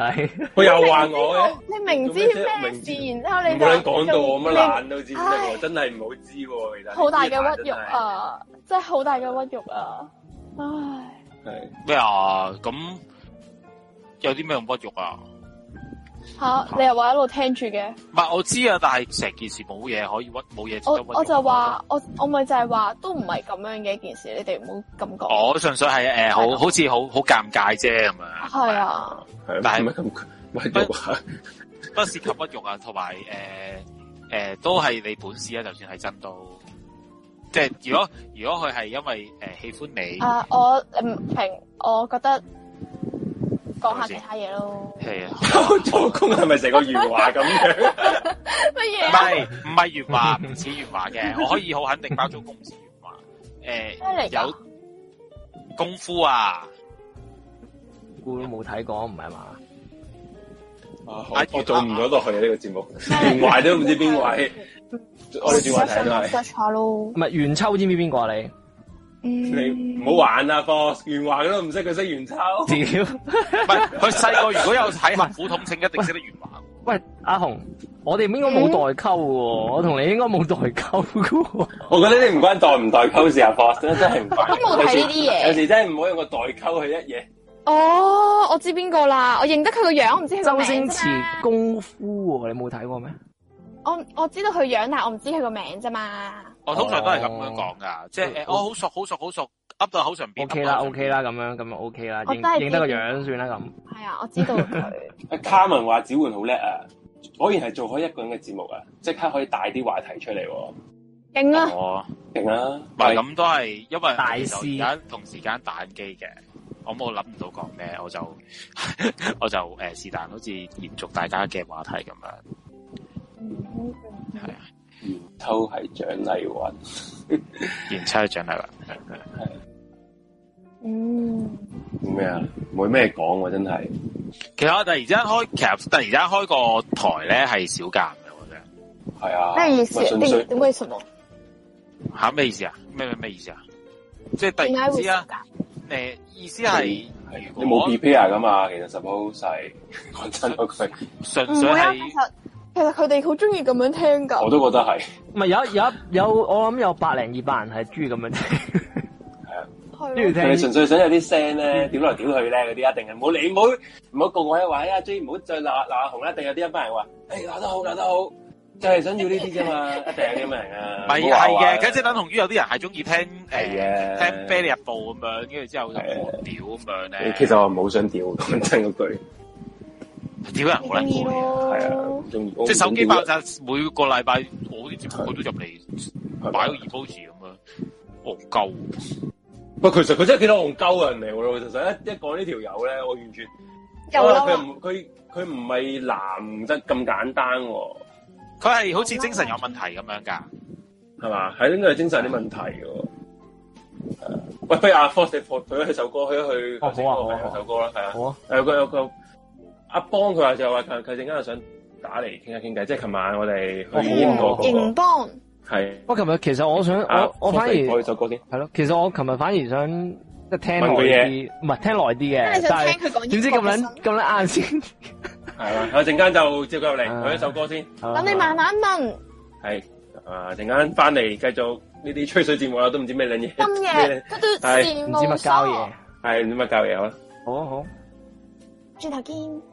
佢又話我嘅，啊，你明知咩事，然後你唔想講到我乜爛都知，我真係唔好知喎。好大嘅屈辱啊！真係好大嘅屈辱啊！唉，咩啊？咁有啲咩屈辱啊？吓，你又話一路聽住嘅？唔、嗯、係，我知啊，但係成件事冇嘢可以屈，冇嘢做到。我就話，我我咪就係話，都唔係咁樣嘅一件事，你哋唔好咁講。我純粹係誒、呃嗯，好、嗯、好似好好，好尷尬啫咁、嗯、啊。係啊，但係咪咁，喂、呃，你話，不涉及不肉啊，同埋誒誒，都係你本事啊，就算係真到 [LAUGHS] 即係如果如果佢係因為誒、呃、喜歡你。啊，我唔平我覺得。講下其他嘢咯，係啊，啊啊 [LAUGHS] 做工係咪成個元華咁嘅？乜 [LAUGHS] 嘢 [LAUGHS] 元？唔係唔係元華，唔似元華嘅，我可以好肯定包租公唔似元華。誒、 [LAUGHS] 欸，有功夫啊，我都冇睇過，唔係嘛？我我做唔到落去呢、啊這個節目，連、啊、元華 [LAUGHS] 都唔知邊位 [LAUGHS] 我哋轉話題都下咯。唔係元秋知唔知邊個啊？你？嗯、你唔好玩啊！哥，元華佢都唔識，佢識元秋，屌，唔係佢細個如果有睇唔係斧桶一定識得元華。喂，阿雄，我哋應該冇代溝喎、嗯，我同你應該冇代溝嘅。我覺得你唔關代唔代溝事阿哥，Boss, 真係唔關。都冇睇呢啲嘢，有時真係唔好用個代溝去一嘢。哦，我知邊個啦，我認得佢個樣，唔知周星馳功夫，你冇睇過咩？我我知道佢樣，但係我唔知佢個名啫嘛。我通常都係咁樣講噶，oh, 即係我好熟好熟好熟，噏到口上邊。O K 啦，O K 啦，咁、okay okay、樣咁就 O K 啦，認得個樣算啦咁。係、嗯、啊，我知道 [LAUGHS] Carmen。阿 Carmen 話指揮好叻啊，果然係做開一個人嘅節目啊，即刻可以帶啲話題出嚟、哦。勁啊、哦！勁啊！唔係咁都係，因為而家同時間打緊機嘅，我冇諗唔到講咩，我就 [LAUGHS] 我就誒是但，好似延續大家嘅話題咁樣。係、嗯、啊。嗯元抽係蔣麗云，元抽係蔣麗云，係，嗯，咩啊？冇咩講喎，真係。其實我突然間開，其實突然間開個台咧係小夾嘅，我覺得，係啊。咩意思？你解點會吓咩意思啊？咩咩咩意思啊？即係突然間，誒意思係你冇 prepare 噶嘛、 [LAUGHS] 啊？其實實好細講真，我純粹係。其實佢哋好中意咁樣聽噶，我都覺得係。唔係有有有，我諗有百零二百人係中意咁樣聽， [LAUGHS] 係啊，純純粹想有啲聲咧，屌、嗯、來屌去咧，嗰啲一定係冇你唔好唔好告我一話，哎呀，唔好再鬧鬧阿紅啦，一定有啲一班人話，哎、欸，鬧得好，鬧得好，就係、是、想要呢啲啫嘛， [LAUGHS] 一定咁樣。噶。咪係嘅，簡直等同於有啲人係中意聽誒，聽 Billie Ray Ray 咁樣，跟住之後我屌咁樣咧。其實我冇想屌，講真句。點啊！好啦，係啊、哦，仲啊，即係手機爆炸，每個禮拜我啲節目佢都入嚟擺個 report 咁樣，戇鳩。喂，其實佢真係幾多戇鳩人嚟喎！其實一一講呢條友咧，我完全有啊。佢唔佢佢唔係男得咁簡單喎，佢係好似精神有問題咁樣㗎，係嘛？係應該係精神啲問題喎。喂、嗯，不、哎、如阿 Force 放佢一首歌，去一去。好啊！好啊！好啊！首歌啦，係啊。好啊！誒，佢、啊啊啊、有個。有有有有有阿邦佢話就話佢佢陣間想打嚟傾下傾偈，即係琴晚我哋去英國嗰、那個。盈邦係，我琴日其實我想、啊、我我反而我首歌先。係咯，其實我琴日反而想即係聽耐啲，唔係聽耐啲嘅。但係點知咁樣咁樣啱先。係 [LAUGHS] 啊，我陣間就接佢入嚟，佢一首歌先。等、啊、你慢慢問。係啊，陣間翻嚟繼續呢啲吹水節目啦，我都唔知咩靚嘢。今日都羨慕唔知乜教嘢？係唔知乜教嘢啦？好好、啊、好。轉頭見。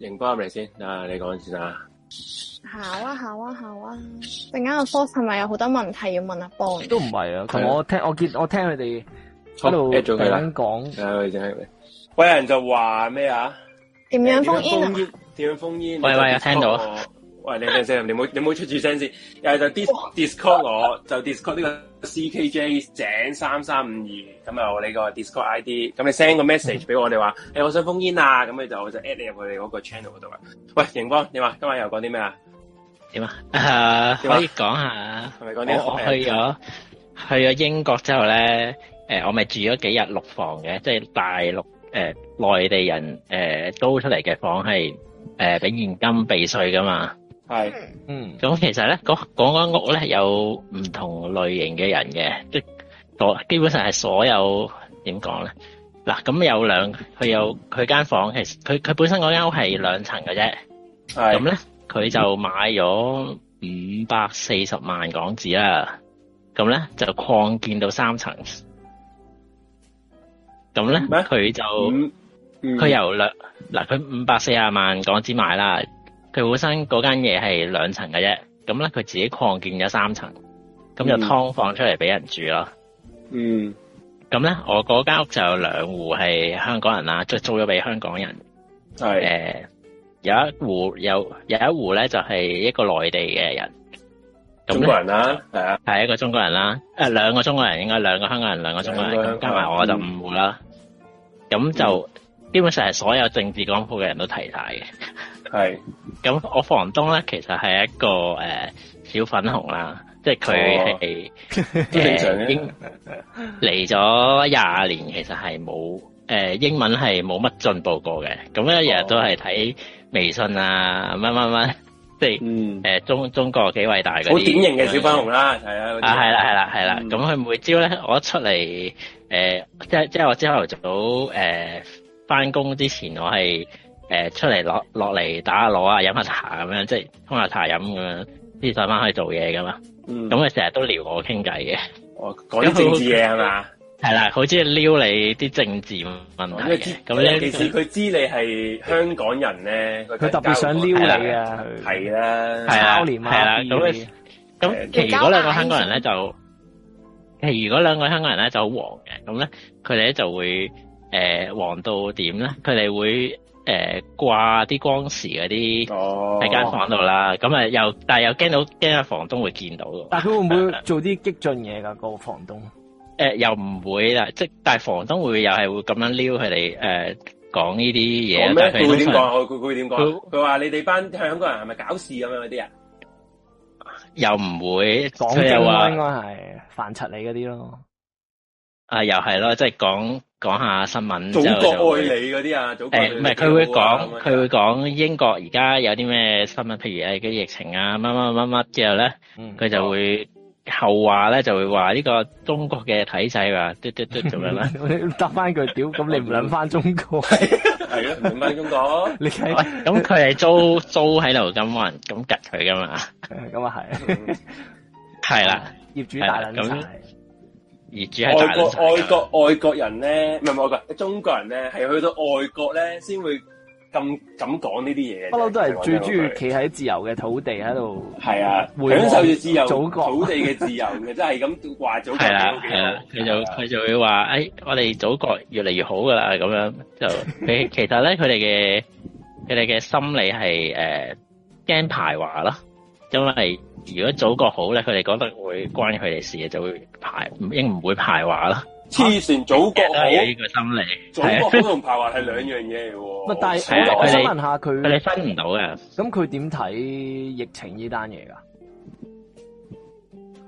盈波係咪先？行啊，你講先啊！好啊，好啊，好啊！突然間個 force 係咪有好多問題要問阿波，都唔係啊，哦、啊！我聽我見我聽佢哋喺度繼續講，有人就話咩啊？點樣封煙啊？點樣封煙？喂喂，我聽到。喂，你大聲，你冇你冇出住聲先，又係就 Disc Discord 我，就 Discord 呢個 C K J 井三三五二，咁啊我呢個 Discord ID，咁你 send 個 message 俾我哋話，誒我想封煙啊，咁你就就 add 你入去我哋嗰個 channel 嗰度啦。喂，熒光，你話今日又講啲咩啊？點啊？啊、uh，可以講下。係咪講啲？我去咗去咗英國之後咧，誒、呃，我咪住咗幾日六房嘅，即、就、係、是、大陸誒內地人誒都、呃、出嚟嘅房係誒俾現金避稅噶嘛。係，嗯，咁其實咧，嗰嗰間屋咧有唔同類型嘅人嘅，即基本上係所有點講咧，嗱咁有兩佢有佢間房，其實佢佢本身嗰間屋係兩層嘅啫，咁咧佢就買咗五百四十萬港紙啦，咁咧就擴建到三層，咁咧佢就佢、嗯嗯、由兩嗱佢五百四十萬港紙買啦。佢本身嗰間嘢係兩層嘅啫，咁咧佢自己擴建咗三層，咁就劏房出嚟俾人住咯。嗯，咁咧我嗰間屋就有兩戶係香港人啦，即租咗俾香港人。係誒、欸，有一戶有有一戶咧就係一個內地嘅人。中國人啦，係啊，係、啊、一個中國人啦。誒，兩個中國人應該兩個香港人，兩個中國人，人加埋我就五戶啦。咁、嗯、就基本上係所有政治光譜嘅人都提晒嘅。係，咁我房東咧，其實係一個誒、呃、小粉紅啦，即係佢係都正常嘅，嚟咗廿年，其實係冇誒英文係冇乜進步過嘅，咁咧日日都係睇微信啊，乜乜乜，即係誒、嗯呃、中中國幾偉大嘅，好典型嘅小粉紅啦，係啊，啊係啦係啦係啦，咁佢、啊啊啊啊啊嗯、每朝咧我一出嚟，誒、呃、即係即係我朝頭早誒翻工之前我係。誒出嚟落落嚟打下攞啊，飲下茶咁樣，即係通下茶飲咁樣，之後翻去做嘢噶嘛。咁佢成日都撩我傾偈嘅。哦，講政治嘢係嘛？係啦，好鍾意撩你啲政治問題咁咧，其實佢知，知你係香港人咧，佢特別想撩你啊。係啦。係啦。係啦。咁咧，咁、嗯、其實如果兩個香港人咧就，其實如果兩個香港人咧就好黃嘅。咁咧，佢哋咧就會誒、呃、黃到點咧？佢哋會。誒、呃，掛啲光時嗰啲喺間房度啦，咁啊又，但係又驚到驚到房東會見到，但係佢會唔會、啊、做啲激進嘢噶？個房東誒、呃，又唔會啦，即係但係房東會又係會咁樣撩佢哋誒，講呢啲嘢。佢點講？佢佢會點講？佢話你哋班香港人係咪搞事咁樣嗰啲啊？又唔會，講又話應該係犯柒你嗰啲咯。啊，又係咯，即係講。講下新聞，祖國愛你嗰啲啊，祖國。誒，唔係，佢會講，佢會講英國而家有啲咩新聞，譬如誒嗰啲疫情啊，乜乜乜乜，之後咧，佢就會後話咧，就會話呢個中國嘅體制啊，嘟嘟嘟做乜啦？你答翻佢，屌，咁你唔諗翻中國？係咯，唔諗翻中國。你咁佢係租租喺度咁冇人，咁拮佢噶嘛？咁啊係，係啦，業主大量。而住喺外國外國外國人咧，唔係外國，中國人咧，係去到外國咧，先會咁咁講呢啲嘢，不嬲都係最中意企喺自由嘅土地喺度，係啊，享受住自由祖國土地嘅自由嘅，即係咁話祖係啦，係啦，佢就佢就會話，誒，我哋祖國越嚟越好噶啦，咁樣就佢其實咧，佢哋嘅佢哋嘅心理係誒驚排華囉，因為。如果祖國好咧，佢哋覺得會關佢哋事嘅就會排，應唔會排話啦。黐、啊、線祖，祖國係呢個心理。祖國同排話係兩樣嘢喎，哦。 [LAUGHS] 但係我想問下佢。你分唔到嘅。咁佢點睇疫情呢單嘢噶？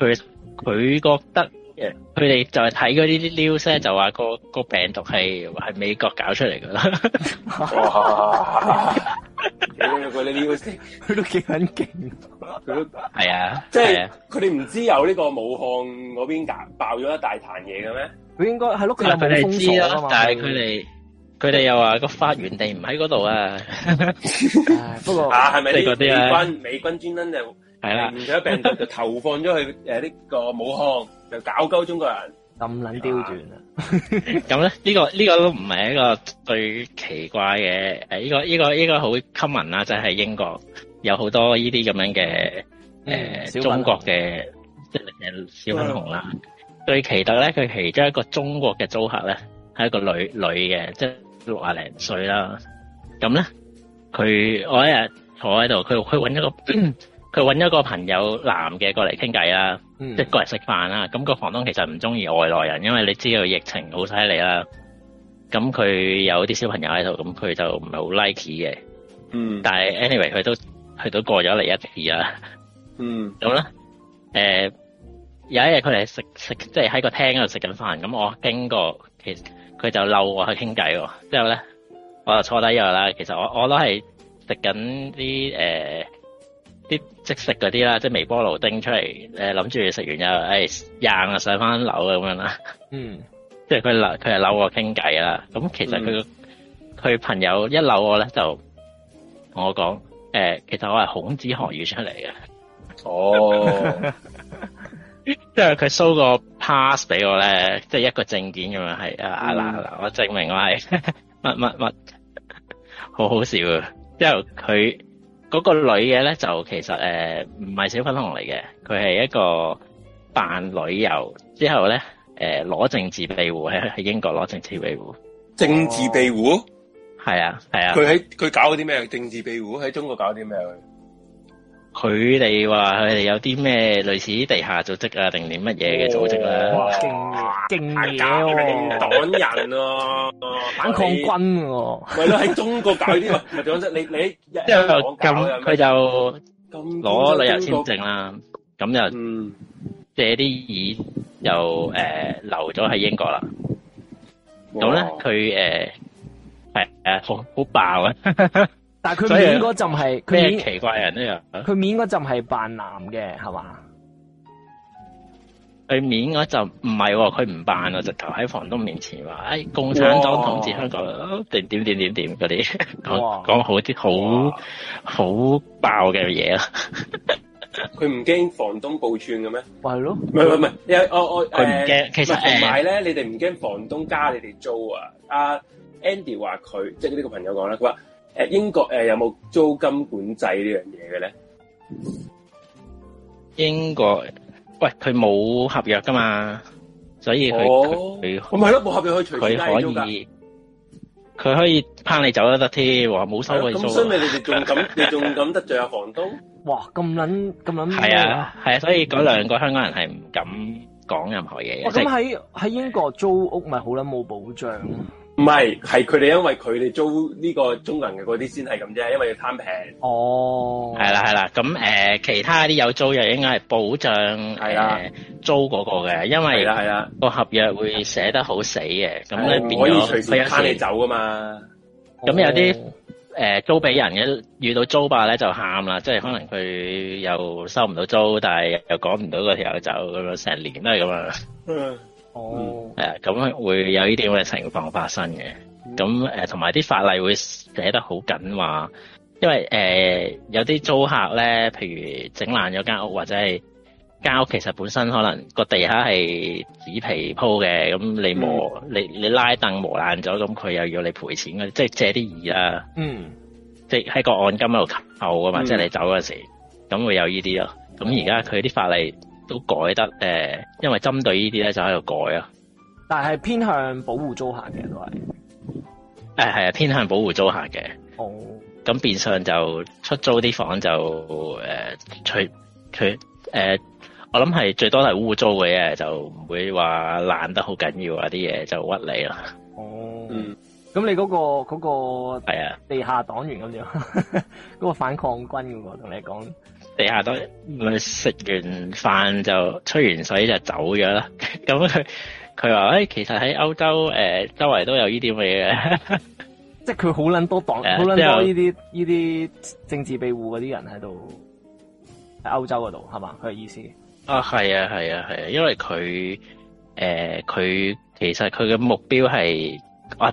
佢佢覺得。佢、yeah. 哋就係睇嗰啲 news 咧，就話個個病毒係係美國搞出嚟噶啦。啲 [LAUGHS] 們的 news，佢 [LAUGHS] 都幾狠勁。佢都係啊，即係佢哋唔知道有呢個武漢嗰邊爆咗一大壇嘢嘅咩？佢應該係咯，佢有冇封鎖啊？但係佢哋佢哋又話個發源地唔喺嗰度啊。不過啊，係咪你嗰啲軍美軍專登就係啦，病毒就投放咗去誒呢個武漢。 [LAUGHS] 就搞鳩中國人咁撚刁轉啊！咁咧呢個呢、這個都唔係一個最奇怪嘅誒，呢個呢個呢個好 common 啦，就係、是、英國有好多呢啲咁樣嘅誒、呃嗯、中國嘅即係小粉紅啦。最奇特咧，佢其中一個中國嘅租客咧係一個女女嘅，即係六啊零歲啦。咁咧佢我一日坐喺度，佢佢揾一個。嗯佢揾咗個朋友男嘅過嚟傾偈啦，即、嗯、係過嚟食飯啦。咁個房東其實唔中意外來人，因為你知道疫情好犀利啦。咁佢有啲小朋友喺度，咁佢就唔係好 like 嘅。嗯，但係 anyway 佢都佢都過咗嚟一次啊。嗯，咁咧誒有一日佢哋食食，即係喺個廳嗰度食緊飯。咁我經過，其實佢就嬲我去傾偈喎。之後咧我就坐低咗啦。其實我我都係食緊啲誒。呃啲即食嗰啲啦，即微波爐叮出嚟，誒諗住食完又誒，硬、哎、硬上翻樓咁樣啦。嗯，即係佢佢係撩我傾偈啦。咁其實佢佢、嗯、朋友一撩我咧就同我講，誒、欸，其實我係孔子學院出嚟嘅。 [LAUGHS] 哦， [LAUGHS] [LAUGHS] 他 pass me，即係佢 show 個 pass 俾我咧，即係一個證件咁樣。係啊，嗱、嗯、嗱，我證明我係乜乜乜， [LAUGHS] [LAUGHS] 好好笑。啊。之後佢。嗰個女嘅咧就其實誒唔係小粉紅嚟嘅，佢係一個扮旅遊之後咧誒攞政治庇護喺喺英國攞政治庇護。政治庇護？係啊，係啊，佢喺佢搞啲咩政治庇護，喺中國搞啲咩？佢哋話佢哋有啲咩類似啲地下組織啊，定定乜嘢嘅組織啦？哇，勁嘢喎，黨人咯，反抗軍喎。咪咯，喺中國搞啲咪，咪仲有即係你你即係咁佢就攞旅遊簽證啦，咁就借啲意又誒留咗喺英國啦。咁咧佢誒係誒好好爆啊！但係佢面嗰陣係佢奇怪人呢，啊？又佢面嗰陣係扮男嘅係嘛？佢面嗰陣唔係，佢唔，哦、扮啊！直頭喺房東面前話：，誒、哎，共產黨統治香港，定點點點點嗰啲講講好啲好好爆嘅嘢啊！佢唔驚房東暴串嘅咩？係 [LAUGHS] 咯，唔係唔係，有我我佢唔驚。其實同埋咧，你哋唔驚房東加你哋租啊？阿、啊、Andy 話佢，即係呢個朋友講啦，佢話。誒，英國誒有冇租金管制呢樣嘢嘅咧？英國喂，佢冇合約噶嘛，所以佢佢，我咪咯，冇合約可以隨時解租噶，佢可以拚你走都得添，冇收過租，咁所以你你仲敢你仲敢得罪阿房東？哇，咁捻咁捻咩啊？係啊係啊，所以嗰兩個香港人係唔敢講任何嘢嘅。咁喺喺英國租屋咪好捻冇保障。唔係，係佢哋因為佢哋租呢個中人嘅嗰啲先係咁啫，因為要貪平。哦、oh.。係啦係啦，咁誒、呃，其他啲有租嘅應該係保障係啦、呃、租嗰個嘅，因為係啦個合約會寫得好死嘅，咁你變可以隨時慳你走噶嘛。咁有啲誒、呃、租俾人嘅遇到租霸咧就喊啦，oh. 即係可能佢又收唔到租，但係又趕唔到條友走咁樣，成年都係咁啊。嗯。 [LAUGHS] 哦、嗯，咁、嗯、會有呢啲咁嘅情況發生嘅，咁同埋啲法例會寫得好緊話，因為誒、呃、有啲租客咧，譬如整爛咗間屋，或者係間屋其實本身可能個地下係紙皮鋪嘅，咁你磨、嗯、你你拉凳磨爛咗，咁佢又要你賠錢，即係借啲意啦。嗯，即係喺個按金嗰度扣啊嘛，即係你走嗰陣時，咁會有呢啲咯。咁而家佢啲法例，都改得，誒、呃，因為針對這些呢啲咧就喺度改啊。但係偏向保護租客嘅都係。誒係啊，偏向保護租客嘅。哦。咁變相就出租啲房就，誒、呃，除除，誒、呃，我諗係最多係污糟嘅嘢，就唔會話爛得好緊要啊啲嘢就屈你啦。哦。嗯。咁你嗰、那個嗰、那個係啊，地下黨員咁樣，嗰 [LAUGHS] 個反抗軍咁個，同你講。地下都咪食完飯就吹完水就走咗啦。咁佢佢話誒，其實喺歐洲誒、呃、周圍都有呢啲咁嘅嘢嘅， [LAUGHS] 即係佢好捻多黨，好、嗯、捻多呢啲呢啲政治庇護嗰啲人喺度喺歐洲嗰度係嘛？佢嘅意思啊，係啊係啊係啊，啊，因為佢誒佢其實佢嘅目標係啊，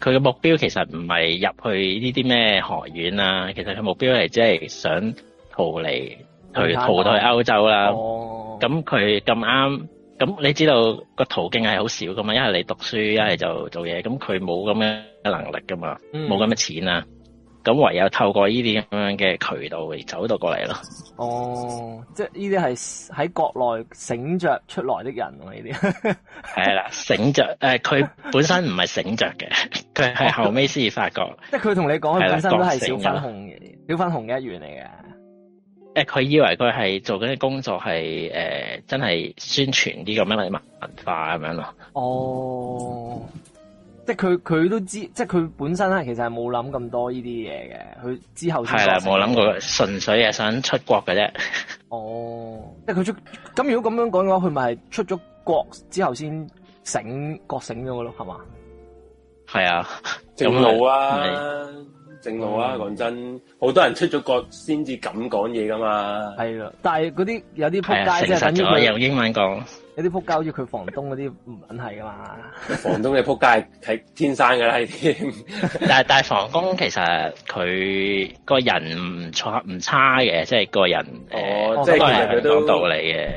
佢嘅目標其實唔係入去呢啲咩學院啊，其實佢目標係即係想。逃嚟去逃到歐洲啦，咁佢咁啱，咁、哦、你知道個途徑係好少噶嘛？因為你讀書，一係就做嘢，咁佢冇咁樣嘅能力噶嘛，冇咁嘅錢啊，咁唯有透過呢啲咁樣嘅渠道嚟走到過嚟咯。哦，即係呢啲係喺國內醒着出來的人喎，啊，呢啲係啦，醒着，誒、呃，佢本身唔係醒着嘅，佢係後尾先至發覺。 [LAUGHS] 即係佢同你講，佢本身都係小粉紅，小粉紅嘅一員嚟嘅。誒，佢以為佢係做緊啲工作，係、呃、誒真係宣傳啲咁樣文化咁樣咯。哦，即係佢佢都知，即係佢本身係其實係冇諗咁多呢啲嘢嘅。佢之後係啦，冇諗過，純粹係想出國嘅啫。哦， [LAUGHS] 即係佢出咁，如果咁樣講嘅話，佢咪係出咗國之後先醒覺醒咗嘅咯，係嘛？係啊，咁老啦。正路啊！講、嗯、真，好多人出咗國先至咁講嘢噶嘛。係咯，但係嗰啲有啲仆街即係等於用英文講，有啲仆交咗佢房東嗰啲唔允係噶嘛。房東嘅仆街係天生噶啦，係 [LAUGHS] 啲。但係但係房東其實佢個人唔錯唔差嘅，即係、就是、個人。哦，呃、即係佢都講道理嘅。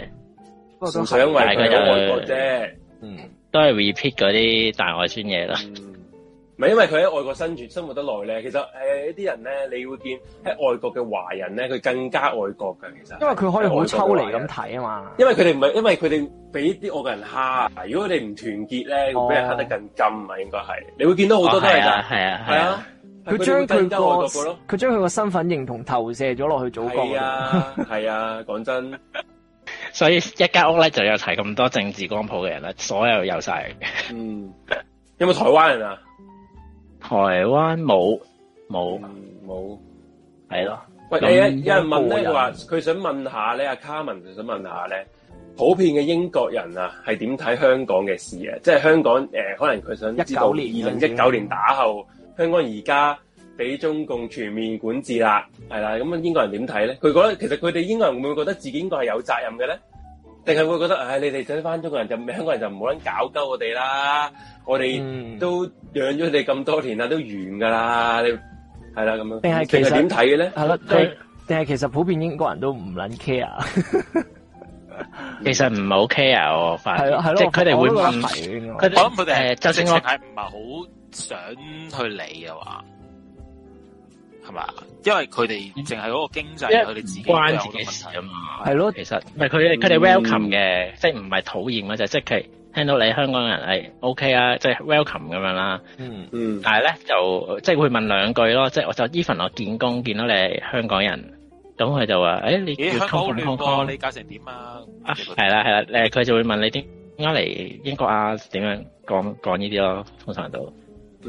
都係因為外國啫，嗯，都係 repeat 嗰啲大外村嘢啦。嗯唔係，因為佢喺外國生存生活得耐咧。其實誒、呢、欸、啲人咧，你會見喺外國嘅華人咧，佢更加愛國嘅。其實因為佢可以好抽離咁睇啊嘛。因為佢哋唔係，因為佢哋俾啲外國人蝦。如果佢哋唔團結咧，會俾人蝦得更甘啊、哦，應該係。你會見到好多都係噶，啊，係啊。佢將佢個佢將佢個身份認同投射咗落去祖國。啊，係 [LAUGHS] 啊，講、啊、真。所以一間屋咧就有齊咁多政治光譜嘅人咧，所有有晒。嗯，有冇台灣人啊？台灣冇冇冇，係咯、嗯。喂，有有人問咧，話佢想問下咧，阿卡文想問下咧，普遍嘅英國人啊，係點睇香港嘅事啊？即、就、係、是、香港誒、呃，可能佢想知道一九年、二零一九年打後香港而家俾中共全面管治啦，係啦。咁英國人點睇咧？佢覺得其實佢哋英國人會唔會覺得自己應該係有責任嘅咧？定係會覺得，唉，你哋想翻中國人就香港人就唔好捻搞鳩我哋啦，我哋都養咗你咁多年啦，都完噶啦，你，係啦咁樣。定係其實點睇嘅咧？係咯，定定係其實普遍英國人都唔捻 care，其實唔係好 care，我發現，即係佢哋會唔，佢哋誒，就正正係唔係好想去理嘅話。係嘛？因為佢哋淨係嗰個經濟，佢、嗯、哋自己有嘅問題。係咯， [LAUGHS] 其實唔係佢哋，佢、嗯、哋 welcome 嘅，即係唔係討厭嘅就係，即係聽到你香港人係、哎、OK 啊，即、就、係、是、welcome 咁樣啦。嗯嗯。但係咧就即係、就是、會問兩句咯，就即我就 even 我見工見到你係香港人，咁佢就話：，誒、哎、你 Kon -Kon -Kon -Kon,、欸、香港嚟嘅喎，Kon -Kon, 你教成點啊？啊，係啦係啦，誒佢、嗯、就會問你點解嚟英國啊點樣講講呢啲咯，通常都。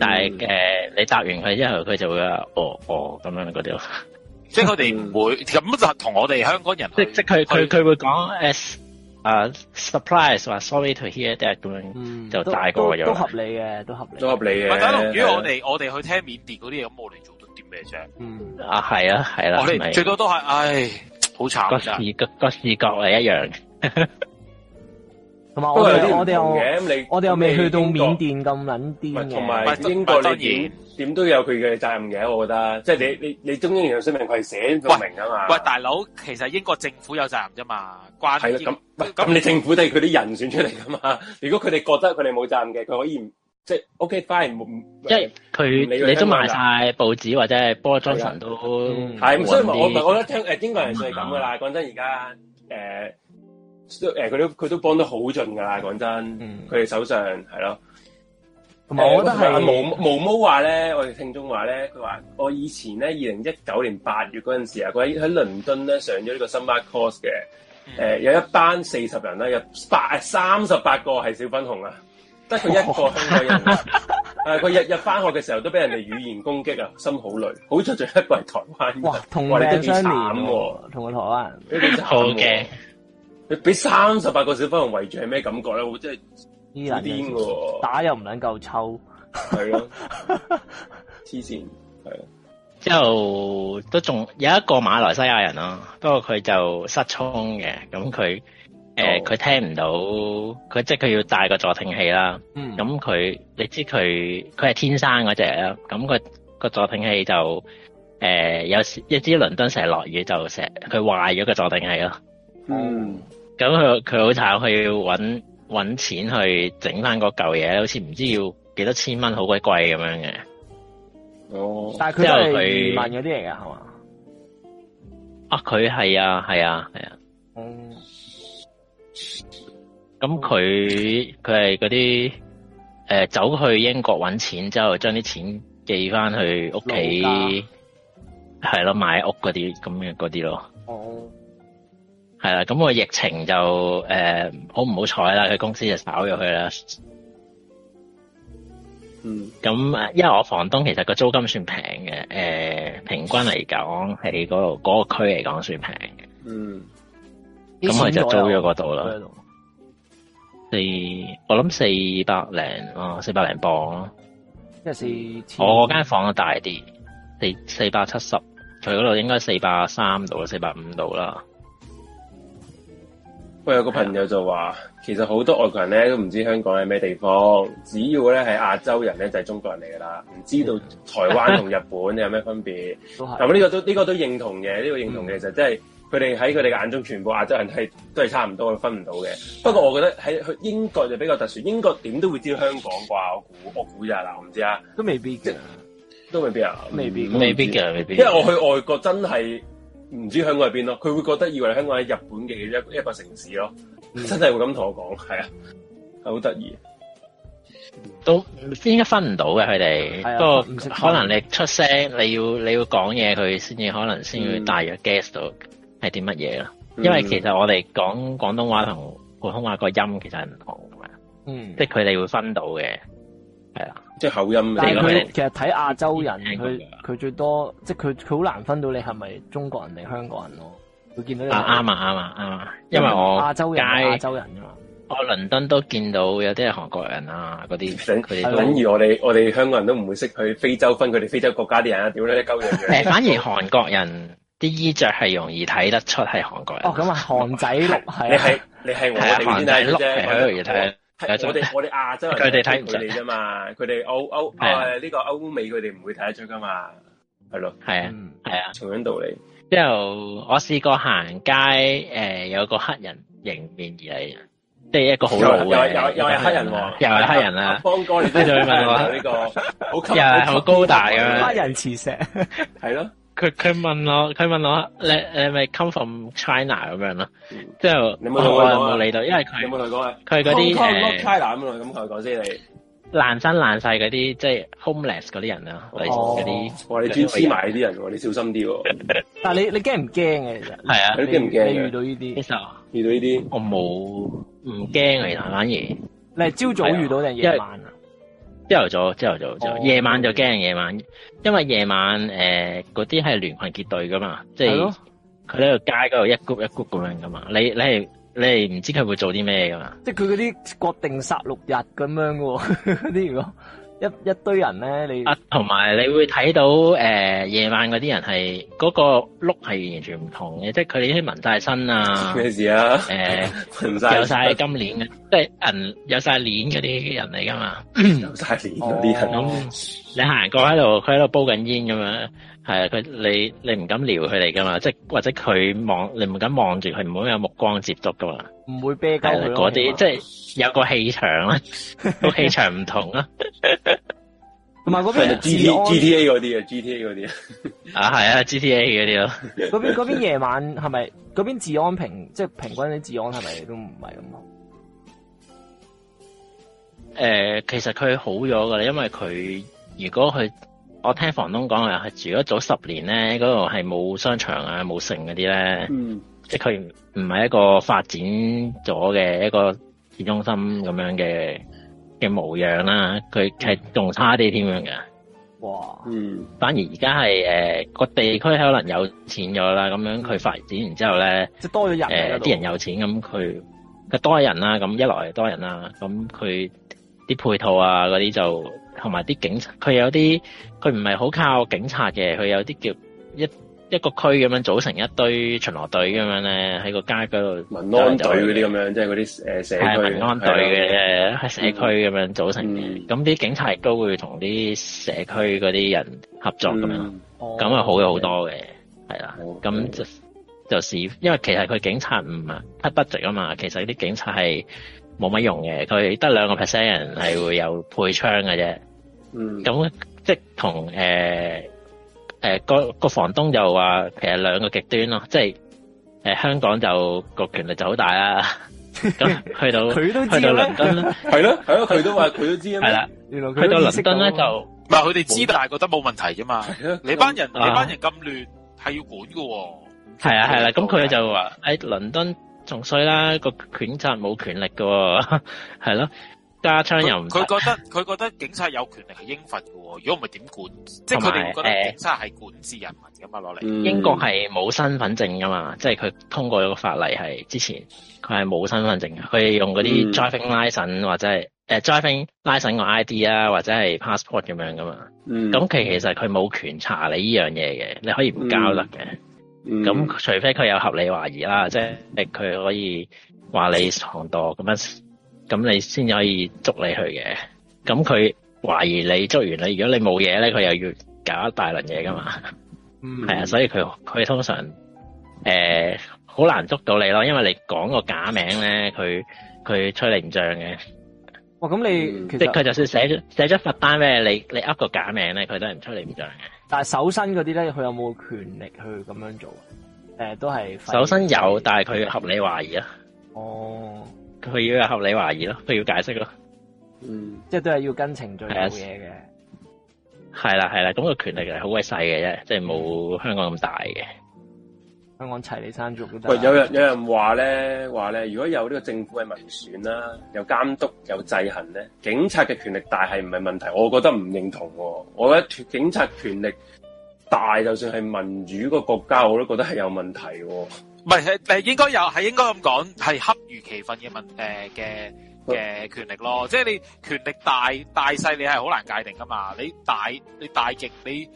但係誒、嗯呃，你答完佢之後，佢就會話：哦哦咁、哦、樣嗰啲咯。 [LAUGHS] 即係佢哋唔會咁就同我哋香港人。 [LAUGHS] 即即佢佢佢會講 surprise 或 sorry to hear that 咁樣、嗯、就大個咗。都合理嘅，都合理。都合理嘅。如果我哋我哋去聽緬甸嗰啲嘢，咁我哋做到啲咩啫？嗯啊，係啊，係啦、啊，哦、最多都係唉，好慘。個視覺個視覺係一樣。 [LAUGHS] 咁啊！我哋我哋又未去到緬甸咁捻癲，同埋英國呢邊點都有佢嘅責任嘅，我覺得。即、就、係、是、你你你中英聯合聲明佢係寫明噶嘛？喂，喂大佬，其實英國政府有責任啫嘛？關係啦咁，咁你政府都係佢啲人選出嚟噶嘛？ [LAUGHS] 如果佢哋覺得佢哋冇責任嘅，佢可以即係、就是、OK fine，唔，因為佢、嗯、你都賣晒報紙或者報章都係、嗯嗯，所以我我覺得聽誒英國人就係咁噶啦。講、嗯、真，而家誒。呃誒，佢、欸、都佢都幫得好盡噶啦，講真的，佢、嗯、哋手上係咯。同埋我都係、欸、毛，毛毛毛話咧，我哋聽眾話咧，佢話我以前咧，二零一九年八月嗰陣時啊，佢喺倫敦咧上咗呢個 summer course 嘅。誒、嗯欸，有一班四十人啦，有八三十八個係小粉紅只有他啊，得佢一個香港人。佢日日翻學嘅時候都俾人哋語言攻擊啊，心好累，好出盡一個係台灣。哇，同我哋相連，同個台灣。好嘅。俾三十八個小朋友圍住係咩感覺咧？我真係癲嘅，打又唔撚夠抽，係 [LAUGHS] 咯，黐綫，係啊。之後都仲有一個馬來西亞人咯、啊，不過佢就失聰嘅，咁佢誒佢聽唔到，佢即係佢要戴個助聽器啦。咁、mm. 佢你知佢佢係天生嗰隻、那個呃、啦，咁佢個助聽器就誒有時一知倫敦成日落雨就成日佢壞咗個助聽器咯。嗯。咁佢佢好慘，佢要搵搵錢去整翻個舊嘢，好似唔知要幾多千蚊，好鬼貴咁樣嘅。哦！但係佢係移民啲嚟噶，係嘛？啊，佢係啊，係啊，係啊。哦、啊。咁佢佢係嗰啲誒，走去英國搵錢之後，將啲錢寄翻去屋企，係咯、啊、買屋嗰啲咁嘅嗰啲咯。哦、嗯。係啦，咁個疫情就誒好唔好彩啦，佢、呃、公司就炒咗去啦。嗯，咁因為我房東其實個租金算平嘅，誒、呃、平均嚟講，喺嗰嗰個區嚟講算平嘅。嗯，咁我就租咗嗰度啦。四我諗四百零啊，四百零磅咯。即係四我間房啊大啲，四四百七十，佢嗰度應該四百三到四百五度啦。我有個朋友就話、啊，其實好多外國人咧都唔知香港係咩地方，只要咧係亞洲人咧就係、是、中國人嚟噶啦，唔知道台灣同日本有咩分別。咁 [LAUGHS] 呢、這個都呢、這個都認同嘅，呢、這個認同嘅、嗯、就即係佢哋喺佢哋眼中全部亞洲人係都係差唔多，分唔到嘅、嗯。不過我覺得喺去英國就比較特殊，英國點都會知道香港啩？我估我估就係啦，我唔知啊，都未必嘅，都未必啊、嗯，未必，未必嘅，未必。因為我去外國真係。唔知香港喺邊咯，佢會覺得以為香港喺日本嘅一一個城市咯，真係會咁同我講，係啊，係好得意，都應該分唔到嘅佢哋，不過可能你出聲，你要你要講嘢，佢先至可能先會大約 guess 到係啲乜嘢咯，因為其實我哋講廣東話同普通話個音其實係唔同嘅，嗯，即係佢哋會分到嘅，係啦。即係口音嚟噶，其實睇亞洲人，佢佢、啊、最多，即係佢佢好難分到你係咪中國人定香港人咯。佢見到啊啱啊啱啊啱啊，啊，啊，因為我亞洲人亞洲人啊嘛，我倫敦都見到有啲係韓國人啊，嗰啲。等佢哋，等如我哋我哋香港人都唔會識去非洲分佢哋非洲國家啲人啊，屌你啲鳩樣誒， [LAUGHS] 反而韓國人啲衣着係容易睇得出係韓國人。哦，咁啊，韓仔綠，哦啊、你係你係我嘅標籤啫。係我哋我哋亞洲，佢哋睇唔到你啫嘛，佢哋歐歐誒呢個歐美佢哋唔會睇得出噶嘛，係咯，係啊，係啊，同樣道理、嗯啊。之後我試過行街，誒、呃、有個黑人迎面而嚟，即係一個好老嘅、啊，又又又係黑人喎、啊，又係黑人啦、啊，方、 [LAUGHS] 啊、哥，你都仲要問喎，呢、啊這個 [LAUGHS] 好高 [LAUGHS] 有好高大嘅、啊，黑人磁石，係 [LAUGHS] 咯、啊。佢佢問我，佢問我，你你係咪 come from China 咁樣咯，之後我我冇理到，因為佢有冇同佢誒，local China 咁，同佢講先你、呃，爛身爛世嗰啲即係 homeless 嗰啲人咯，嗰、哦、啲、哦，你專黐埋呢啲人喎，你小心啲喎， [LAUGHS] 但係你你驚唔驚嘅其實，係 [LAUGHS] 啊，啊，你驚唔驚你遇到呢啲，遇到呢啲，我冇唔驚啊，而家反而，你係朝早遇到定夜晚啊？嗯朝頭早，朝頭早，哦、夜晚就驚夜晚，因為夜晚誒嗰啲係聯群結隊噶嘛，即係佢喺個街嗰度一谷一谷咁樣噶嘛，你你係你係唔知佢會做啲咩噶嘛？即係佢嗰啲國定殺六日咁樣噶，啲如果。 [LAUGHS] 一一堆人咧，你啊，同埋你會睇到誒、呃、夜晚嗰啲人係嗰、嗰個 look 係完全唔同嘅，即係佢哋已經紋晒身啊。咩事啊？呃、 [LAUGHS] 有晒金鏈嘅，即係銀有晒鏈嗰啲人嚟㗎嘛？ [COUGHS] 有曬鏈嗰啲人，哦、 [COUGHS] 你行過喺度，佢喺度煲緊煙咁樣。係啊，佢你你唔敢撩佢哋噶嘛，即係或者佢望你唔敢望住佢，唔好有目光接觸噶嘛，唔會啤狗嗰啲即係有個氣場啦， [LAUGHS] 個氣場唔同啦。 [LAUGHS] [LAUGHS] [LAUGHS] 同埋嗰邊 G T G T A 嗰啲啊，G T A 嗰啲啊，係係啊，G T A 嗰啲咯。嗰邊邊夜晚係咪嗰邊治安平，即係平均啲治安係咪都唔係咁好？誒、 [LAUGHS] 呃，其實佢好咗噶啦，因為佢如果佢。我聽房東講啊，住咗早十年咧，嗰度係冇商場啊、冇城嗰啲咧，即係佢唔係一個發展咗嘅一個市中心咁樣嘅嘅模樣啦、啊。佢係仲差啲添樣嘅。哇！嗯，反而而家係誒個地區可能有錢咗啦，咁、嗯、樣佢發展完之後咧，即係多咗人誒，啲、呃、人有錢咁，佢、嗯、佢多人啦、啊，咁一來多人啦、啊，咁佢啲配套啊嗰啲就。同埋啲警察，佢有啲佢唔係好靠警察嘅，佢有啲叫一一個區咁樣組成一堆巡邏隊咁樣咧，喺個街嗰度。民安隊嗰啲咁樣，即係嗰啲誒社區。係民安隊嘅，喺社區咁樣組成。咁啲警察亦都會同啲社區嗰啲人合作咁樣，咁啊好咗好多嘅，係啦。咁就就係，因為其實佢警察唔係 budget 啊嘛。其實啲警察係冇乜用嘅，佢得兩個 percent 人係會有配槍嘅啫。咁、嗯、即係同誒誒個個房東就話，其實兩個極端咯，即係誒、呃、香港就個權力就好大啦。咁 [LAUGHS] 去到佢都知，去到倫敦係咯係咯，佢都話佢都知係啦。 [LAUGHS] 原來佢去到倫敦咧 [LAUGHS] 就，唔係佢哋知，但係覺得冇問題啫嘛。 [LAUGHS] 你班人，啊、你班人咁亂係要管噶，係啊係啦。咁佢就話喺倫敦仲衰啦，個警察冇權力噶，哦，係咯。加槍又唔，佢覺得佢覺得警察有權力係應份嘅喎，如果唔係點管？即係佢哋覺得警察係管治人民噶嘛，落嚟。英國係冇身份證噶嘛，嗯、即係佢通過咗個法例係之前佢係冇身份證嘅，佢用嗰啲 driving l i c e n、嗯、s e 或者係誒、uh, driving l i c e n s e 個 ID 啊或者係 passport 咁樣噶嘛。咁、嗯、佢其實佢冇權查你呢樣嘢嘅，你可以唔交得嘅。咁、嗯嗯、除非佢有合理懷疑啦，即係佢可以話你藏毒咁樣。咁你先可以捉你去嘅，咁佢懷疑你捉完你，如果你冇嘢咧，佢又要搞一大輪嘢噶嘛，係、嗯、啊， [LAUGHS] 所以佢佢通常誒好、呃、難捉到你咯，因為你講個假名咧，佢佢吹你唔脹嘅。哇！咁、哦、你即佢、嗯、就算寫咗寫咗罰單俾你，你噏個假名咧，佢都係唔吹你唔脹嘅。但係搜身嗰啲咧，佢有冇權力去咁樣做？誒、呃，都係搜身有，但係佢合理懷疑啊。哦。佢要有合理懷疑咯，佢要解釋咯。嗯，即係都係要跟程序做嘢嘅。係啦係啦，咁個權力係好鬼細嘅，即即係冇香港咁大嘅。香港齊雞山足。喂，有人有人話咧話咧，如果有呢個政府嘅民選啦，有監督有制衡咧，警察嘅權力大係唔係問題，我覺得唔認同。我覺得警察權力大，就算係民主個國家，我都覺得係有問題。唔係誒，係應該有，係應該咁講，係恰如其分嘅問誒嘅嘅權力咯。即係你權力大大細，你係好難界定噶嘛。你大你大極你誒，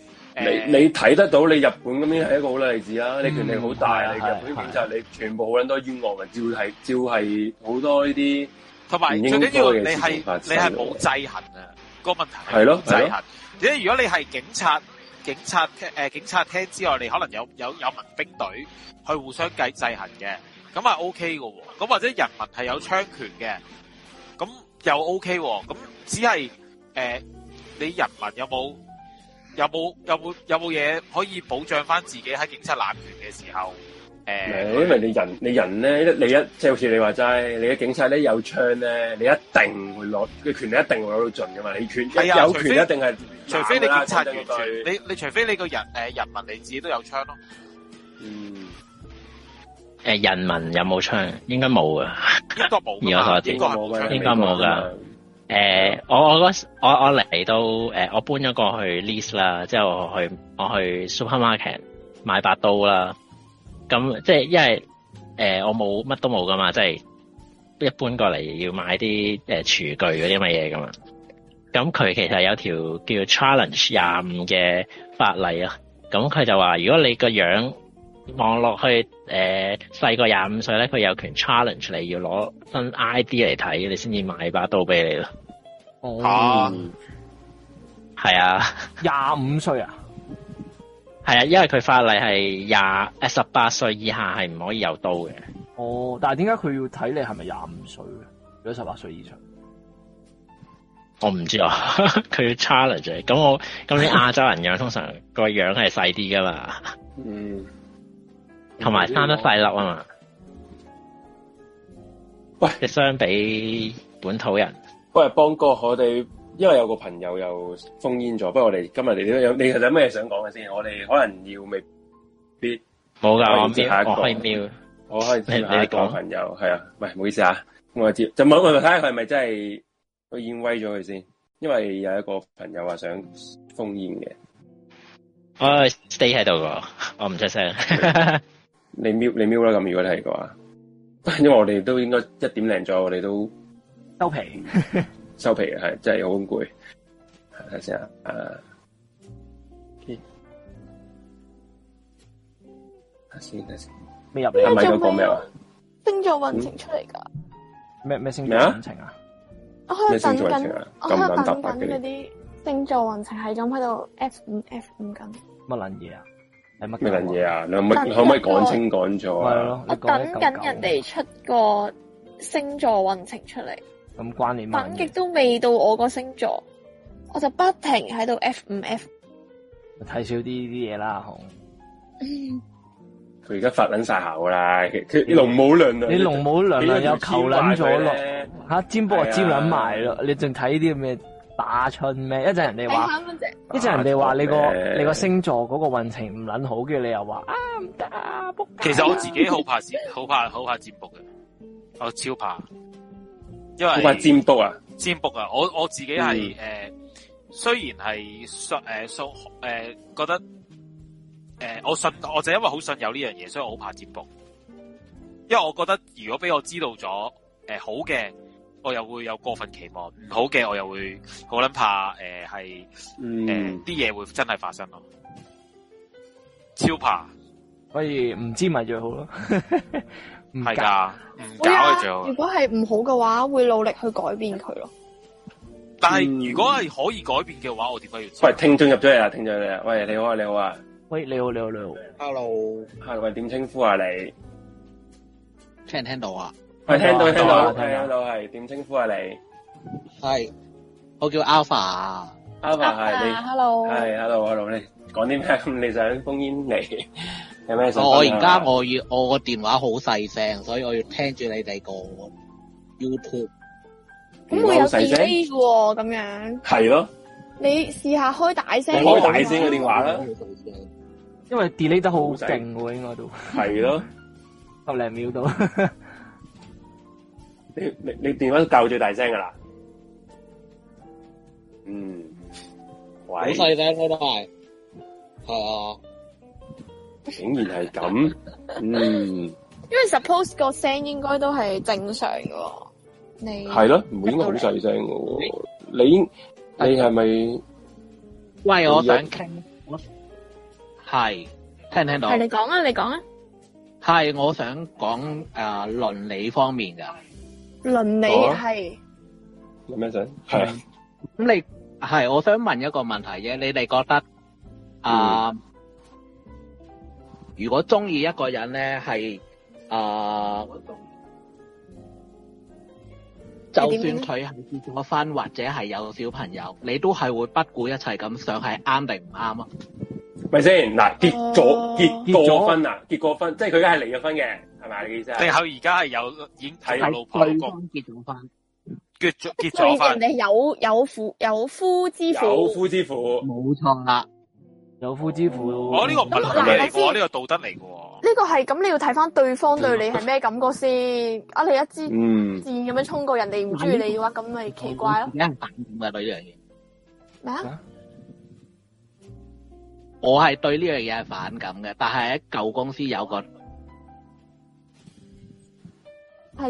你睇、呃、得到你日本咁樣係一個好例子啊！你權力好大、嗯，你日本咁就你全部好多冤枉或者係照係好多呢啲。同埋最緊要係你係你係冇制衡啊，是的是的、個問題係冇。係咯，制衡。如果你係警察。警察誒警察廳之外，你可能有有有民兵隊去互相計制衡嘅，咁啊 OK 嘅喎，咁或者人民係有槍權嘅，咁又 OK 喎，咁只係誒你人民有冇有冇有冇有冇嘢可以保障翻自己喺警察濫權嘅時候？誒、嗯，因為你人，你人咧，你一即係好似你話齋，你嘅警察咧有槍咧，你一定會攞嘅權力一你權、啊權，一定會攞到盡噶嘛？你權有權一定係，除非你警察越權，你你除非你個人誒人民你自己都有槍咯、啊。嗯、誒、呃，人民有冇槍？應該冇啊，應該冇。 [LAUGHS] 而我應該冇噶。應該冇噶。誒、 [LAUGHS] 呃，我我我嚟到誒，我搬咗過去，去 lease 啦，之後我去我去 supermarket 買把刀啦。咁即係，因為誒、呃、我冇乜都冇噶嘛，即係一般過嚟，要買啲誒廚具嗰啲乜嘢噶嘛。咁佢其實有條叫 Challenge 廿五嘅法例啊。咁佢就話如果你個樣望落去誒細、呃、過廿五歲咧，佢有權 Challenge 你，要攞新 ID 嚟睇，你先至買把刀俾你咯。哦，係啊，廿五歲啊？係啊，因為佢法例係廿誒十八歲以下係唔可以有刀嘅。哦，但係點解佢要睇你係咪廿五歲？如果十八歲以上，我唔知啊。佢 [LAUGHS] 要 challenge 咁我，咁啲亞洲人樣 [LAUGHS] 通常個樣係細啲噶嘛。嗯，同埋生得細粒啊嘛。喂，即係相比本土人，喂，幫過我哋。因為有個朋友又封煙咗，不過我哋今日你點樣有？你其實有咩想講嘅先？我哋可能要未必冇㗎。我接下一個，我開始接下我朋友，係啊，唔唔好意思啊，我接就冇，我睇下佢係咪真係我煙威咗佢先。因為有一個朋友想 there, 話想封煙嘅，我 stay 喺度個，我唔出聲。你瞄你瞄啦，咁如果係嘅話，因為我哋都應該一點零咗，我哋都收皮。 [LAUGHS] [LAUGHS] 收皮嘅係真係好攰，睇下先啊。誒，先，先未入兩米嗰個咩話？星座運程出嚟噶？咩咩星座運程、啊、咩星座運程啊？我喺度等緊啊，我等緊嗰啲星座運程，係咁喺度 F5 F5 緊。乜撚嘢啊？係乜、啊？乜撚嘢啊？你，什麼啊，你可唔可以講清講咗、啊？我等緊人哋出個星座運程出嚟。咁關你咩？反極都未到我個星座，我就不停喺度 F 五 F。睇少啲啲嘢啦，好，佢而家發捻晒口啦，佢龍母娘娘，你龍母娘娘有求捻咗咯？吓、啊啊、占卜啊占捻埋咯，你仲睇呢啲咩打春咩？一陣人哋話，一陣人哋話你個你個星座嗰個運程唔捻好，嘅。你又話啊唔得啊卜。其實我自己好怕 [LAUGHS] 好怕占好怕好怕占卜嘅，我超怕。因為好怕占卜啊！占卜啊！我我自己係誒、嗯呃，雖然係信誒誒，覺得誒、呃，我信我就因為好信有呢樣嘢，所以我好怕占卜。因為我覺得如果俾我知道咗誒、呃、好嘅，我又會有過分期望；唔好嘅，我又會好捻怕誒係誒啲嘢會真係發生咯。超怕，所以唔知咪最好咯。 [LAUGHS] 唔係噶，唔搞嘅、哎、如果係唔好嘅話，會努力去改變佢咯。但係如果係可以改變嘅話，我點解要做？喂，聽眾入咗嚟啊！聽眾嚟啊！喂，你好啊，你好啊！喂，你好，你好，你好。Hello，hello 喂，點稱呼啊？你聽唔聽到啊？喂，聽到，聽到，hello 係點稱呼啊？你係我叫 Alpha，Alpha 係你，Hello，係 hello, Hello，Hello，你講啲咩？你想封煙你？ [LAUGHS] 我而家我要我個電話好細聲，所以我要聽住你哋個 YouTube。咁會有 delay 嘅喎，咁樣。係咯。你試下開大聲。開大聲個電話啦。因為 delay 得好勁喎，應該都。係咯。 [LAUGHS] 十零秒到。你你你電話夠最大聲噶啦。嗯。喂。好細聲聽得係。哦。竟然係咁， [LAUGHS] 嗯，因為 suppose 個聲應該都係正常噶喎，你係咯，唔會應該好細聲噶，你你係咪？喂，我想傾，係，聽唔聽到？係你講啊，你講啊，係我想講誒倫理方面噶倫理係係一想？係、啊。咁，嗯、 [LAUGHS] 你係我想問一個問題嘅，你哋覺得啊？呃嗯如果中意一個人咧，係啊、呃，就算佢係結咗婚或者係有小朋友，你都係會不顧一切咁想，係啱定唔啱啊？咪先嗱，結咗、uh, 結咗婚啊，結過婚，即係佢而家係離咗婚嘅，係咪？意思啊？定係而家係有已經係老婆老、那個、結咗婚，結咗結咗婚，你有有，有夫有夫之婦，有夫之婦，冇錯啦、啊。有夫之婦、哦，我、哦、呢、這個唔係嚟嘅，呢、這個道德嚟嘅。呢、這個係咁，那你要睇返對方對你係咩感覺先。啊、嗯，你一支箭咁樣衝過，人哋唔中意你嘅話，咁咪奇怪咯。而家係反感嘅對呢樣嘢。咩啊？我係對呢樣嘢係反感嘅，但係喺舊公司有個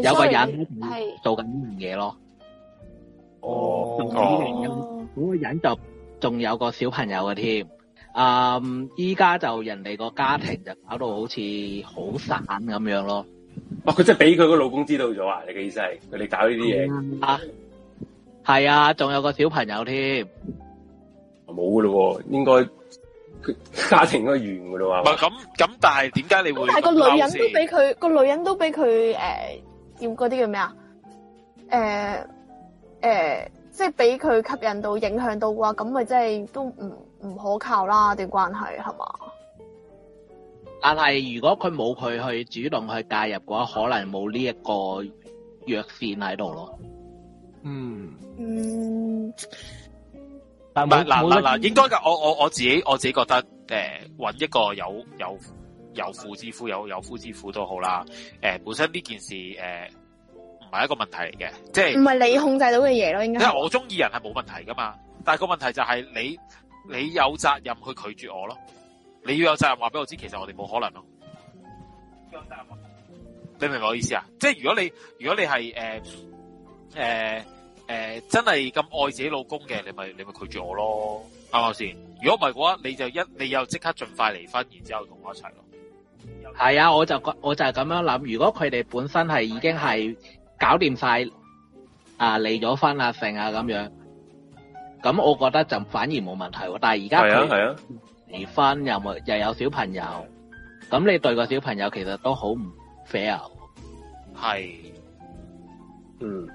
有個人做緊呢樣嘢咯。哦嗰、哦、個人就仲有個小朋友嘅添。啊！依家就人哋個家庭就搞到好似好散咁樣咯。哇、啊！佢真係俾佢個老公知道咗、嗯、啊！你嘅意思係佢哋搞呢啲嘢啊？係啊，仲有個小朋友添。冇噶啦，應該家庭都完噶喇咁咁，但係點解你會？但係個女人都俾佢個女人都俾佢誒，要嗰啲叫咩啊？誒誒、呃呃，即係俾佢吸引到、影響到嘅話，咁、呃、咪即係都唔。唔可靠啦，啲關係係嘛？但係如果佢冇佢去主動去介入嘅話，可能冇呢一個藥線喺度咯。嗯嗯，但係嗱嗱嗱，應該噶。我我我自己我自己覺得，誒、呃，搵一個有有有婦之夫，有有夫之婦都好啦。誒、呃，本身呢件事誒唔係一個問題嚟嘅，即係唔係你控制到嘅嘢咯。應該係因為我中意人係冇問題噶嘛，但係個問題就係你。你有責任去拒絕我咯，你要有責任話俾我知，其實我哋冇可能咯。有責任，你明唔明我意思啊？即係如果你如果你係誒誒誒真係咁愛自己老公嘅，你咪你咪拒絕我咯，啱唔啱先？如果唔係嘅話，你就一你又即刻盡快離婚，然之後同我一齊咯。係啊，我就覺我就係咁樣諗。如果佢哋本身係已經係搞掂晒啊離咗婚啊成啊咁樣。咁我覺得就反而冇問題喎，但係而家佢離婚又冇又有小朋友，咁你對個小朋友其實都好唔 fair，係，嗯，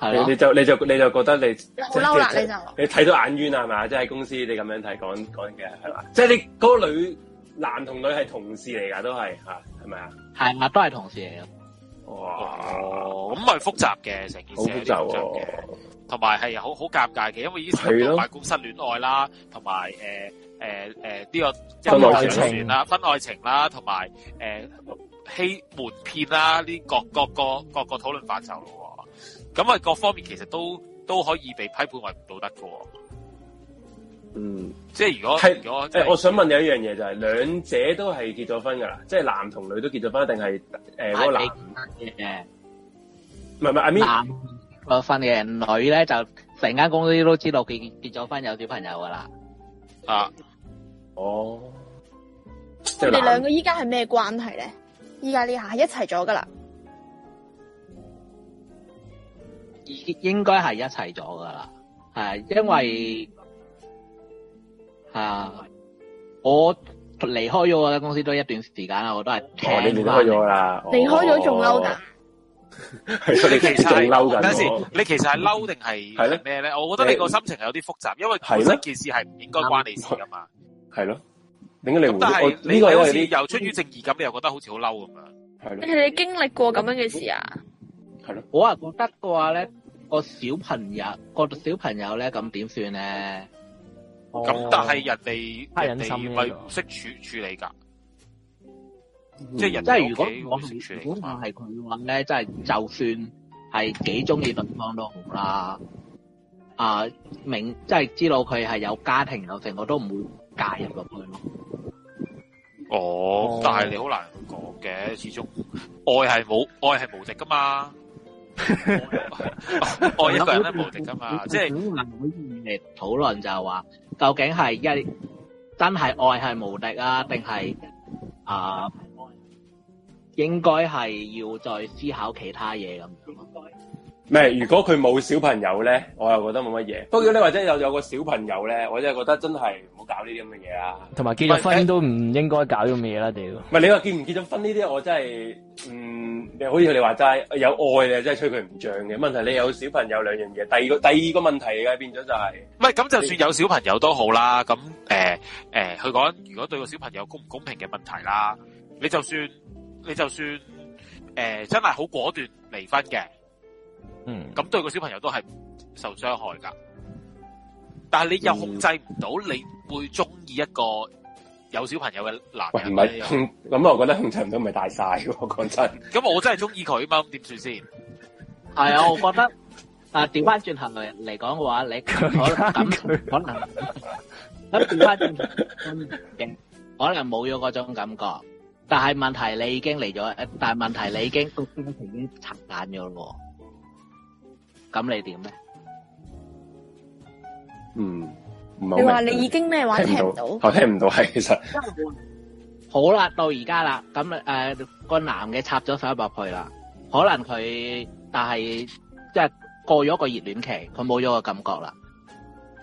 係，你就你就你就覺得你好嬲啦，你就你睇到眼冤係嘛，即係公司你咁樣睇講講嘅係嘛，即係你嗰個女男同女係同事嚟噶，都係吓係咪啊？係啊，都係同事嚟噶。哦，咁咪複雜嘅成件事，好複雜。同埋係好好尷尬嘅，因為依時係辦公室戀愛啦，同埋誒誒誒呢個分愛情啦，分愛情啦，同埋誒欺瞞騙啦，呢各各個各個討論範疇咯。咁啊，各方面其實都都可以被批判為唔道德嘅。嗯，即係如果即如果、就是欸、我想問你一樣嘢就係、是，兩者都係結咗婚噶啦，即係男同女都結咗婚，定係誒個男？唔、啊、係，阿個份嘅女咧，就成間公司都知道佢結咗婚，有小朋友噶啦。啊，了了了了、嗯啊，哦。你哋兩個依家係咩關係咧？依家呢下係一齊咗噶啦。應應該係一齊咗噶啦，係因為係啊，我離開咗我間公司都一段時間啦，我都係哦，你離開咗啦，離開咗仲嬲噶。 [LAUGHS] 對你其實係嬲緊，你其實係嬲定係係咩咧？我覺得你個心情係有啲複雜，因為本身件事係唔應該關你事噶嘛。係咯，點解你？但係呢、哦、這個你又出於正義感，你又覺得好似好嬲咁樣。係咯，你，你經歷過咁樣嘅事啊？係咯，我覺覺得嘅話咧，個小朋友個小朋友咧，咁點算咧？咁、哦、但係人哋人哋咪唔識處處理噶。即係人，即係如果我如果我話係佢嘅話咧，即、就、係、是、就算係幾中意對方都好啦。啊，明即係知道佢係有家庭有成，我都唔會介入落去樣、哦。哦，但係你好難講嘅，始終愛係冇愛係無敵噶嘛。 [LAUGHS] [LAUGHS] 愛一個人咧無敵噶嘛，即 [LAUGHS] 係。唔、就、我、是就是、以嚟討論就係話，究竟係一真係愛係無敵啊，定係啊？應該係要再思考其他嘢，咁。唔係，如果佢冇小朋友咧，我又覺得冇乜嘢。不過你或者有有個小朋友咧，我真係覺得真係唔好搞呢啲咁嘅嘢啊。同埋結咗婚都唔應該搞呢啲咁嘅嘢啦，屌。唔係你話結唔結咗婚呢啲，我真係，嗯，好似你話齋有愛嘅，真係吹佢唔脹嘅。問題你有小朋友兩樣嘢，第二個第二個問題嘅變咗就係，唔係咁就算有小朋友都好啦。咁誒誒，佢講如果對個小朋友公唔公平嘅問題啦，你就算。你就算誒、呃、真係好果斷離婚嘅，嗯，咁對個小朋友都係受傷害噶。但係你又控制唔到，你會中意一個有小朋友嘅男人？人、呃。係控，咁、嗯、我覺得控制唔到，唔係大晒。講真，咁我真係中意佢嘛？點算先？係 [LAUGHS] 啊、哎，我覺得，點返調翻轉行嚟嚟講嘅話，你佢可能咁調翻轉行，可能冇咗嗰種感覺。但係問題，你已經嚟咗。但係問題，你已經個家庭已經插眼咗咯。咁你點咧？嗯，唔係。你話你已經咩話聽唔到？我聽唔到係其實。好啦，到而家啦。咁誒，個男嘅插咗手入去啦。可能佢，但係即係過咗個熱戀期，佢冇咗個感覺啦。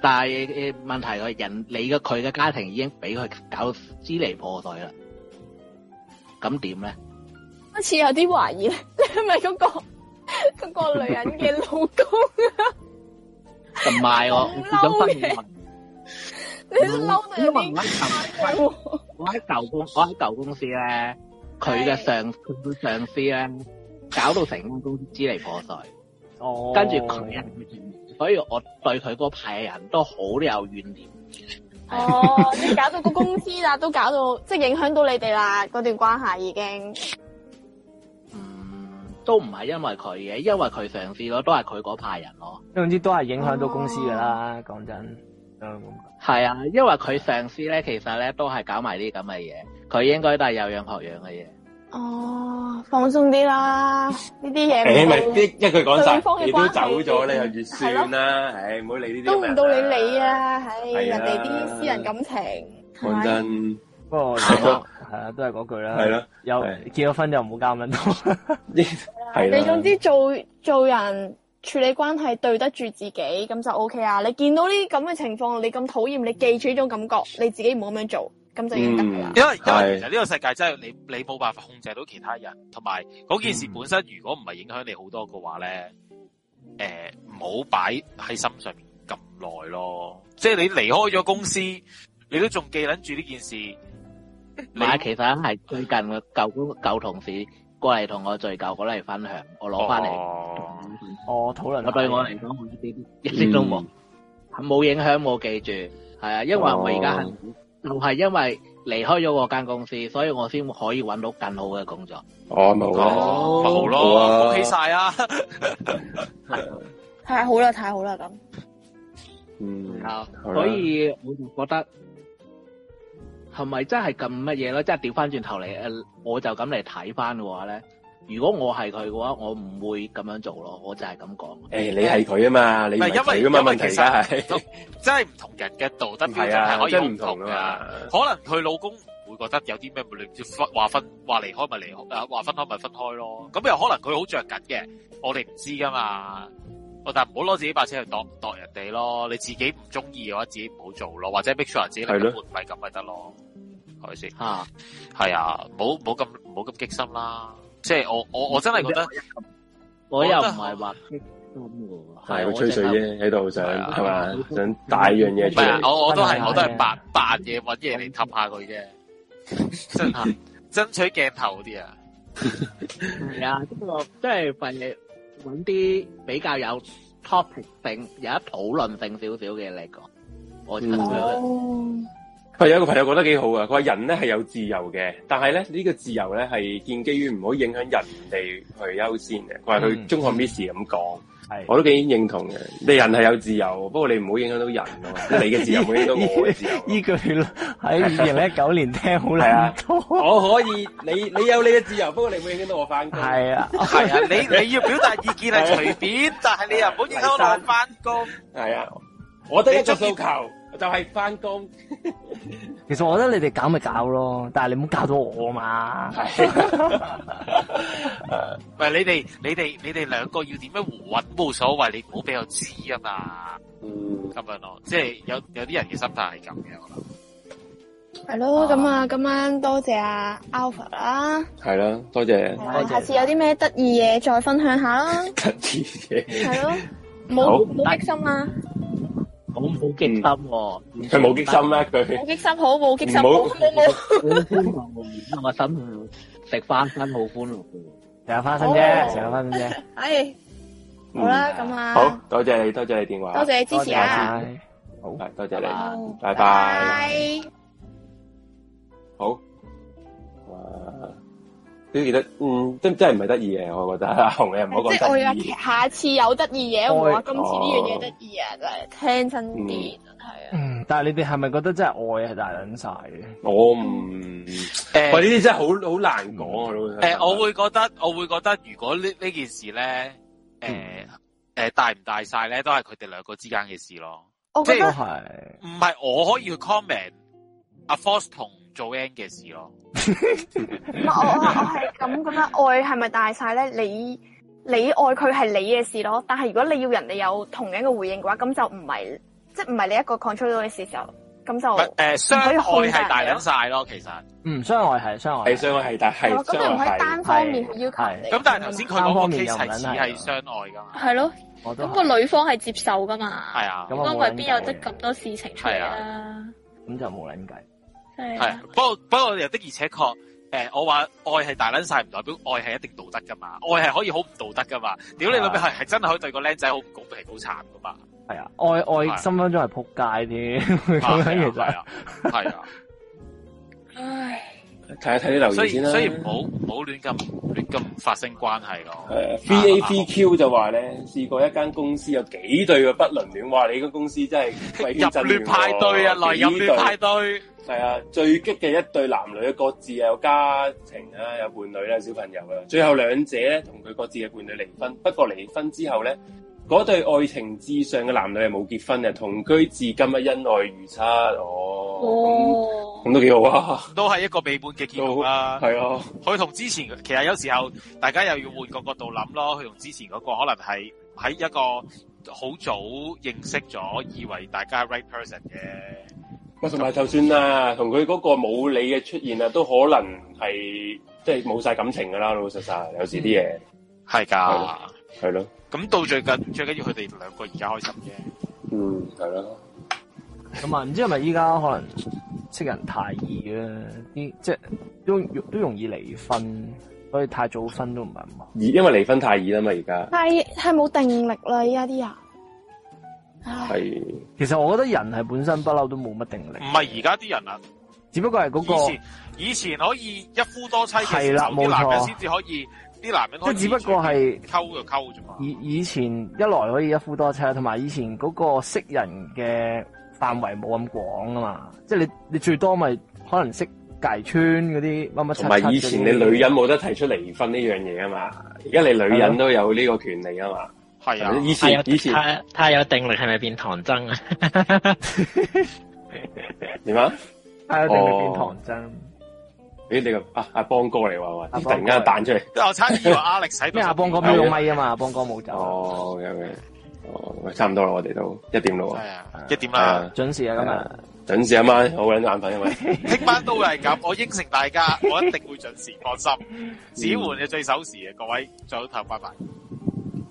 但係誒，問題個人，你嘅佢嘅家庭已經俾佢搞支離破碎啦。咁點咧？好似有啲懷疑，你係咪嗰個、嗰個女人嘅老公啊？唔 [LAUGHS] 係，我始終分唔明。你嬲女人嘅？我喺舊公，我喺舊公司咧，佢嘅上上司咧， [LAUGHS] 搞到成間公司支離破碎。哦。跟住佢，所以我對佢嗰派人都好有怨念。 [LAUGHS] 哦，你搞到個公司啦，都搞到即係影響到你哋啦，嗰段關係已經，嗯，都唔係因為佢嘅，因為佢上司咯，都係佢嗰派人咯，總之都係影響到公司噶啦，講真，嗯，係、嗯、啊，因為佢上司咧，其實咧都係搞埋啲咁嘅嘢，佢應該都係有樣學樣嘅嘢。哦，放鬆啲啦，呢啲嘢你咪一一句講晒，你都走咗，你又越算啦，誒，唔好理呢啲問題都唔到你理啊，誒，人哋啲私人感情。講真，啊，不過係 [LAUGHS] 啊，都係嗰句啦。係咯，有結咗婚就唔好交咁多。你總之做做人處理關係對得住自己咁就 OK 啊！你見到呢啲咁嘅情況，你咁討厭，你記住呢種感覺，你自己唔好咁樣做。咁就得啦，嗯，因為因為其實呢個世界真係你你冇辦法控制到其他人，同埋嗰件事本身如果唔係影響你好多嘅話咧，誒唔好擺喺心上面咁耐咯。即係你離開咗公司，你都仲記諗住呢件事。唔其實係最近嘅舊舊同事過嚟同我聚舊，過嚟分享，我攞翻嚟，我、哦哦、討論。我對我嚟講、嗯、一啲一啲都冇，冇、嗯、影響我。沒記住係啊，因為我而家係。唔係因為離開咗我間公司，所以我先可以揾到更好嘅工作。哦，沒沒沒沒沒沒沒沒 [LAUGHS] 好，好咯，恭喜晒啊！太好啦，太好啦咁。嗯，好。所以我就覺得係咪真係咁乜嘢咧？即係掉翻轉頭嚟，誒，我就咁嚟睇翻嘅話咧。如果我係佢嘅話，我唔會咁樣做咯。我就係咁講。誒，你係佢啊嘛，你唔係佢啊嘛？問題就係，真係唔同人嘅道德標準係可以唔同噶。可能佢老公會覺得有啲咩，咪你分話分話離開咪離開，啊話分開咪分開咯。咁又可能佢好着緊嘅，我哋唔知噶嘛。我但係唔好攞自己把車去度度人哋咯。你自己唔中意嘅話，自己唔好做咯。或者 make sure 自己，唔係咁咪得咯，係咪先？吓，係啊，冇冇咁冇咁激心啦。即係我我我真係覺得，我又唔係話激心係我吹水啫，喺度想係嘛，想帶樣嘢出嚟。我、啊、我， [LAUGHS] 我，我都係、哎、我都係扮扮嘢，揾嘢嚟氹下佢啫。真係 [LAUGHS] 爭取鏡頭啲啊。係 [LAUGHS] 啊 [LAUGHS] 呢個即係費揾啲比較有 topic 性、有一討論性少少嘅嚟講，我真係覺得。嗯嗯。佢有一個朋友覺得幾好啊，佢話人咧係有自由嘅，但係咧呢、這個自由咧係建基於唔好影響人哋去優先嘅。佢話佢中學 Miss 咁講，係我都幾認同嘅。你人係有自由，不過你唔好影響到人咯， [LAUGHS] 你嘅自由唔好影響到我嘅自由。依句喺二零一九年聽好靚、啊， [LAUGHS] 我可以，你你有你嘅自由，不過你唔好影響到我翻工。係啊，係 [LAUGHS] 啊，你你要表達意見係隨便， [LAUGHS] 但係你又唔好影響我翻工。係 [LAUGHS] 啊，我得一個要求。就係翻工，其實我覺得你哋搞咪搞咯，但係你唔好搞到我嘛。唔 [LAUGHS] 係 [LAUGHS] 你哋你哋你哋兩個要點樣混都冇所謂，你唔好俾我知啊嘛。咁、嗯、樣咯，即係有有啲人嘅心態係咁嘅。係咯，咁啊，今晚多謝阿 Alpha 啦。係啦，多謝，謝、啊，下次有啲咩得意嘢，再分享下啦。得意嘢，係咯，冇冇逼心啊！ [LAUGHS] 好冇激心喎，佢冇激心咩？佢冇激心，好冇激心，冇冇冇。我心食翻新好歡樂，食翻新啫，食翻新啫。係好啦，咁啊，好多謝你，多謝你電話，多謝支持啊，好，多謝你，拜拜，好。都記得，嗯，真真係唔係得意嘅，我覺得，紅唔好講。即係我而家下次有得意嘢，我話今次呢樣嘢得意啊！就係聽真啲，真係、嗯。嗯，但係你哋係咪覺得真係愛係大撚曬嘅？我唔，喂呢啲真係好好難講、嗯呃、我會覺得，我會覺得，如果呢呢件事咧，誒、呃嗯呃、大唔大曬咧，都係佢哋兩個之間嘅事咯。即係，唔係我可以去 comment 阿 Force 同做 N 嘅事咯。 [LAUGHS] [LAUGHS] 我說我我係咁覺得愛係咪大晒咧？你你愛佢係你嘅事咯，但係如果你要人哋有同樣嘅回應嘅話，咁就唔係即係唔係你一個 control 嘅事，就咁就誒傷害係大緊晒咯，其實嗯傷害係傷害係傷害係大係咁你唔可以單方面要求咁，但係頭先佢嗰方面其次係相愛噶嘛係咯，咁個女方係接受噶嘛係啊，咁我邊有得咁多事情出嚟啊，咁就冇捻計。係、啊啊，不過不過又的而且確，誒，我話、欸、愛係大捻晒，唔代表愛係一定道德噶嘛，愛係可以好唔道德噶嘛，屌你老味係係真係可以對個僆仔好唔公平好慘噶嘛，係啊，愛愛心當中係扑街啲，講真嘅就係。 [LAUGHS] 是睇下睇啲留言先啦，所以唔好唔好亂咁亂咁發生關係咯。誒、uh,，V A V Q、嗯、就話咧，試、嗯、過一間公司有幾對嘅不倫戀，話你間公司真係入亂派對啊，來入亂派對。係啊，最激嘅一對男女啊，各自有家庭啊，有伴侶啦，小朋友啊，最後兩者咧同佢各自嘅伴侶離婚，不過離婚之後咧，嗰對愛情至上嘅男女係冇結婚啊，同居至今啊，恩愛如初。哦，咁都幾好啊！都係一個美滿嘅結局啦，係啊。佢同、啊、之前其實有時候大家又要換個角度諗咯，佢同之前嗰個可能係喺一個好早認識咗，以為大家 right person 嘅。同埋就算啦，同佢嗰個冇你嘅出現啊，都可能係即係冇晒感情噶啦，老老實實有時啲嘢係噶，係、嗯、咯。咁到最近最緊要佢哋兩個而家開心啫。嗯，係咯。同埋，唔知係咪依家可能識人太易啦，啲即係都都容易離婚，所以太早婚都唔係咁易，因為離婚太易啦嘛，而家係係冇定力啦，而家啲人係，其實我覺得人係本身不嬲都冇乜定力，唔係而家啲人啊，只不過係嗰、那個以前，以前可以一夫多妻係啦冇男人先至可以，啲男人即只不過係，溝就溝啫嘛。以以前一來可以一夫多妻，同埋以前嗰個識人嘅。範圍冇咁廣啊嘛，即係你你最多咪可能識界村嗰啲乜乜七七。同以前你女人冇得提出離婚呢樣嘢啊嘛，而家你女人都有呢個權利啊嘛。係啊，以前以前太有太，太有定力係咪變唐僧啊？點 [LAUGHS] 啊？太有定力變唐僧。咦、哦欸？你個阿邦哥嚟話喎、啊，突然間彈出嚟。我差啲以為阿力使咩？阿邦哥、， [LAUGHS] 啊、幫哥有咪用麥啊嘛？邦、啊啊啊、哥冇走。哦、啊，咁、啊、嘅。哦，差唔多啦，我哋都一點咯，係啊，一點啊，準時啊，咁啊，準時啊，媽媽有啊晚好眼瞓，因為聽晚都會係咁，我應承大家，我一定會準時，放心，只煥你最守時嘅，各位早唞，拜拜。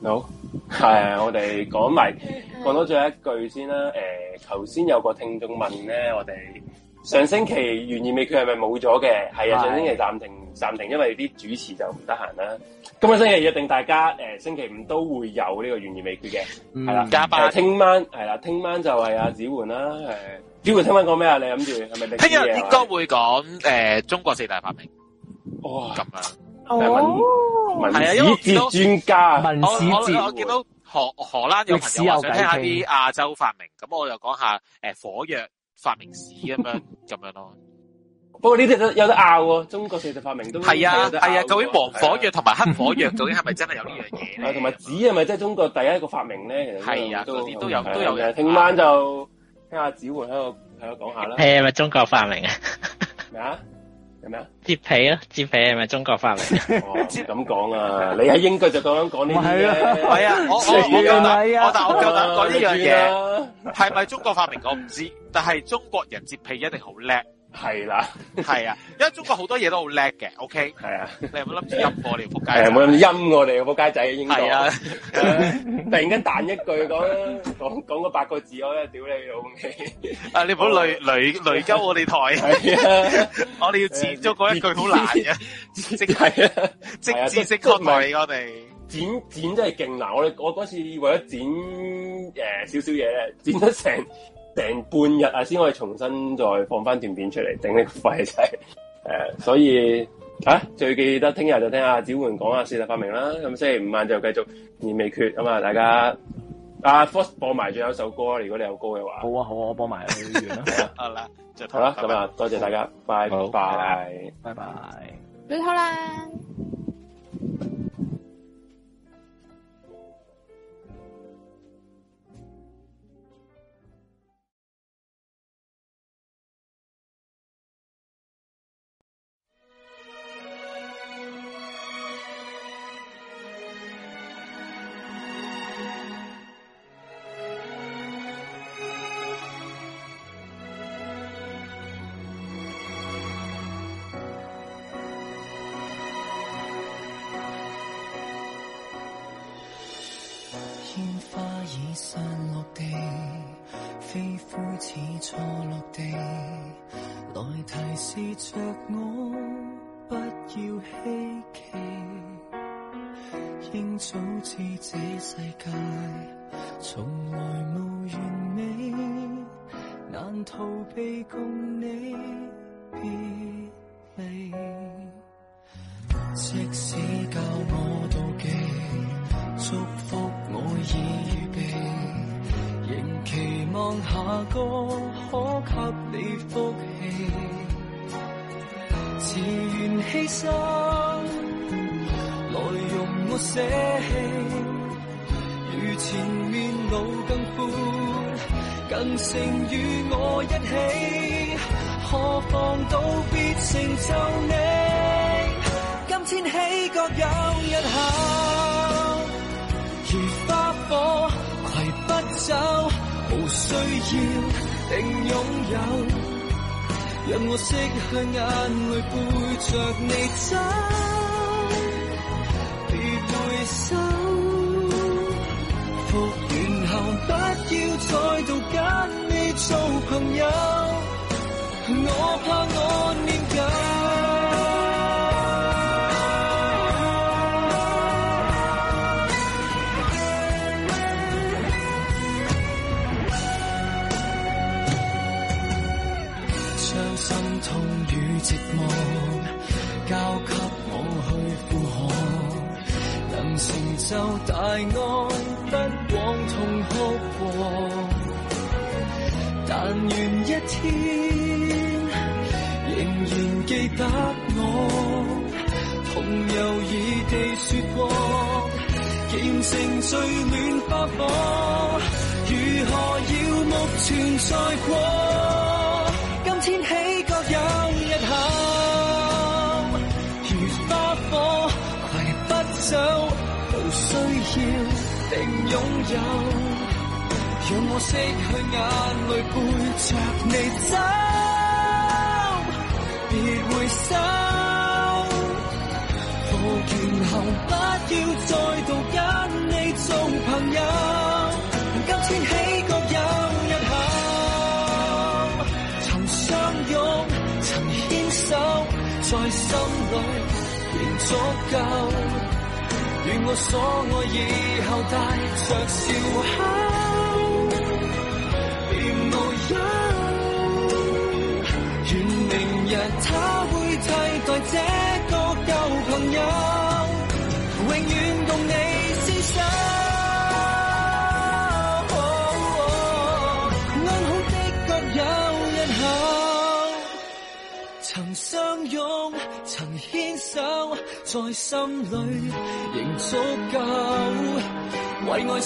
好、no? [LAUGHS] [LAUGHS] [LAUGHS] 說，係我哋講埋講多最後一句先啦。誒，頭先有個聽眾問咧，我哋。上星期懸疑未決係咪冇咗嘅？係啊，啊，上星期暫停暫停，因為啲主持就唔得閒啦。今個星期約定大家，誒、呃、星期五都會有呢個懸疑未決嘅，係、嗯啊嗯啊啊、啦，加班聽晚係啦，聽晚就係阿子煥啦。誒，子煥聽晚講咩啊？你諗住係咪聽日應該會講誒、呃、中國四大發明？哦，咁樣哦，文啊，史哲專家，文史哲我見到荷荷蘭有朋友話想聽一下啲亞洲發明，咁我就講下誒、呃、火藥。發明史咁 [LAUGHS] 樣咁樣咯，不過呢啲都有得拗喎、啊。中國四大發明都係啊，係啊。究竟黃火藥同埋黑火藥究竟係咪真係有這呢樣嘢？同埋紙係咪真係中國第一個發明咧？其實係啊都，都有都有嘅、嗯。聽晚就聽回在在下子會喺度喺度講下啦。係咪中國發明啊？啊？ [LAUGHS] 咩啊？折皮啊！折皮係咪中國發明？咁 [LAUGHS] 講、哦、啊！你喺英國就咁樣講呢啲嘢。係啊，係 [LAUGHS] 啊，我唔、啊、我但係、啊、我夠膽講呢樣嘢，係、啊、咪、啊啊啊啊啊、中國發明我唔知， [LAUGHS] 但係中國人折皮一定好叻。係啦，係啊，因為中國好多嘢都好叻嘅，OK，係啊，你有冇冧住音我哋仆街，有冇音我哋仆街仔，應該係啊，突然間彈一句講，講講個八個字我咧，屌你老味，啊你唔好雷雷雷鳩我哋台，係啊，我哋要剪咗嗰一句好難嘅即係啊，即知識出嚟我哋剪剪真係勁難，我哋我嗰次為咗剪誒少少嘢咧，剪得成。定半日啊，先可以重新再放翻段片出嚟，頂你個肺仔！誒、就是啊，所以吓、啊、最記得聽日就聽阿子煥講下四大發明啦。咁星期五晚就繼續年未決啊嘛，大家啊 first 播埋最後一首歌，如果你有歌嘅話，好、啊，好啊，好啊，我播埋 [LAUGHS] 啊， [LAUGHS] 好啦、啊，好啦，咁啊，多謝大家，拜拜，拜拜，你好啦。